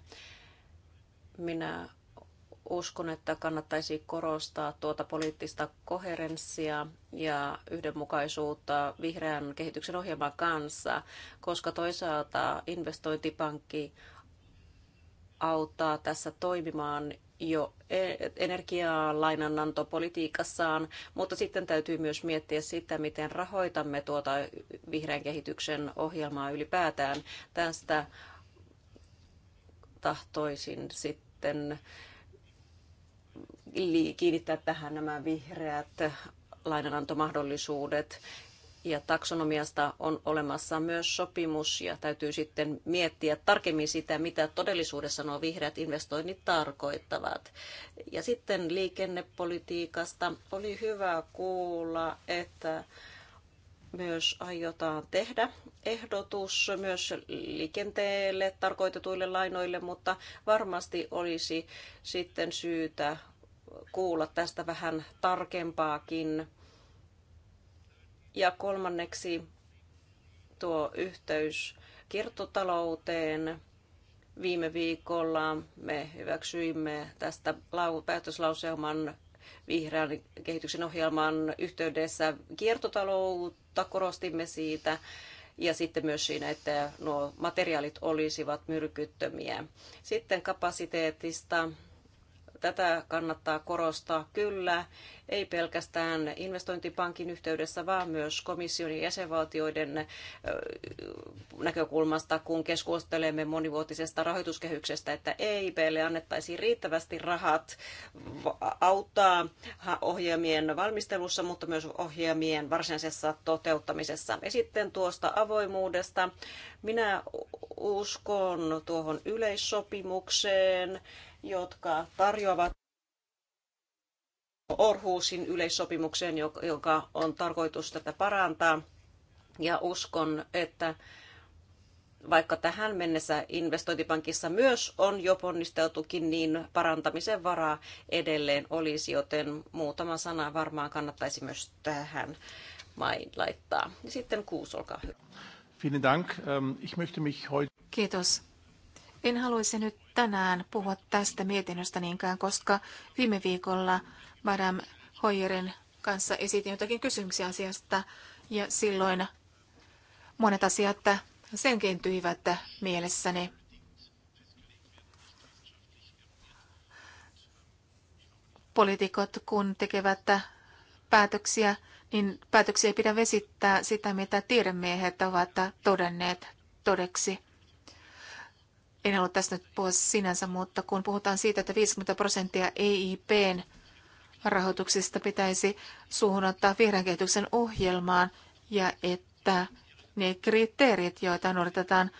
Minä uskon, että kannattaisi korostaa tuota poliittista koherenssia ja yhdenmukaisuutta vihreän kehityksen ohjelman kanssa, koska toisaalta investointipankki auttaa tässä toimimaan jo e- energialainanantopolitiikassaan, mutta sitten täytyy myös miettiä sitä, miten rahoitamme tuota vihreän kehityksen ohjelmaa ylipäätään. Tästä tahtoisin sitten sitten Eli kiinnittää tähän nämä vihreät lainanantomahdollisuudet. Ja taksonomiasta on olemassa myös sopimus ja täytyy sitten miettiä tarkemmin sitä, mitä todellisuudessa nuo vihreät investoinnit tarkoittavat. Ja sitten liikennepolitiikasta oli hyvä kuulla, että myös aiotaan tehdä ehdotus myös liikenteelle tarkoitetuille lainoille, mutta varmasti olisi sitten syytä kuulla tästä vähän tarkempaakin. Ja kolmanneksi tuo yhteys kiertotalouteen. Viime viikolla me hyväksyimme tästä päätöslauselman vihreän kehityksen ohjelman yhteydessä kiertotaloutta, korostimme siitä ja sitten myös siinä, että nuo materiaalit olisivat myrkyttömiä. Sitten kapasiteetista Tätä kannattaa korostaa kyllä, ei pelkästään investointipankin yhteydessä, vaan myös komission ja jäsenvaltioiden näkökulmasta, kun keskustelemme monivuotisesta rahoituskehyksestä, että EIPlle annettaisiin riittävästi rahat auttaa ohjelmien valmistelussa, mutta myös ohjelmien varsinaisessa toteuttamisessa. Ja sitten tuosta avoimuudesta. Minä uskon tuohon yleissopimukseen, jotka tarjoavat Orhuusin yleissopimukseen, joka on tarkoitus tätä parantaa. Ja uskon, että vaikka tähän mennessä investointipankissa myös on jo ponnisteltukin, niin parantamisen varaa edelleen olisi, joten muutama sana varmaan kannattaisi myös tähän main laittaa. Sitten kuusi, olkaa hyvä. Vielen Dank. Ähm, ich möchte mich heute... Kiitos. En haluaisi nyt tänään puhua tästä mietinnöstä niinkään, koska viime viikolla Madame Hoyerin kanssa esitin jotakin kysymyksiä asiasta ja silloin monet asiat tyivät mielessäni. Poliitikot, kun tekevät päätöksiä, niin päätöksiä ei pidä vesittää sitä, mitä tiedemiehet ovat todenneet todeksi en halua tästä nyt puhua sinänsä, mutta kun puhutaan siitä, että 50 prosenttia EIPn rahoituksista pitäisi suunnata vihreän kehityksen ohjelmaan ja että ne kriteerit, joita noudatetaan,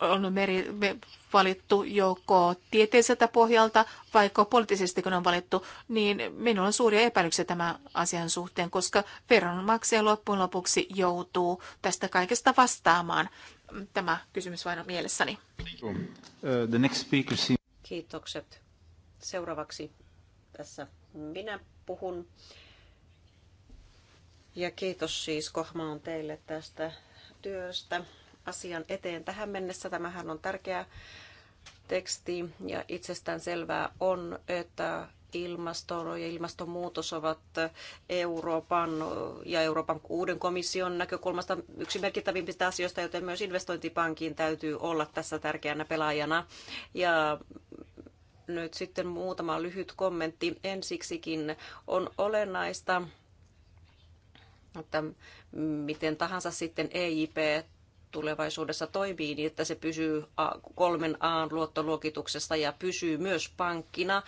on meri, me valittu joko tieteelliseltä pohjalta vai poliittisesti, kun on valittu, niin minulla on suuria epäilyksiä tämän asian suhteen, koska veronmaksaja loppujen lopuksi joutuu tästä kaikesta vastaamaan tämä kysymys vain on mielessäni. Uh, the next speaker Kiitokset. Seuraavaksi tässä minä puhun. Ja kiitos siis Kohmaan teille tästä työstä asian eteen tähän mennessä. Tämähän on tärkeä teksti ja itsestään selvää on, että ilmasto ja ilmastonmuutos ovat Euroopan ja Euroopan uuden komission näkökulmasta yksi merkittävimmistä asioista, joten myös investointipankin täytyy olla tässä tärkeänä pelaajana. Ja nyt sitten muutama lyhyt kommentti. Ensiksikin on olennaista, että miten tahansa sitten EIP tulevaisuudessa toimii niin, että se pysyy kolmen A luottoluokituksessa ja pysyy myös pankkina,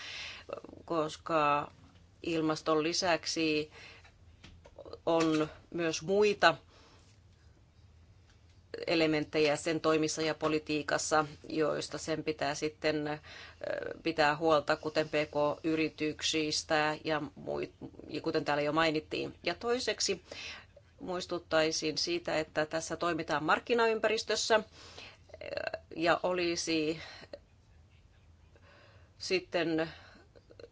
koska ilmaston lisäksi on myös muita elementtejä sen toimissa ja politiikassa, joista sen pitää sitten pitää huolta, kuten PK-yrityksistä ja muut, kuten täällä jo mainittiin. Ja toiseksi muistuttaisin siitä, että tässä toimitaan markkinaympäristössä ja olisi sitten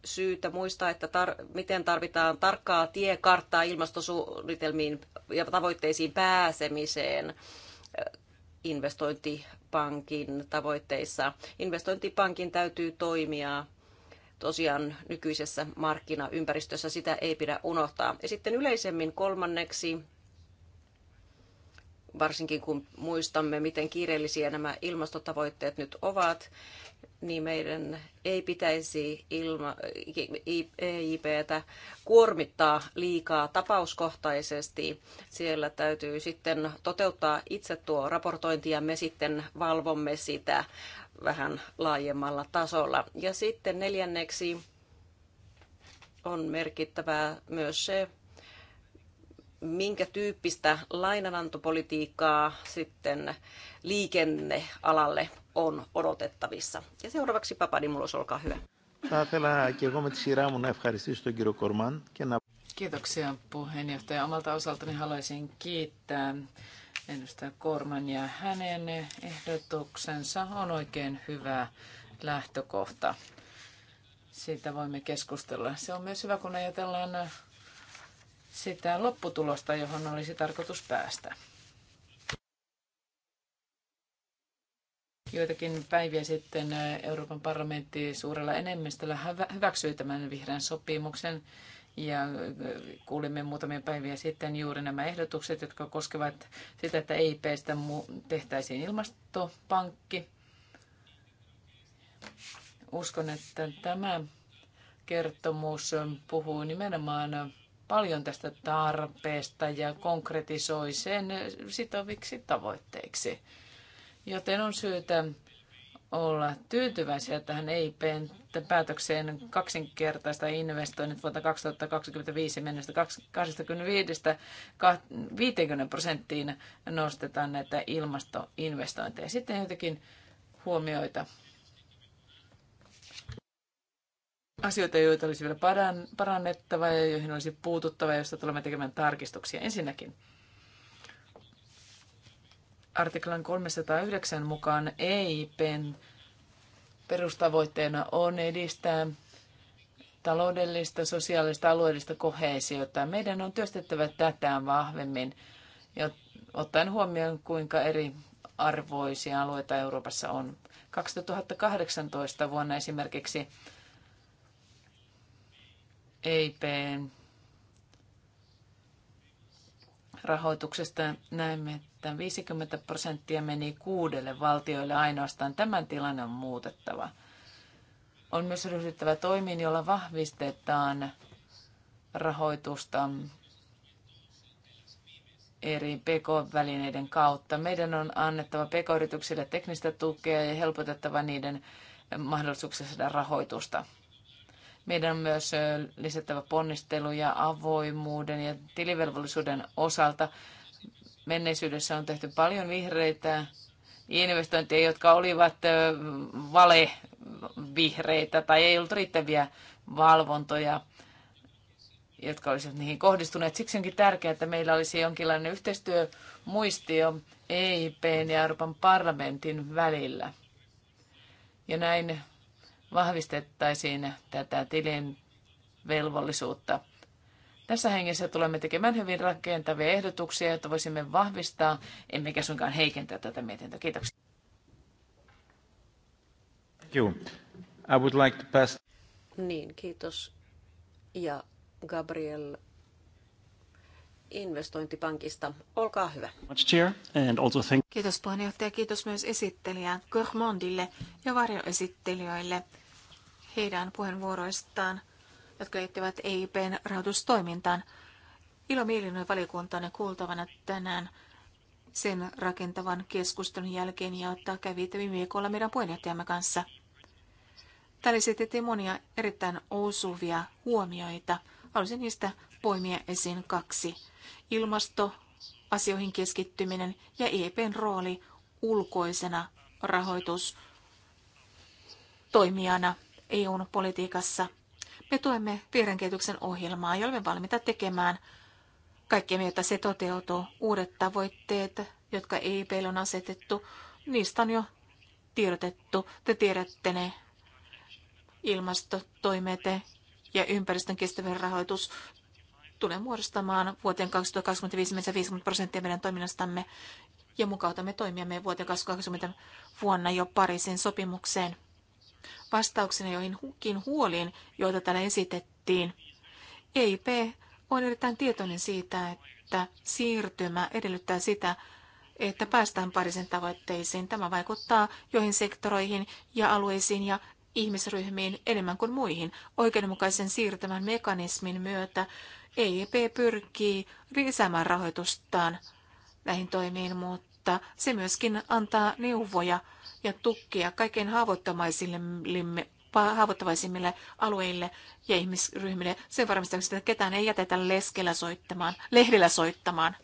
syytä muistaa, että tar- miten tarvitaan tarkkaa tiekarttaa ilmastosuunnitelmiin ja tavoitteisiin pääsemiseen investointipankin tavoitteissa. Investointipankin täytyy toimia tosiaan nykyisessä markkinaympäristössä, sitä ei pidä unohtaa. Ja sitten yleisemmin kolmanneksi varsinkin kun muistamme, miten kiireellisiä nämä ilmastotavoitteet nyt ovat, niin meidän ei pitäisi ilma, EIPtä kuormittaa liikaa tapauskohtaisesti. Siellä täytyy sitten toteuttaa itse tuo raportointi ja me sitten valvomme sitä vähän laajemmalla tasolla. Ja sitten neljänneksi on merkittävää myös se, minkä tyyppistä lainanantopolitiikkaa sitten liikennealalle on odotettavissa. Ja seuraavaksi Papadimulos, olkaa hyvä. Kiitoksia puheenjohtaja. Omalta osaltani haluaisin kiittää edustaja Korman ja hänen ehdotuksensa on oikein hyvä lähtökohta. Siitä voimme keskustella. Se on myös hyvä, kun ajatellaan sitä lopputulosta, johon olisi tarkoitus päästä. Joitakin päiviä sitten Euroopan parlamentti suurella enemmistöllä hyväksyi tämän vihreän sopimuksen ja kuulimme muutamia päiviä sitten juuri nämä ehdotukset, jotka koskevat sitä, että EIPstä tehtäisiin ilmastopankki. Uskon, että tämä kertomus puhuu nimenomaan paljon tästä tarpeesta ja konkretisoi sen sitoviksi tavoitteiksi. Joten on syytä olla tyytyväisiä tähän eip päätökseen kaksinkertaista investoinnit vuonna 2025 mennessä 25-50 prosenttiin nostetaan näitä ilmastoinvestointeja. Sitten jotenkin huomioita asioita, joita olisi vielä parannettava ja joihin olisi puututtava, josta tulemme tekemään tarkistuksia. Ensinnäkin artiklan 309 mukaan EIPn perustavoitteena on edistää taloudellista, sosiaalista, alueellista koheesiota. Meidän on työstettävä tätä vahvemmin, ja ottaen huomioon, kuinka eri arvoisia alueita Euroopassa on. 2018 vuonna esimerkiksi EIPn rahoituksesta näemme, että 50 prosenttia meni kuudelle valtioille ainoastaan. Tämän tilanne on muutettava. On myös ryhdyttävä toimiin, jolla vahvistetaan rahoitusta eri PK-välineiden kautta. Meidän on annettava PK-yrityksille teknistä tukea ja helpotettava niiden mahdollisuuksia saada rahoitusta. Meidän on myös lisättävä ponnisteluja avoimuuden ja tilivelvollisuuden osalta. Menneisyydessä on tehty paljon vihreitä investointeja, jotka olivat valevihreitä tai ei ollut riittäviä valvontoja, jotka olisivat niihin kohdistuneet. Siksi onkin tärkeää, että meillä olisi jonkinlainen yhteistyömuistio EIPn ja Euroopan parlamentin välillä. Ja näin vahvistettaisiin tätä tilin velvollisuutta. Tässä hengessä tulemme tekemään hyvin rakentavia ehdotuksia, jotta voisimme vahvistaa, emmekä suinkaan heikentää tätä mietintöä. Kiitoksia. Thank you. I would like to pass... Niin, kiitos. Ja Gabriel investointipankista. Olkaa hyvä. Kiitos puheenjohtaja, kiitos myös esittelijään Gormondille ja varjoesittelijöille heidän puheenvuoroistaan, jotka liittyvät EIPn rahoitustoimintaan. Ilomielinen valiokuntanne kuultavana tänään sen rakentavan keskustelun jälkeen, jota kävitte viime viikolla meidän puheenjohtajamme kanssa. Täällä esitettiin monia erittäin osuvia huomioita. Haluaisin niistä poimia esiin kaksi. Ilmastoasioihin keskittyminen ja EPn rooli ulkoisena rahoitustoimijana EUn politiikassa. Me tuemme vihreän kehityksen ohjelmaa ja olemme valmiita tekemään kaikkea, jotta se toteutuu. Uudet tavoitteet, jotka EIP on asetettu, niistä on jo tiedotettu. Te tiedätte ne ilmastotoimet ja ympäristön kestävän rahoitus tulee muodostamaan vuoteen 2025 50 prosenttia meidän toiminnastamme ja mukautamme me vuoteen 2020 vuonna jo Pariisin sopimukseen vastauksena joihinkin huoliin, joita täällä esitettiin. EIP on erittäin tietoinen siitä, että siirtymä edellyttää sitä, että päästään parisen tavoitteisiin. Tämä vaikuttaa joihin sektoreihin ja alueisiin ja ihmisryhmiin enemmän kuin muihin. Oikeudenmukaisen siirtymän mekanismin myötä EIP pyrkii lisäämään rahoitustaan näihin toimiin, mutta se myöskin antaa neuvoja ja tukea kaikkein haavoittavaisimmille haavoittuvaisimmille alueille ja ihmisryhmille sen varmistamiseksi, että ketään ei jätetä leskellä soittamaan, lehdellä soittamaan.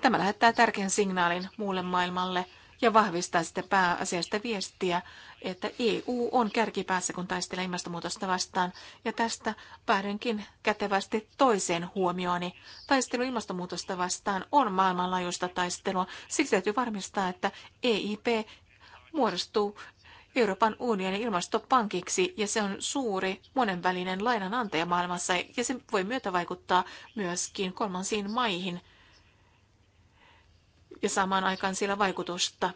Tämä lähettää tärkeän signaalin muulle maailmalle – ja vahvistaa sitä pääasiasta viestiä, että EU on kärkipäässä, kun taistelee ilmastonmuutosta vastaan. Ja tästä päädynkin kätevästi toiseen huomiooni. Taistelu ilmastonmuutosta vastaan on maailmanlaajuista taistelua. Siksi täytyy varmistaa, että EIP muodostuu Euroopan unionin ilmastopankiksi ja se on suuri monenvälinen lainanantaja maailmassa ja se voi myötävaikuttaa myöskin kolmansiin maihin – ja samaan aikaan sillä vaikutusta.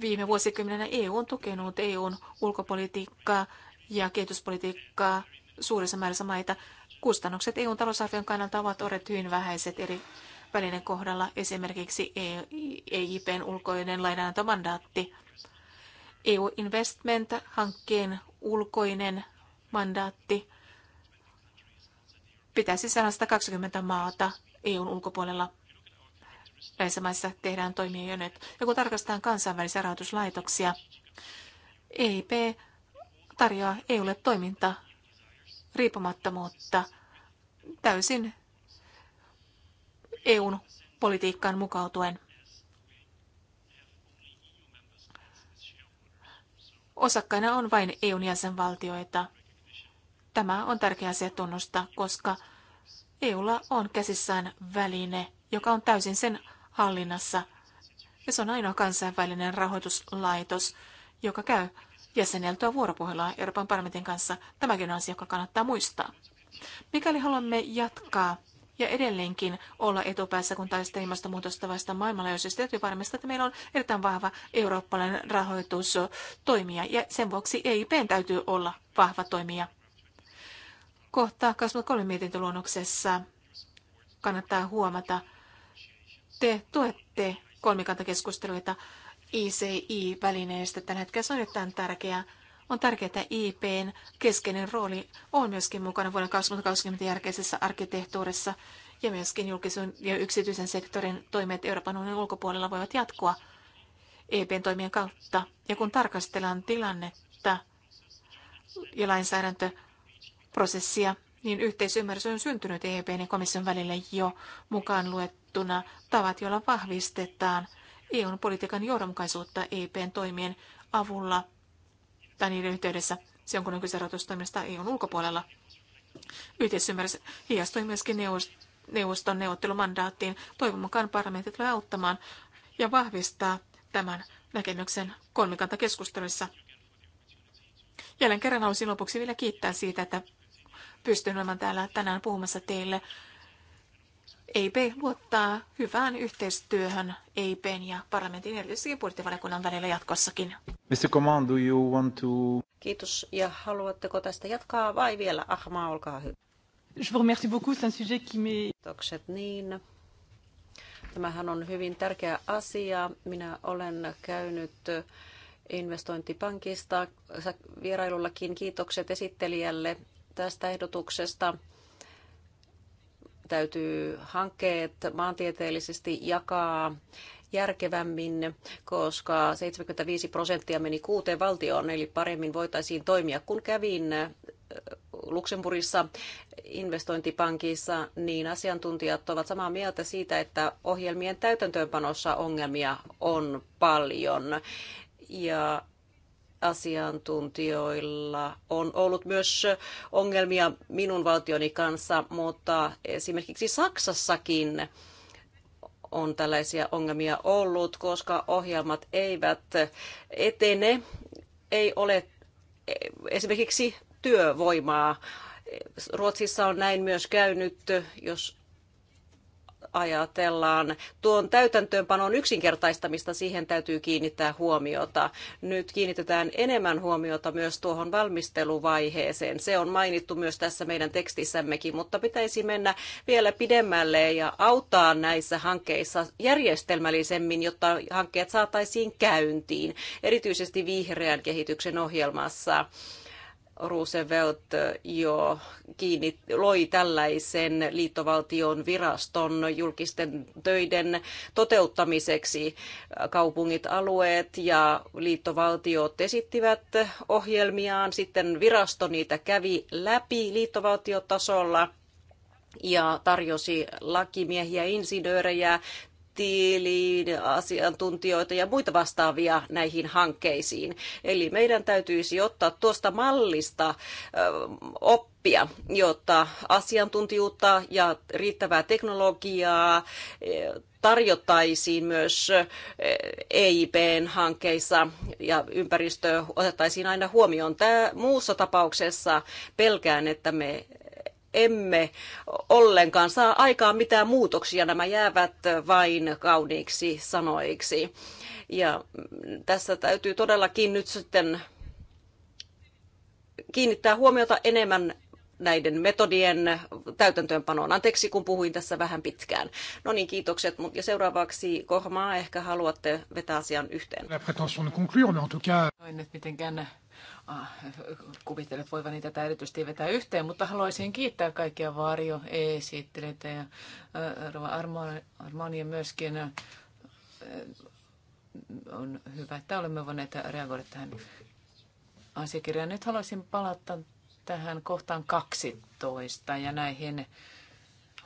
Viime vuosikymmenenä EU on tukenut EUn ulkopolitiikkaa ja kehityspolitiikkaa suurissa määrässä maita. Kustannukset EUn talousarvion kannalta ovat olleet hyvin vähäiset eri välinen kohdalla, esimerkiksi EIPn ulkoinen lainanantomandaatti. EU Investment-hankkeen ulkoinen mandaatti pitäisi sisällä 120 maata EUn ulkopuolella näissä maissa tehdään toimia jo nyt. Ja kun tarkastetaan kansainvälisiä rahoituslaitoksia, EIP tarjoaa EUlle toiminta riippumattomuutta täysin EUn politiikkaan mukautuen. Osakkaina on vain EUn jäsenvaltioita. Tämä on tärkeä asia tunnustaa, koska EUlla on käsissään väline, joka on täysin sen hallinnassa. Ja se on ainoa kansainvälinen rahoituslaitos, joka käy jäseneltyä vuoropuhelua Euroopan parlamentin kanssa. Tämäkin on asia, joka kannattaa muistaa. Mikäli haluamme jatkaa ja edelleenkin olla etupäässä, kun taistelee ilmastonmuutosta vastaan jos täytyy varmistaa, että meillä on erittäin vahva eurooppalainen rahoitus toimia, ja sen vuoksi EIP täytyy olla vahva toimija. Kohta 23 mietintöluonnoksessa kannattaa huomata, te tuette kolmikantakeskusteluita ICI-välineestä tällä hetkellä. Se on erittäin tärkeää. On tärkeää, että IPn keskeinen rooli on myöskin mukana vuoden 2020 jälkeisessä arkkitehtuurissa ja myöskin julkisen ja yksityisen sektorin toimet Euroopan unionin ulkopuolella voivat jatkua EPn toimien kautta. Ja kun tarkastellaan tilannetta ja lainsäädäntöprosessia, niin yhteisymmärrys on syntynyt EUn ja komission välille jo mukaan luettuna tavat, joilla vahvistetaan EUn politiikan johdonmukaisuutta EPN toimien avulla tai niiden yhteydessä, se on kuitenkin on rahoitustoiminnasta EUn ulkopuolella. Yhteisymmärrys hiastui myöskin neuvoston neuvottelumandaattiin. Toivon mukaan parlamentti tulee auttamaan ja vahvistaa tämän näkemyksen kolmikantakeskusteluissa. Jälleen kerran haluaisin lopuksi vielä kiittää siitä, että pystyn olemaan täällä tänään puhumassa teille. EIP luottaa hyvään yhteistyöhön EIPn ja parlamentin erityisesti budjettivaliokunnan välillä jatkossakin. Mr. Command, do you want to... Kiitos ja haluatteko tästä jatkaa vai vielä? Ahma, olkaa hyvä. Je vous remercie beaucoup, c'est un sujet qui me... Kiitokset niin. Tämähän on hyvin tärkeä asia. Minä olen käynyt investointipankista vierailullakin kiitokset esittelijälle tästä ehdotuksesta. Täytyy hankkeet maantieteellisesti jakaa järkevämmin, koska 75 prosenttia meni kuuteen valtioon, eli paremmin voitaisiin toimia. Kun kävin Luxemburgissa investointipankissa, niin asiantuntijat ovat samaa mieltä siitä, että ohjelmien täytäntöönpanossa ongelmia on paljon. Ja asiantuntijoilla on ollut myös ongelmia minun valtioni kanssa, mutta esimerkiksi Saksassakin on tällaisia ongelmia ollut, koska ohjelmat eivät etene, ei ole esimerkiksi työvoimaa. Ruotsissa on näin myös käynyt, jos ajatellaan tuon täytäntöönpanon yksinkertaistamista, siihen täytyy kiinnittää huomiota. Nyt kiinnitetään enemmän huomiota myös tuohon valmisteluvaiheeseen. Se on mainittu myös tässä meidän tekstissämmekin, mutta pitäisi mennä vielä pidemmälle ja auttaa näissä hankkeissa järjestelmällisemmin, jotta hankkeet saataisiin käyntiin, erityisesti vihreän kehityksen ohjelmassa. Roosevelt jo kiinni, loi tällaisen liittovaltion viraston julkisten töiden toteuttamiseksi. Kaupungit, alueet ja liittovaltiot esittivät ohjelmiaan. Sitten virasto niitä kävi läpi liittovaltiotasolla ja tarjosi lakimiehiä, insinöörejä, tiiliin asiantuntijoita ja muita vastaavia näihin hankkeisiin. Eli meidän täytyisi ottaa tuosta mallista oppia, jotta asiantuntijuutta ja riittävää teknologiaa tarjottaisiin myös EIPn hankkeissa ja ympäristö otettaisiin aina huomioon. Tämä muussa tapauksessa pelkään, että me emme ollenkaan saa aikaan mitään muutoksia. Nämä jäävät vain kauniiksi sanoiksi. Ja tässä täytyy todellakin nyt sitten kiinnittää huomiota enemmän näiden metodien täytäntöönpanoon. Anteeksi, kun puhuin tässä vähän pitkään. No niin, kiitokset. Ja seuraavaksi Kohmaa, ehkä haluatte vetää asian yhteen. No en nyt mitenkään Ah, kuvittelet voivani tätä erityisesti vetää yhteen, mutta haluaisin kiittää kaikkia esittelijöitä ja äh, Armania myöskin. Äh, on hyvä, että olemme voineet reagoida tähän asiakirjaan. Nyt haluaisin palata tähän kohtaan 12 ja näihin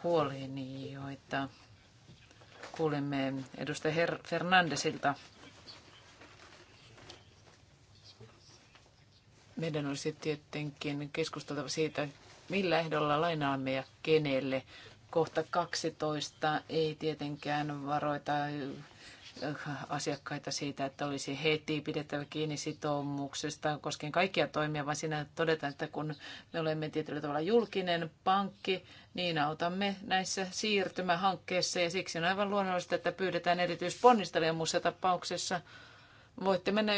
huoliin, joita kuulimme edustaja Her- Fernandesilta Meidän olisi tietenkin keskusteltava siitä, millä ehdolla lainaamme ja kenelle. Kohta 12 ei tietenkään varoita äh, asiakkaita siitä, että olisi heti pidettävä kiinni sitoumuksesta koskien kaikkia toimia, vaan siinä todetaan, että kun me olemme tietyllä tavalla julkinen pankki, niin autamme näissä siirtymähankkeissa ja siksi on aivan luonnollista, että pyydetään erityisponnistelijan muussa tapauksessa – voitte mennä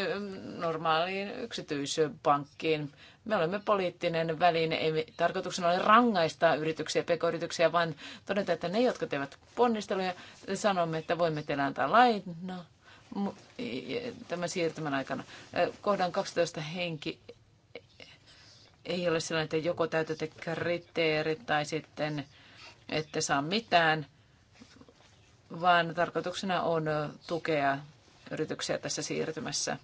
normaaliin yksityispankkiin. Me olemme poliittinen väline, ei tarkoituksena ole rangaista yrityksiä, pk-yrityksiä, vaan todeta, että ne, jotka teevät ponnisteluja, sanomme, että voimme teillä antaa lainaa tämän siirtymän aikana. Kohdan 12 henki ei ole sellainen, että joko täytätte kriteerit tai sitten ette saa mitään, vaan tarkoituksena on tukea yrityksiä tässä siirtymässä.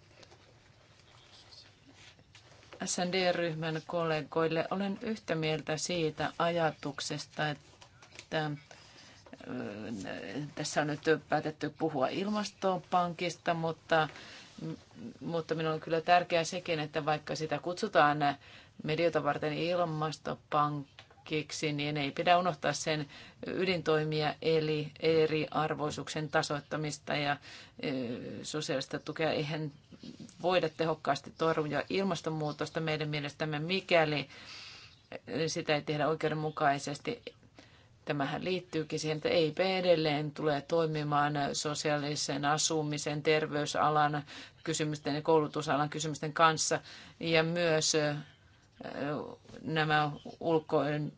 SND-ryhmän kollegoille olen yhtä mieltä siitä ajatuksesta, että äh, tässä on nyt päätetty puhua ilmastopankista, mutta, mutta minulla on kyllä tärkeää sekin, että vaikka sitä kutsutaan mediota varten ilmastopankki, uhkiksi, niin ei pidä unohtaa sen ydintoimia, eli eriarvoisuuksen tasoittamista ja sosiaalista tukea. Eihän voida tehokkaasti torjua ilmastonmuutosta meidän mielestämme, mikäli sitä ei tehdä oikeudenmukaisesti. Tämähän liittyykin siihen, että EIP edelleen tulee toimimaan sosiaalisen asumisen, terveysalan kysymysten ja koulutusalan kysymysten kanssa ja myös nämä ulkoisen,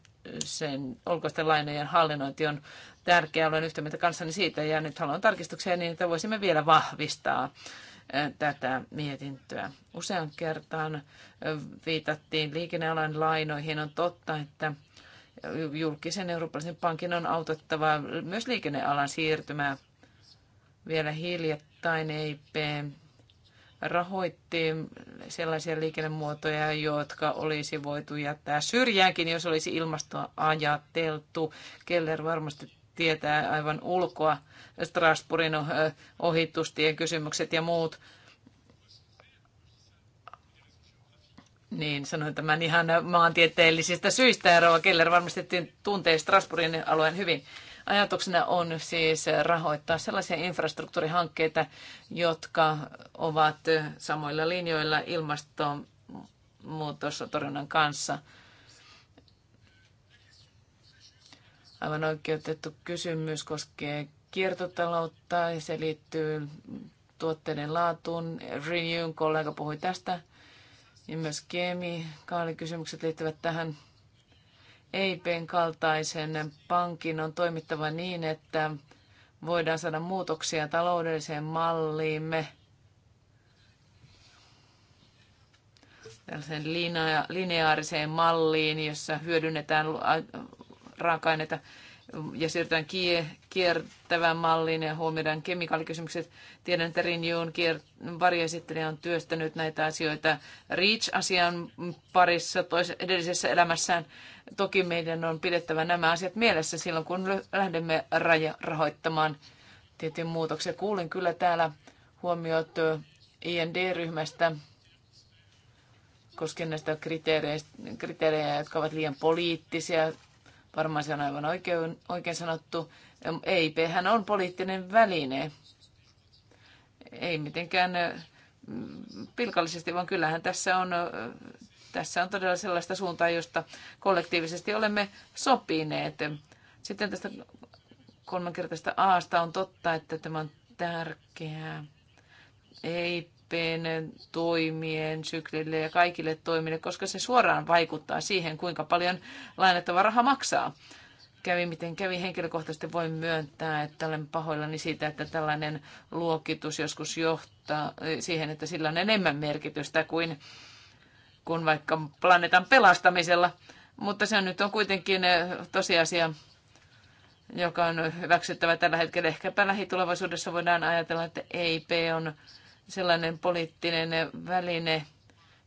ulkoisten lainojen hallinnointi on tärkeää. Olen yhtä mieltä kanssani siitä ja nyt haluan tarkistuksia niin, että voisimme vielä vahvistaa eh, tätä mietintöä. Usean kertaan eh, viitattiin liikennealan lainoihin. On totta, että julkisen eurooppalaisen pankin on autettava myös liikennealan siirtymää. Vielä hiljattain EIP rahoitti sellaisia liikennemuotoja, jotka olisi voitu jättää syrjäänkin, jos olisi ilmastoa ajateltu. Keller varmasti tietää aivan ulkoa Strasbourgin ohitustien kysymykset ja muut. Niin, sanoin tämän ihan maantieteellisistä syistä. eroa Keller varmasti tuntee Strasbourgin alueen hyvin. Ajatuksena on siis rahoittaa sellaisia infrastruktuurihankkeita, jotka ovat samoilla linjoilla ilmastonmuutostorjunnan kanssa. Aivan oikeutettu kysymys koskee kiertotaloutta ja se liittyy tuotteiden laatuun. Renewn kollega puhui tästä. Ja myös kemikaalikysymykset liittyvät tähän EIPn kaltaisen pankin on toimittava niin, että voidaan saada muutoksia taloudelliseen malliimme, tällaiseen linea- lineaariseen malliin, jossa hyödynnetään raaka-aineita ja siirrytään kiertävän malliin ja huomioidaan kemikaalikysymykset. Tiedän, että Rinjuun varjoesittelijä on työstänyt näitä asioita REACH-asian parissa toisessa, edellisessä elämässään. Toki meidän on pidettävä nämä asiat mielessä silloin, kun lähdemme raja- rahoittamaan tietyn muutoksen Kuulin kyllä täällä huomiot IND-ryhmästä koskien näistä kriteereistä, kriteerejä, jotka ovat liian poliittisia Varmaan se on aivan oikein, oikein sanottu. EIP e hän on poliittinen väline. Ei mitenkään pilkallisesti, vaan kyllähän tässä on, tässä on todella sellaista suuntaa, josta kollektiivisesti olemme sopineet. Sitten tästä kolmankertaista Aasta on totta, että tämä on tärkeää. Ei tarpeen toimien syklille ja kaikille toimille, koska se suoraan vaikuttaa siihen, kuinka paljon lainattava raha maksaa. Kävi miten kävi, henkilökohtaisesti voin myöntää, että olen pahoillani siitä, että tällainen luokitus joskus johtaa eh, siihen, että sillä on enemmän merkitystä kuin, kuin vaikka planeetan pelastamisella. Mutta se on nyt on kuitenkin eh, tosiasia joka on hyväksyttävä tällä hetkellä. Ehkäpä lähitulevaisuudessa voidaan ajatella, että EIP on sellainen poliittinen väline,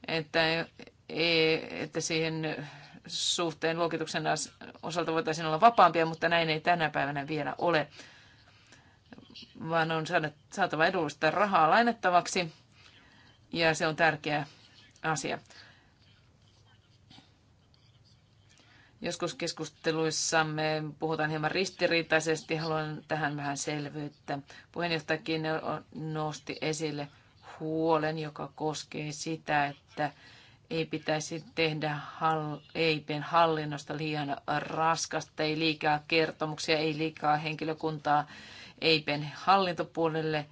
että, e, että siihen suhteen luokituksen osalta voitaisiin olla vapaampia, mutta näin ei tänä päivänä vielä ole, vaan on saatava edullista rahaa lainattavaksi ja se on tärkeä asia. Joskus keskusteluissamme puhutaan hieman ristiriitaisesti. Haluan tähän vähän selvyyttä. Puheenjohtajakin no- nosti esille huolen, joka koskee sitä, että ei pitäisi tehdä hall, EIPn hallinnosta liian raskasta, ei liikaa kertomuksia, ei liikaa henkilökuntaa EIPn hallintopuolelle,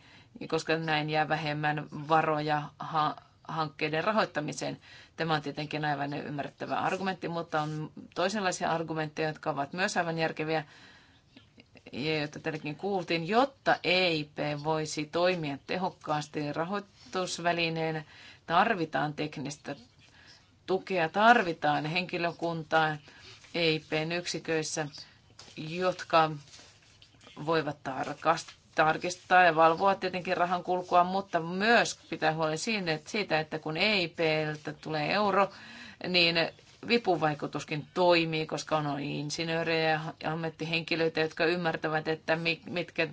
koska näin jää vähemmän varoja hankkeiden rahoittamiseen. Tämä on tietenkin aivan ymmärrettävä argumentti, mutta on toisenlaisia argumentteja, jotka ovat myös aivan järkeviä, ja joita teillekin kuultiin, jotta EIP voisi toimia tehokkaasti rahoitusvälineen tarvitaan teknistä tukea, tarvitaan henkilökuntaa EIPn yksiköissä, jotka voivat tarkastaa tarkistaa ja valvoa tietenkin rahan kulkua, mutta myös pitää huolen siitä, että kun EIPltä tulee euro, niin vipuvaikutuskin toimii, koska on insinöörejä ja ammattihenkilöitä, jotka ymmärtävät, että mitkä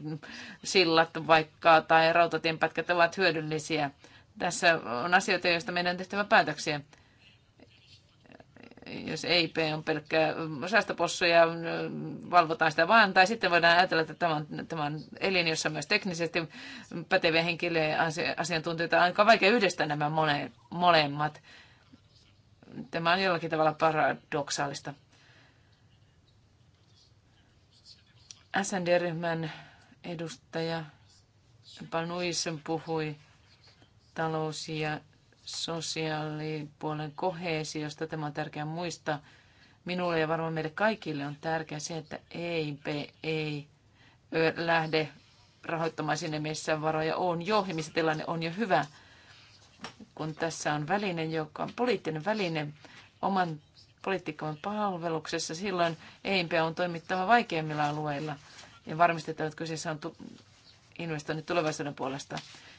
sillat vaikka tai rautatienpätkät ovat hyödyllisiä. Tässä on asioita, joista meidän on tehtävä päätöksiä jos EIP on pelkkää mm, säästöpossu ja mm, valvotaan sitä vaan, tai sitten voidaan ajatella, että tämä on, tämä on elin, jossa myös teknisesti päteviä henkilöjä ja asiantuntijoita. On aika vaikea yhdistää nämä mole, molemmat. Tämä on jollakin tavalla paradoksaalista. SND-ryhmän edustaja Panuisen puhui talous- ja sosiaalipuolen koheesiosta. Tämä on tärkeää muistaa. Minulle ja varmaan meille kaikille on tärkeää se, että EIP ei lähde rahoittamaan sinne, missä varoja on jo ja missä tilanne on jo hyvä. Kun tässä on väline, joka on poliittinen väline oman poliittikon palveluksessa, silloin EIP on toimittava vaikeimmilla alueilla ja varmistetaan, että kyseessä on investoinnit tulevaisuuden puolesta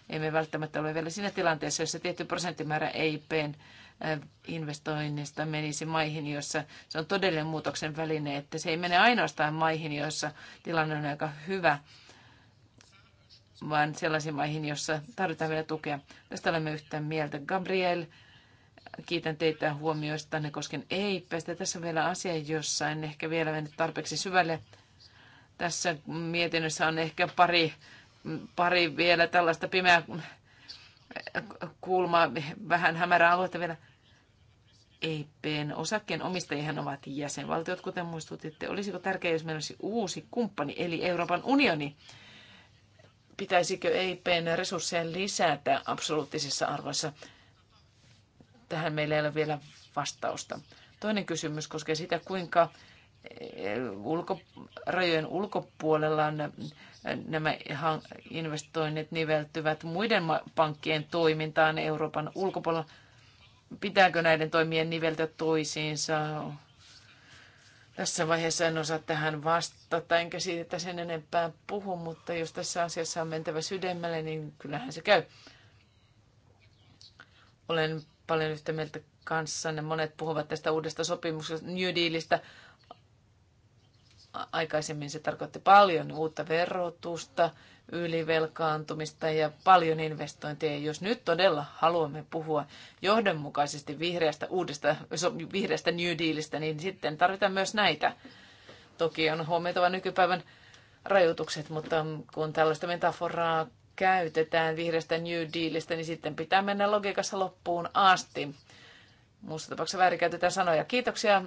emme välttämättä ole vielä siinä tilanteessa, jossa tietty prosenttimäärä EIPn eh, investoinnista menisi maihin, joissa se on todellinen muutoksen väline, että se ei mene ainoastaan maihin, joissa tilanne on aika hyvä, vaan sellaisiin maihin, joissa tarvitaan vielä tukea. Tästä olemme yhtä mieltä. Gabriel, kiitän teitä huomioista, huomioistanne kosken EIPstä. Tässä on vielä asia, jossa en ehkä vielä mennyt tarpeeksi syvälle. Tässä mietinnössä on ehkä pari pari vielä tällaista pimeää kulmaa, vähän hämärää aluetta vielä. EIPn osakkeen omistajihan ovat jäsenvaltiot, kuten muistutitte. Olisiko tärkeää, jos meillä olisi uusi kumppani, eli Euroopan unioni? Pitäisikö EIPn resursseja lisätä absoluuttisissa arvoissa? Tähän meillä ei ole vielä vastausta. Toinen kysymys koskee sitä, kuinka ulko, rajojen ulkopuolella nämä investoinnit niveltyvät muiden pankkien toimintaan Euroopan ulkopuolella. Pitääkö näiden toimien niveltä toisiinsa? Tässä vaiheessa en osaa tähän vastata, enkä siitä sen enempää puhu, mutta jos tässä asiassa on mentävä sydämelle, niin kyllähän se käy. Olen paljon yhtä mieltä kanssanne. Monet puhuvat tästä uudesta sopimuksesta, New Dealista. Aikaisemmin se tarkoitti paljon uutta verotusta, ylivelkaantumista ja paljon investointeja. Jos nyt todella haluamme puhua johdonmukaisesti vihreästä uudesta, vihreästä New Dealista, niin sitten tarvitaan myös näitä. Toki on huomioitava nykypäivän rajoitukset, mutta kun tällaista metaforaa käytetään vihreästä New Dealista, niin sitten pitää mennä logiikassa loppuun asti. Muussa tapauksessa väärinkäytetään sanoja. Kiitoksia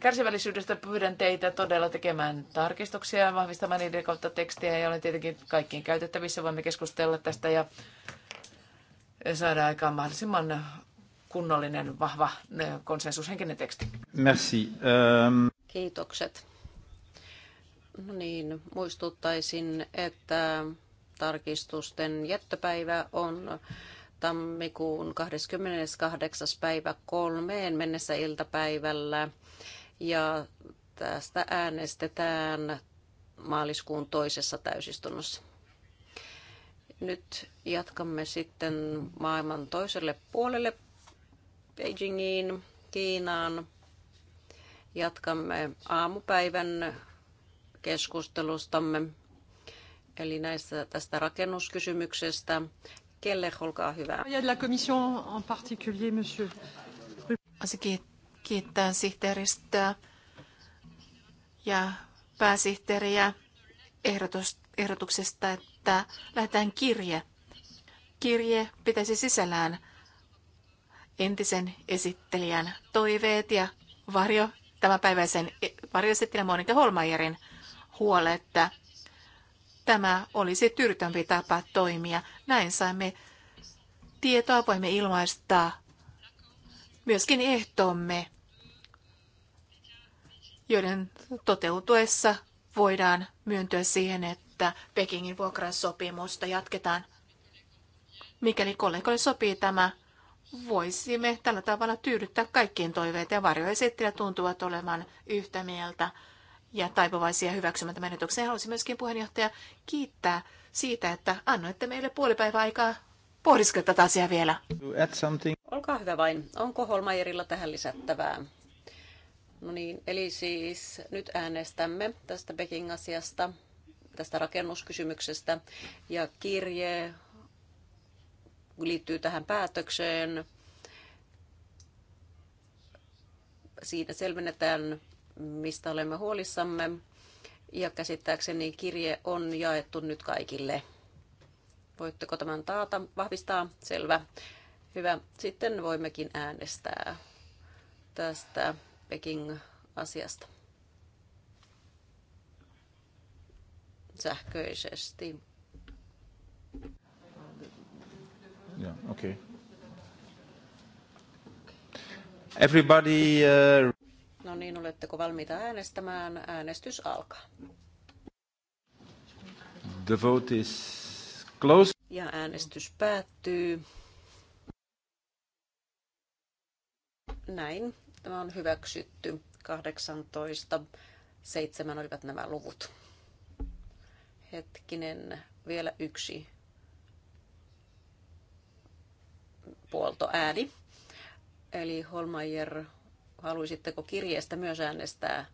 kärsivällisyydestä. Pyydän teitä todella tekemään tarkistuksia ja vahvistamaan niiden kautta tekstiä. Ja olen tietenkin kaikkiin käytettävissä. Voimme keskustella tästä ja saada aikaan mahdollisimman kunnollinen, vahva konsensushenkinen teksti. Merci. Um... Kiitokset. No niin, muistuttaisin, että tarkistusten jättöpäivä on tammikuun 28. päivä kolmeen mennessä iltapäivällä ja tästä äänestetään maaliskuun toisessa täysistunnossa. Nyt jatkamme sitten maailman toiselle puolelle Beijingiin, Kiinaan. Jatkamme aamupäivän keskustelustamme eli näistä tästä rakennuskysymyksestä Kelle, olkaa hyvä. Haluaisin kiittää sihteeristöä ja pääsihteeriä ehdotus, ehdotuksesta, että lähdetään kirje. Kirje pitäisi sisällään entisen esittelijän toiveet ja varjo, tämänpäiväisen e- varjoesittelijän Monika Holmajerin huolet Tämä olisi tyrkämpi tapa toimia. Näin saimme tietoa, voimme ilmaista myöskin ehtomme, joiden toteutuessa voidaan myöntyä siihen, että Pekingin vuokrasopimusta jatketaan. Mikäli kollegoille sopii tämä, voisimme tällä tavalla tyydyttää kaikkien toiveita ja varjoesittelijät tuntuvat olevan yhtä mieltä ja taipuvaisia hyväksymään tämän ehdotuksen. Haluaisin myöskin puheenjohtaja kiittää siitä, että annoitte meille puoli päivää aikaa pohdiskella tätä asiaa vielä. Olkaa hyvä vain. Onko Holmajerilla tähän lisättävää? No niin, eli siis nyt äänestämme tästä Peking-asiasta, tästä rakennuskysymyksestä ja kirje liittyy tähän päätökseen. Siinä selvennetään mistä olemme huolissamme. Ja käsittääkseni kirje on jaettu nyt kaikille. Voitteko tämän taata, vahvistaa? Selvä. Hyvä. Sitten voimmekin äänestää tästä Peking-asiasta sähköisesti. Yeah, okay. Everybody, uh... No niin, oletteko valmiita äänestämään? Äänestys alkaa. The vote is closed. Ja äänestys päättyy. Näin. Tämä on hyväksytty. 18. 7 olivat nämä luvut. Hetkinen, vielä yksi puolto ääni. Eli Holmeier Haluaisitteko kirjeestä myös äänestää?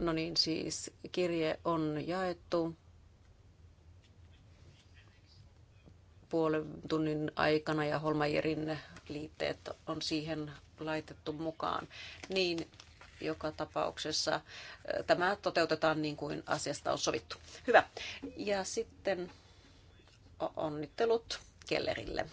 No niin, siis kirje on jaettu. puolen tunnin aikana ja Holmajerin liitteet on siihen laitettu mukaan. Niin joka tapauksessa äh, tämä toteutetaan niin kuin asiasta on sovittu. Hyvä. Ja sitten onnittelut Kellerille.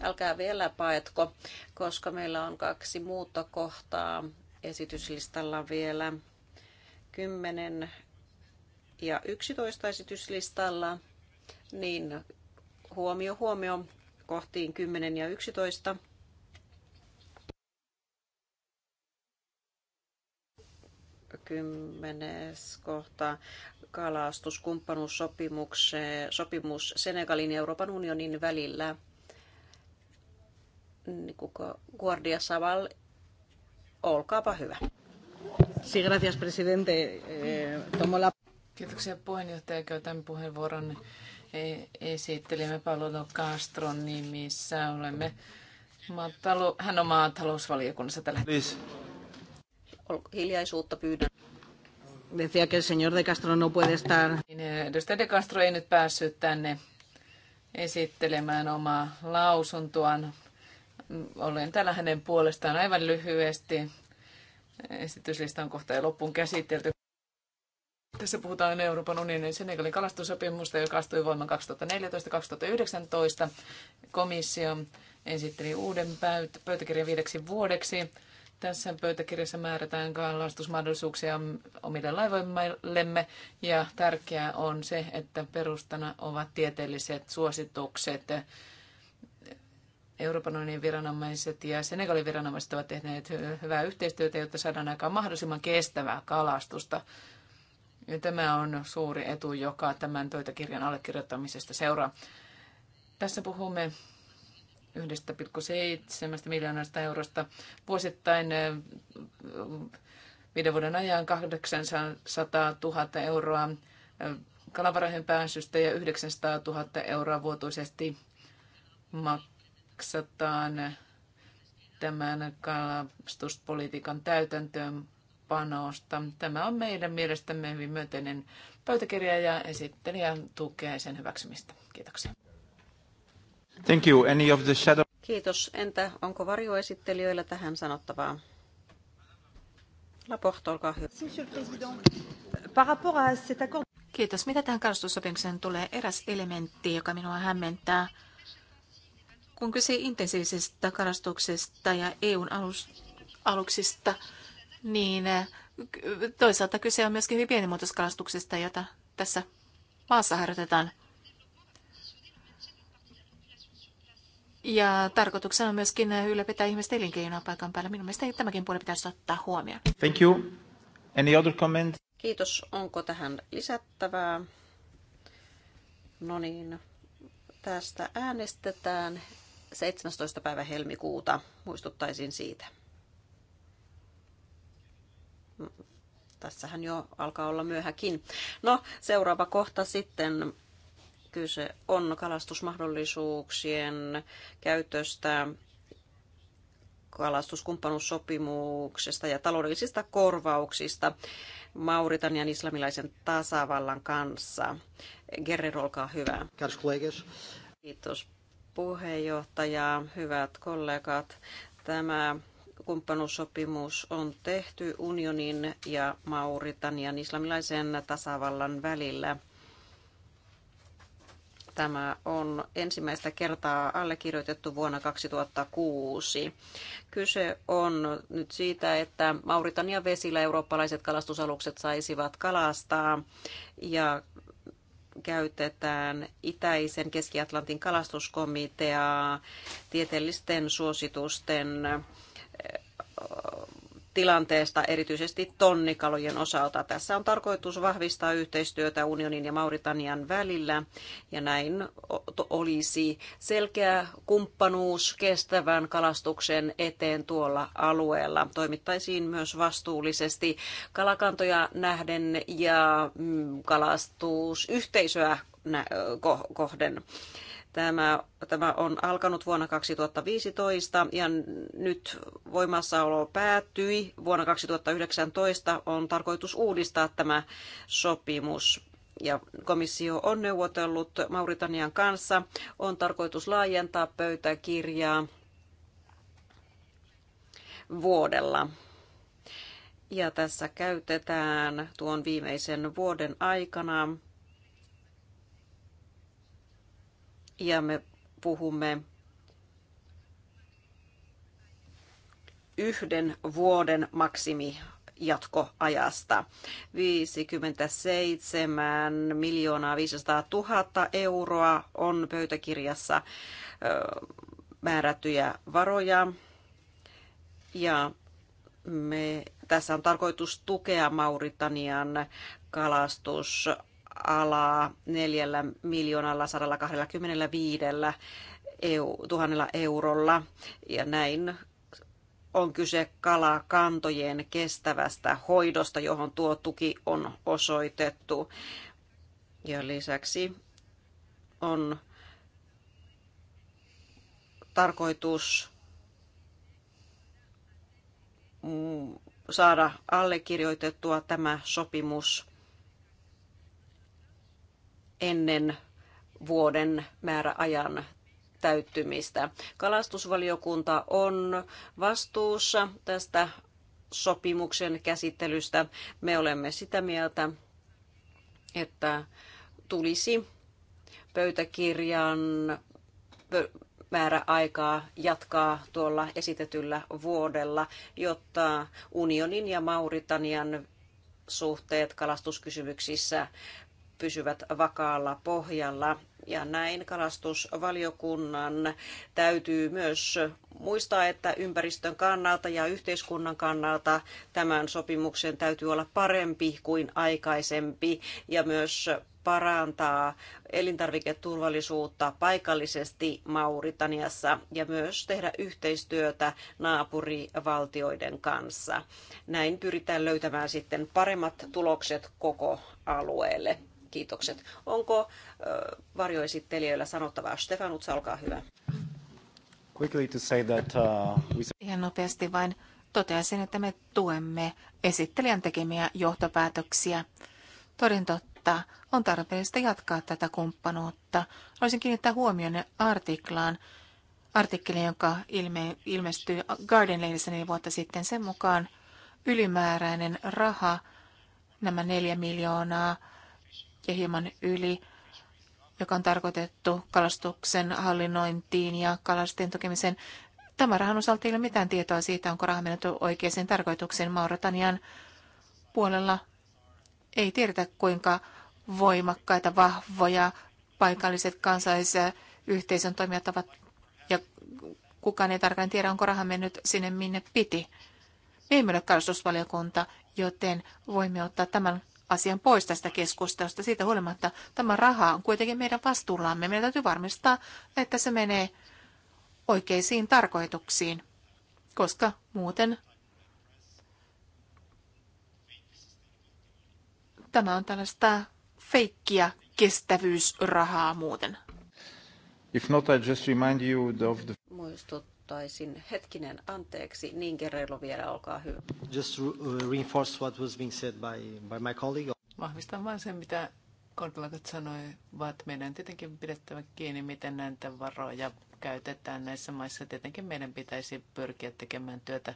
Älkää vielä paetko, koska meillä on kaksi muuta kohtaa esityslistalla vielä. 10 ja 11 esityslistalla, niin huomio huomio kohtiin 10 ja 11. Kymmenes kohta kalastuskumppanuussopimus sopimus Senegalin ja Euroopan unionin välillä niin Kuka Guardia Saval, olkaapa hyvä. Sí, gracias, presidente. Eh, tomo la... Kiitoksia puheenjohtaja. Käytän puheenvuoron eh, esittelimme Paolo Castron nimissä. Olemme maatalo... Hän on maatalousvaliokunnassa tällä hetkellä. Hiljaisuutta pyydän. Decía que el señor de Castro no puede estar. Niin, eh, edustaja de Castro ei nyt päässyt tänne esittelemään omaa lausuntoaan olen täällä hänen puolestaan aivan lyhyesti. Esityslistan kohta ei loppuun käsitelty. Tässä puhutaan Euroopan unionin Senegalin kalastussopimusta, joka astui voimaan 2014-2019. Komissio esitteli uuden pöytäkirjan viideksi vuodeksi. Tässä pöytäkirjassa määrätään kalastusmahdollisuuksia omille laivoillemme ja tärkeää on se, että perustana ovat tieteelliset suositukset Euroopan unionin viranomaiset ja Senegalin viranomaiset ovat tehneet hyvää yhteistyötä, jotta saadaan aikaan mahdollisimman kestävää kalastusta. Ja tämä on suuri etu, joka tämän pöytäkirjan allekirjoittamisesta seuraa. Tässä puhumme 1,7 miljoonasta eurosta vuosittain eh, viiden vuoden ajan 800 000 euroa eh, kalavarojen pääsystä ja 900 000 euroa vuotuisesti maksataan tämän kalastuspolitiikan panosta. Tämä on meidän mielestämme hyvin myönteinen pöytäkirja ja esittelijä tukee sen hyväksymistä. Kiitoksia. Thank you. Any of the shadow... Kiitos. Entä onko varjoesittelijöillä tähän sanottavaa? Laporte, olkaa hyvä. Par rapport à cet accord... Kiitos. Mitä tähän kalastussopimukseen tulee? Eräs elementti, joka minua hämmentää, on kyse intensiivisestä kalastuksesta ja EUn alus, aluksista, niin äh, toisaalta kyse on myöskin hyvin pienimuotoiskalastuksesta, jota tässä maassa harjoitetaan. Ja tarkoituksena on myöskin äh, ylläpitää ihmisten elinkeinoa paikan päällä. Minun mielestäni tämäkin puoli pitäisi ottaa huomioon. Thank you. Any other comment? Kiitos. Onko tähän lisättävää? No niin, tästä äänestetään 17. päivä helmikuuta. Muistuttaisin siitä. Tässähän jo alkaa olla myöhäkin. No, seuraava kohta sitten. Kyse on kalastusmahdollisuuksien käytöstä kalastuskumppanuussopimuksesta ja taloudellisista korvauksista Mauritanian islamilaisen tasavallan kanssa. Gerri, olkaa hyvä. Kiitos puheenjohtaja, hyvät kollegat. Tämä kumppanuussopimus on tehty unionin ja Mauritanian islamilaisen tasavallan välillä. Tämä on ensimmäistä kertaa allekirjoitettu vuonna 2006. Kyse on nyt siitä, että Mauritanian vesillä eurooppalaiset kalastusalukset saisivat kalastaa ja käytetään Itäisen Keski-Atlantin kalastuskomiteaa tieteellisten suositusten tilanteesta, erityisesti tonnikalojen osalta. Tässä on tarkoitus vahvistaa yhteistyötä unionin ja Mauritanian välillä, ja näin olisi selkeä kumppanuus kestävän kalastuksen eteen tuolla alueella. Toimittaisiin myös vastuullisesti kalakantoja nähden ja mm, kalastusyhteisöä kohden. Tämä, tämä on alkanut vuonna 2015 ja nyt voimassaolo päättyi. Vuonna 2019 on tarkoitus uudistaa tämä sopimus ja komissio on neuvotellut Mauritanian kanssa. On tarkoitus laajentaa pöytäkirjaa vuodella. Ja tässä käytetään tuon viimeisen vuoden aikana ja me puhumme yhden vuoden maksimi jatkoajasta. 57 miljoonaa 500 000 euroa on pöytäkirjassa määrättyjä varoja. Ja me, tässä on tarkoitus tukea Mauritanian kalastus alaa 4 miljoonalla 125 EU, tuhannella eurolla. Ja näin on kyse kalakantojen kestävästä hoidosta, johon tuo tuki on osoitettu. Ja lisäksi on tarkoitus saada allekirjoitettua tämä sopimus ennen vuoden määräajan täyttymistä. Kalastusvaliokunta on vastuussa tästä sopimuksen käsittelystä. Me olemme sitä mieltä, että tulisi pöytäkirjan määräaikaa jatkaa tuolla esitetyllä vuodella, jotta unionin ja Mauritanian suhteet kalastuskysymyksissä pysyvät vakaalla pohjalla. Ja näin kalastusvaliokunnan täytyy myös muistaa, että ympäristön kannalta ja yhteiskunnan kannalta tämän sopimuksen täytyy olla parempi kuin aikaisempi ja myös parantaa elintarviketurvallisuutta paikallisesti Mauritaniassa ja myös tehdä yhteistyötä naapurivaltioiden kanssa. Näin pyritään löytämään sitten paremmat tulokset koko alueelle. Kiitokset. Onko varjoesittelijöillä sanottavaa? Stefan Utsa, olkaa hyvä. to say that, uh, we... Ihan nopeasti vain toteaisin, että me tuemme esittelijän tekemiä johtopäätöksiä. Toden totta, on tarpeellista jatkaa tätä kumppanuutta. Haluaisin kiinnittää huomionne artiklaan, artikkeli, joka ilme, ilmestyi Garden Lehdessä neljä vuotta sitten. Sen mukaan ylimääräinen raha, nämä neljä miljoonaa ja hieman yli, joka on tarkoitettu kalastuksen hallinnointiin ja kalastien tukemiseen. Tämän rahan osalta ei ole mitään tietoa siitä, onko raha mennyt oikeaan tarkoitukseen Mauritanian puolella. Ei tiedetä, kuinka voimakkaita, vahvoja paikalliset yhteisön toimijat ovat ja kukaan ei tarkkaan tiedä, onko raha mennyt sinne, minne piti. Me emme ole kalastusvaliokunta, joten voimme ottaa tämän asian pois tästä keskustelusta. Siitä huolimatta tämä raha on kuitenkin meidän vastuullamme. Meidän täytyy varmistaa, että se menee oikeisiin tarkoituksiin, koska muuten tämä on tällaista feikkiä kestävyysrahaa muuten. If not, I just remind you of the... Muistut ehdottaisin, hetkinen, anteeksi, niin kerreilu vielä, olkaa hyvä. Just reinforce what was being said by, by my colleague. Vahvistan vain sen, mitä vaan että Meidän on tietenkin pidettävä kiinni, miten näitä varoja käytetään näissä maissa. Tietenkin meidän pitäisi pyrkiä tekemään työtä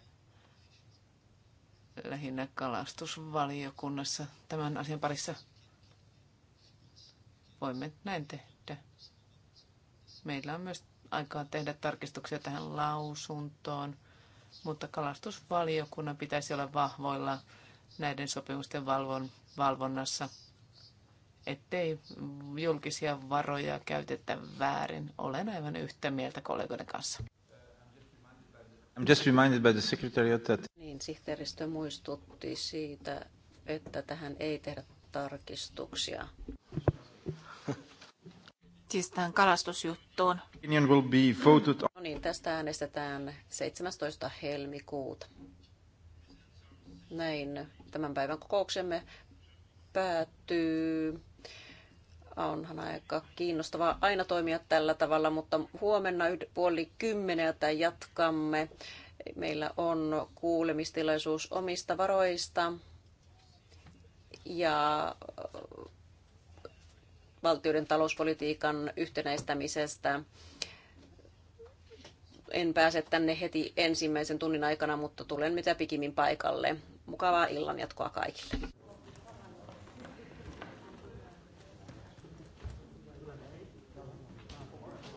lähinnä kalastusvaliokunnassa tämän asian parissa. Voimme näin tehdä. Meillä on myös aikaa tehdä tarkistuksia tähän lausuntoon, mutta kalastusvaliokunnan pitäisi olla vahvoilla näiden sopimusten valvon, valvonnassa, ettei julkisia varoja käytetä väärin. Olen aivan yhtä mieltä kollegoiden kanssa. I'm just reminded by the secretariat that... Niin, sihteeristö muistutti siitä, että tähän ei tehdä tarkistuksia siis tähän kalastusjuttuun. No niin, tästä äänestetään 17. helmikuuta. Näin tämän päivän kokouksemme päättyy. Onhan aika kiinnostavaa aina toimia tällä tavalla, mutta huomenna puoli kymmeneltä jatkamme. Meillä on kuulemistilaisuus omista varoista ja valtioiden talouspolitiikan yhtenäistämisestä. En pääse tänne heti ensimmäisen tunnin aikana, mutta tulen mitä pikimmin paikalle. Mukavaa illanjatkoa kaikille.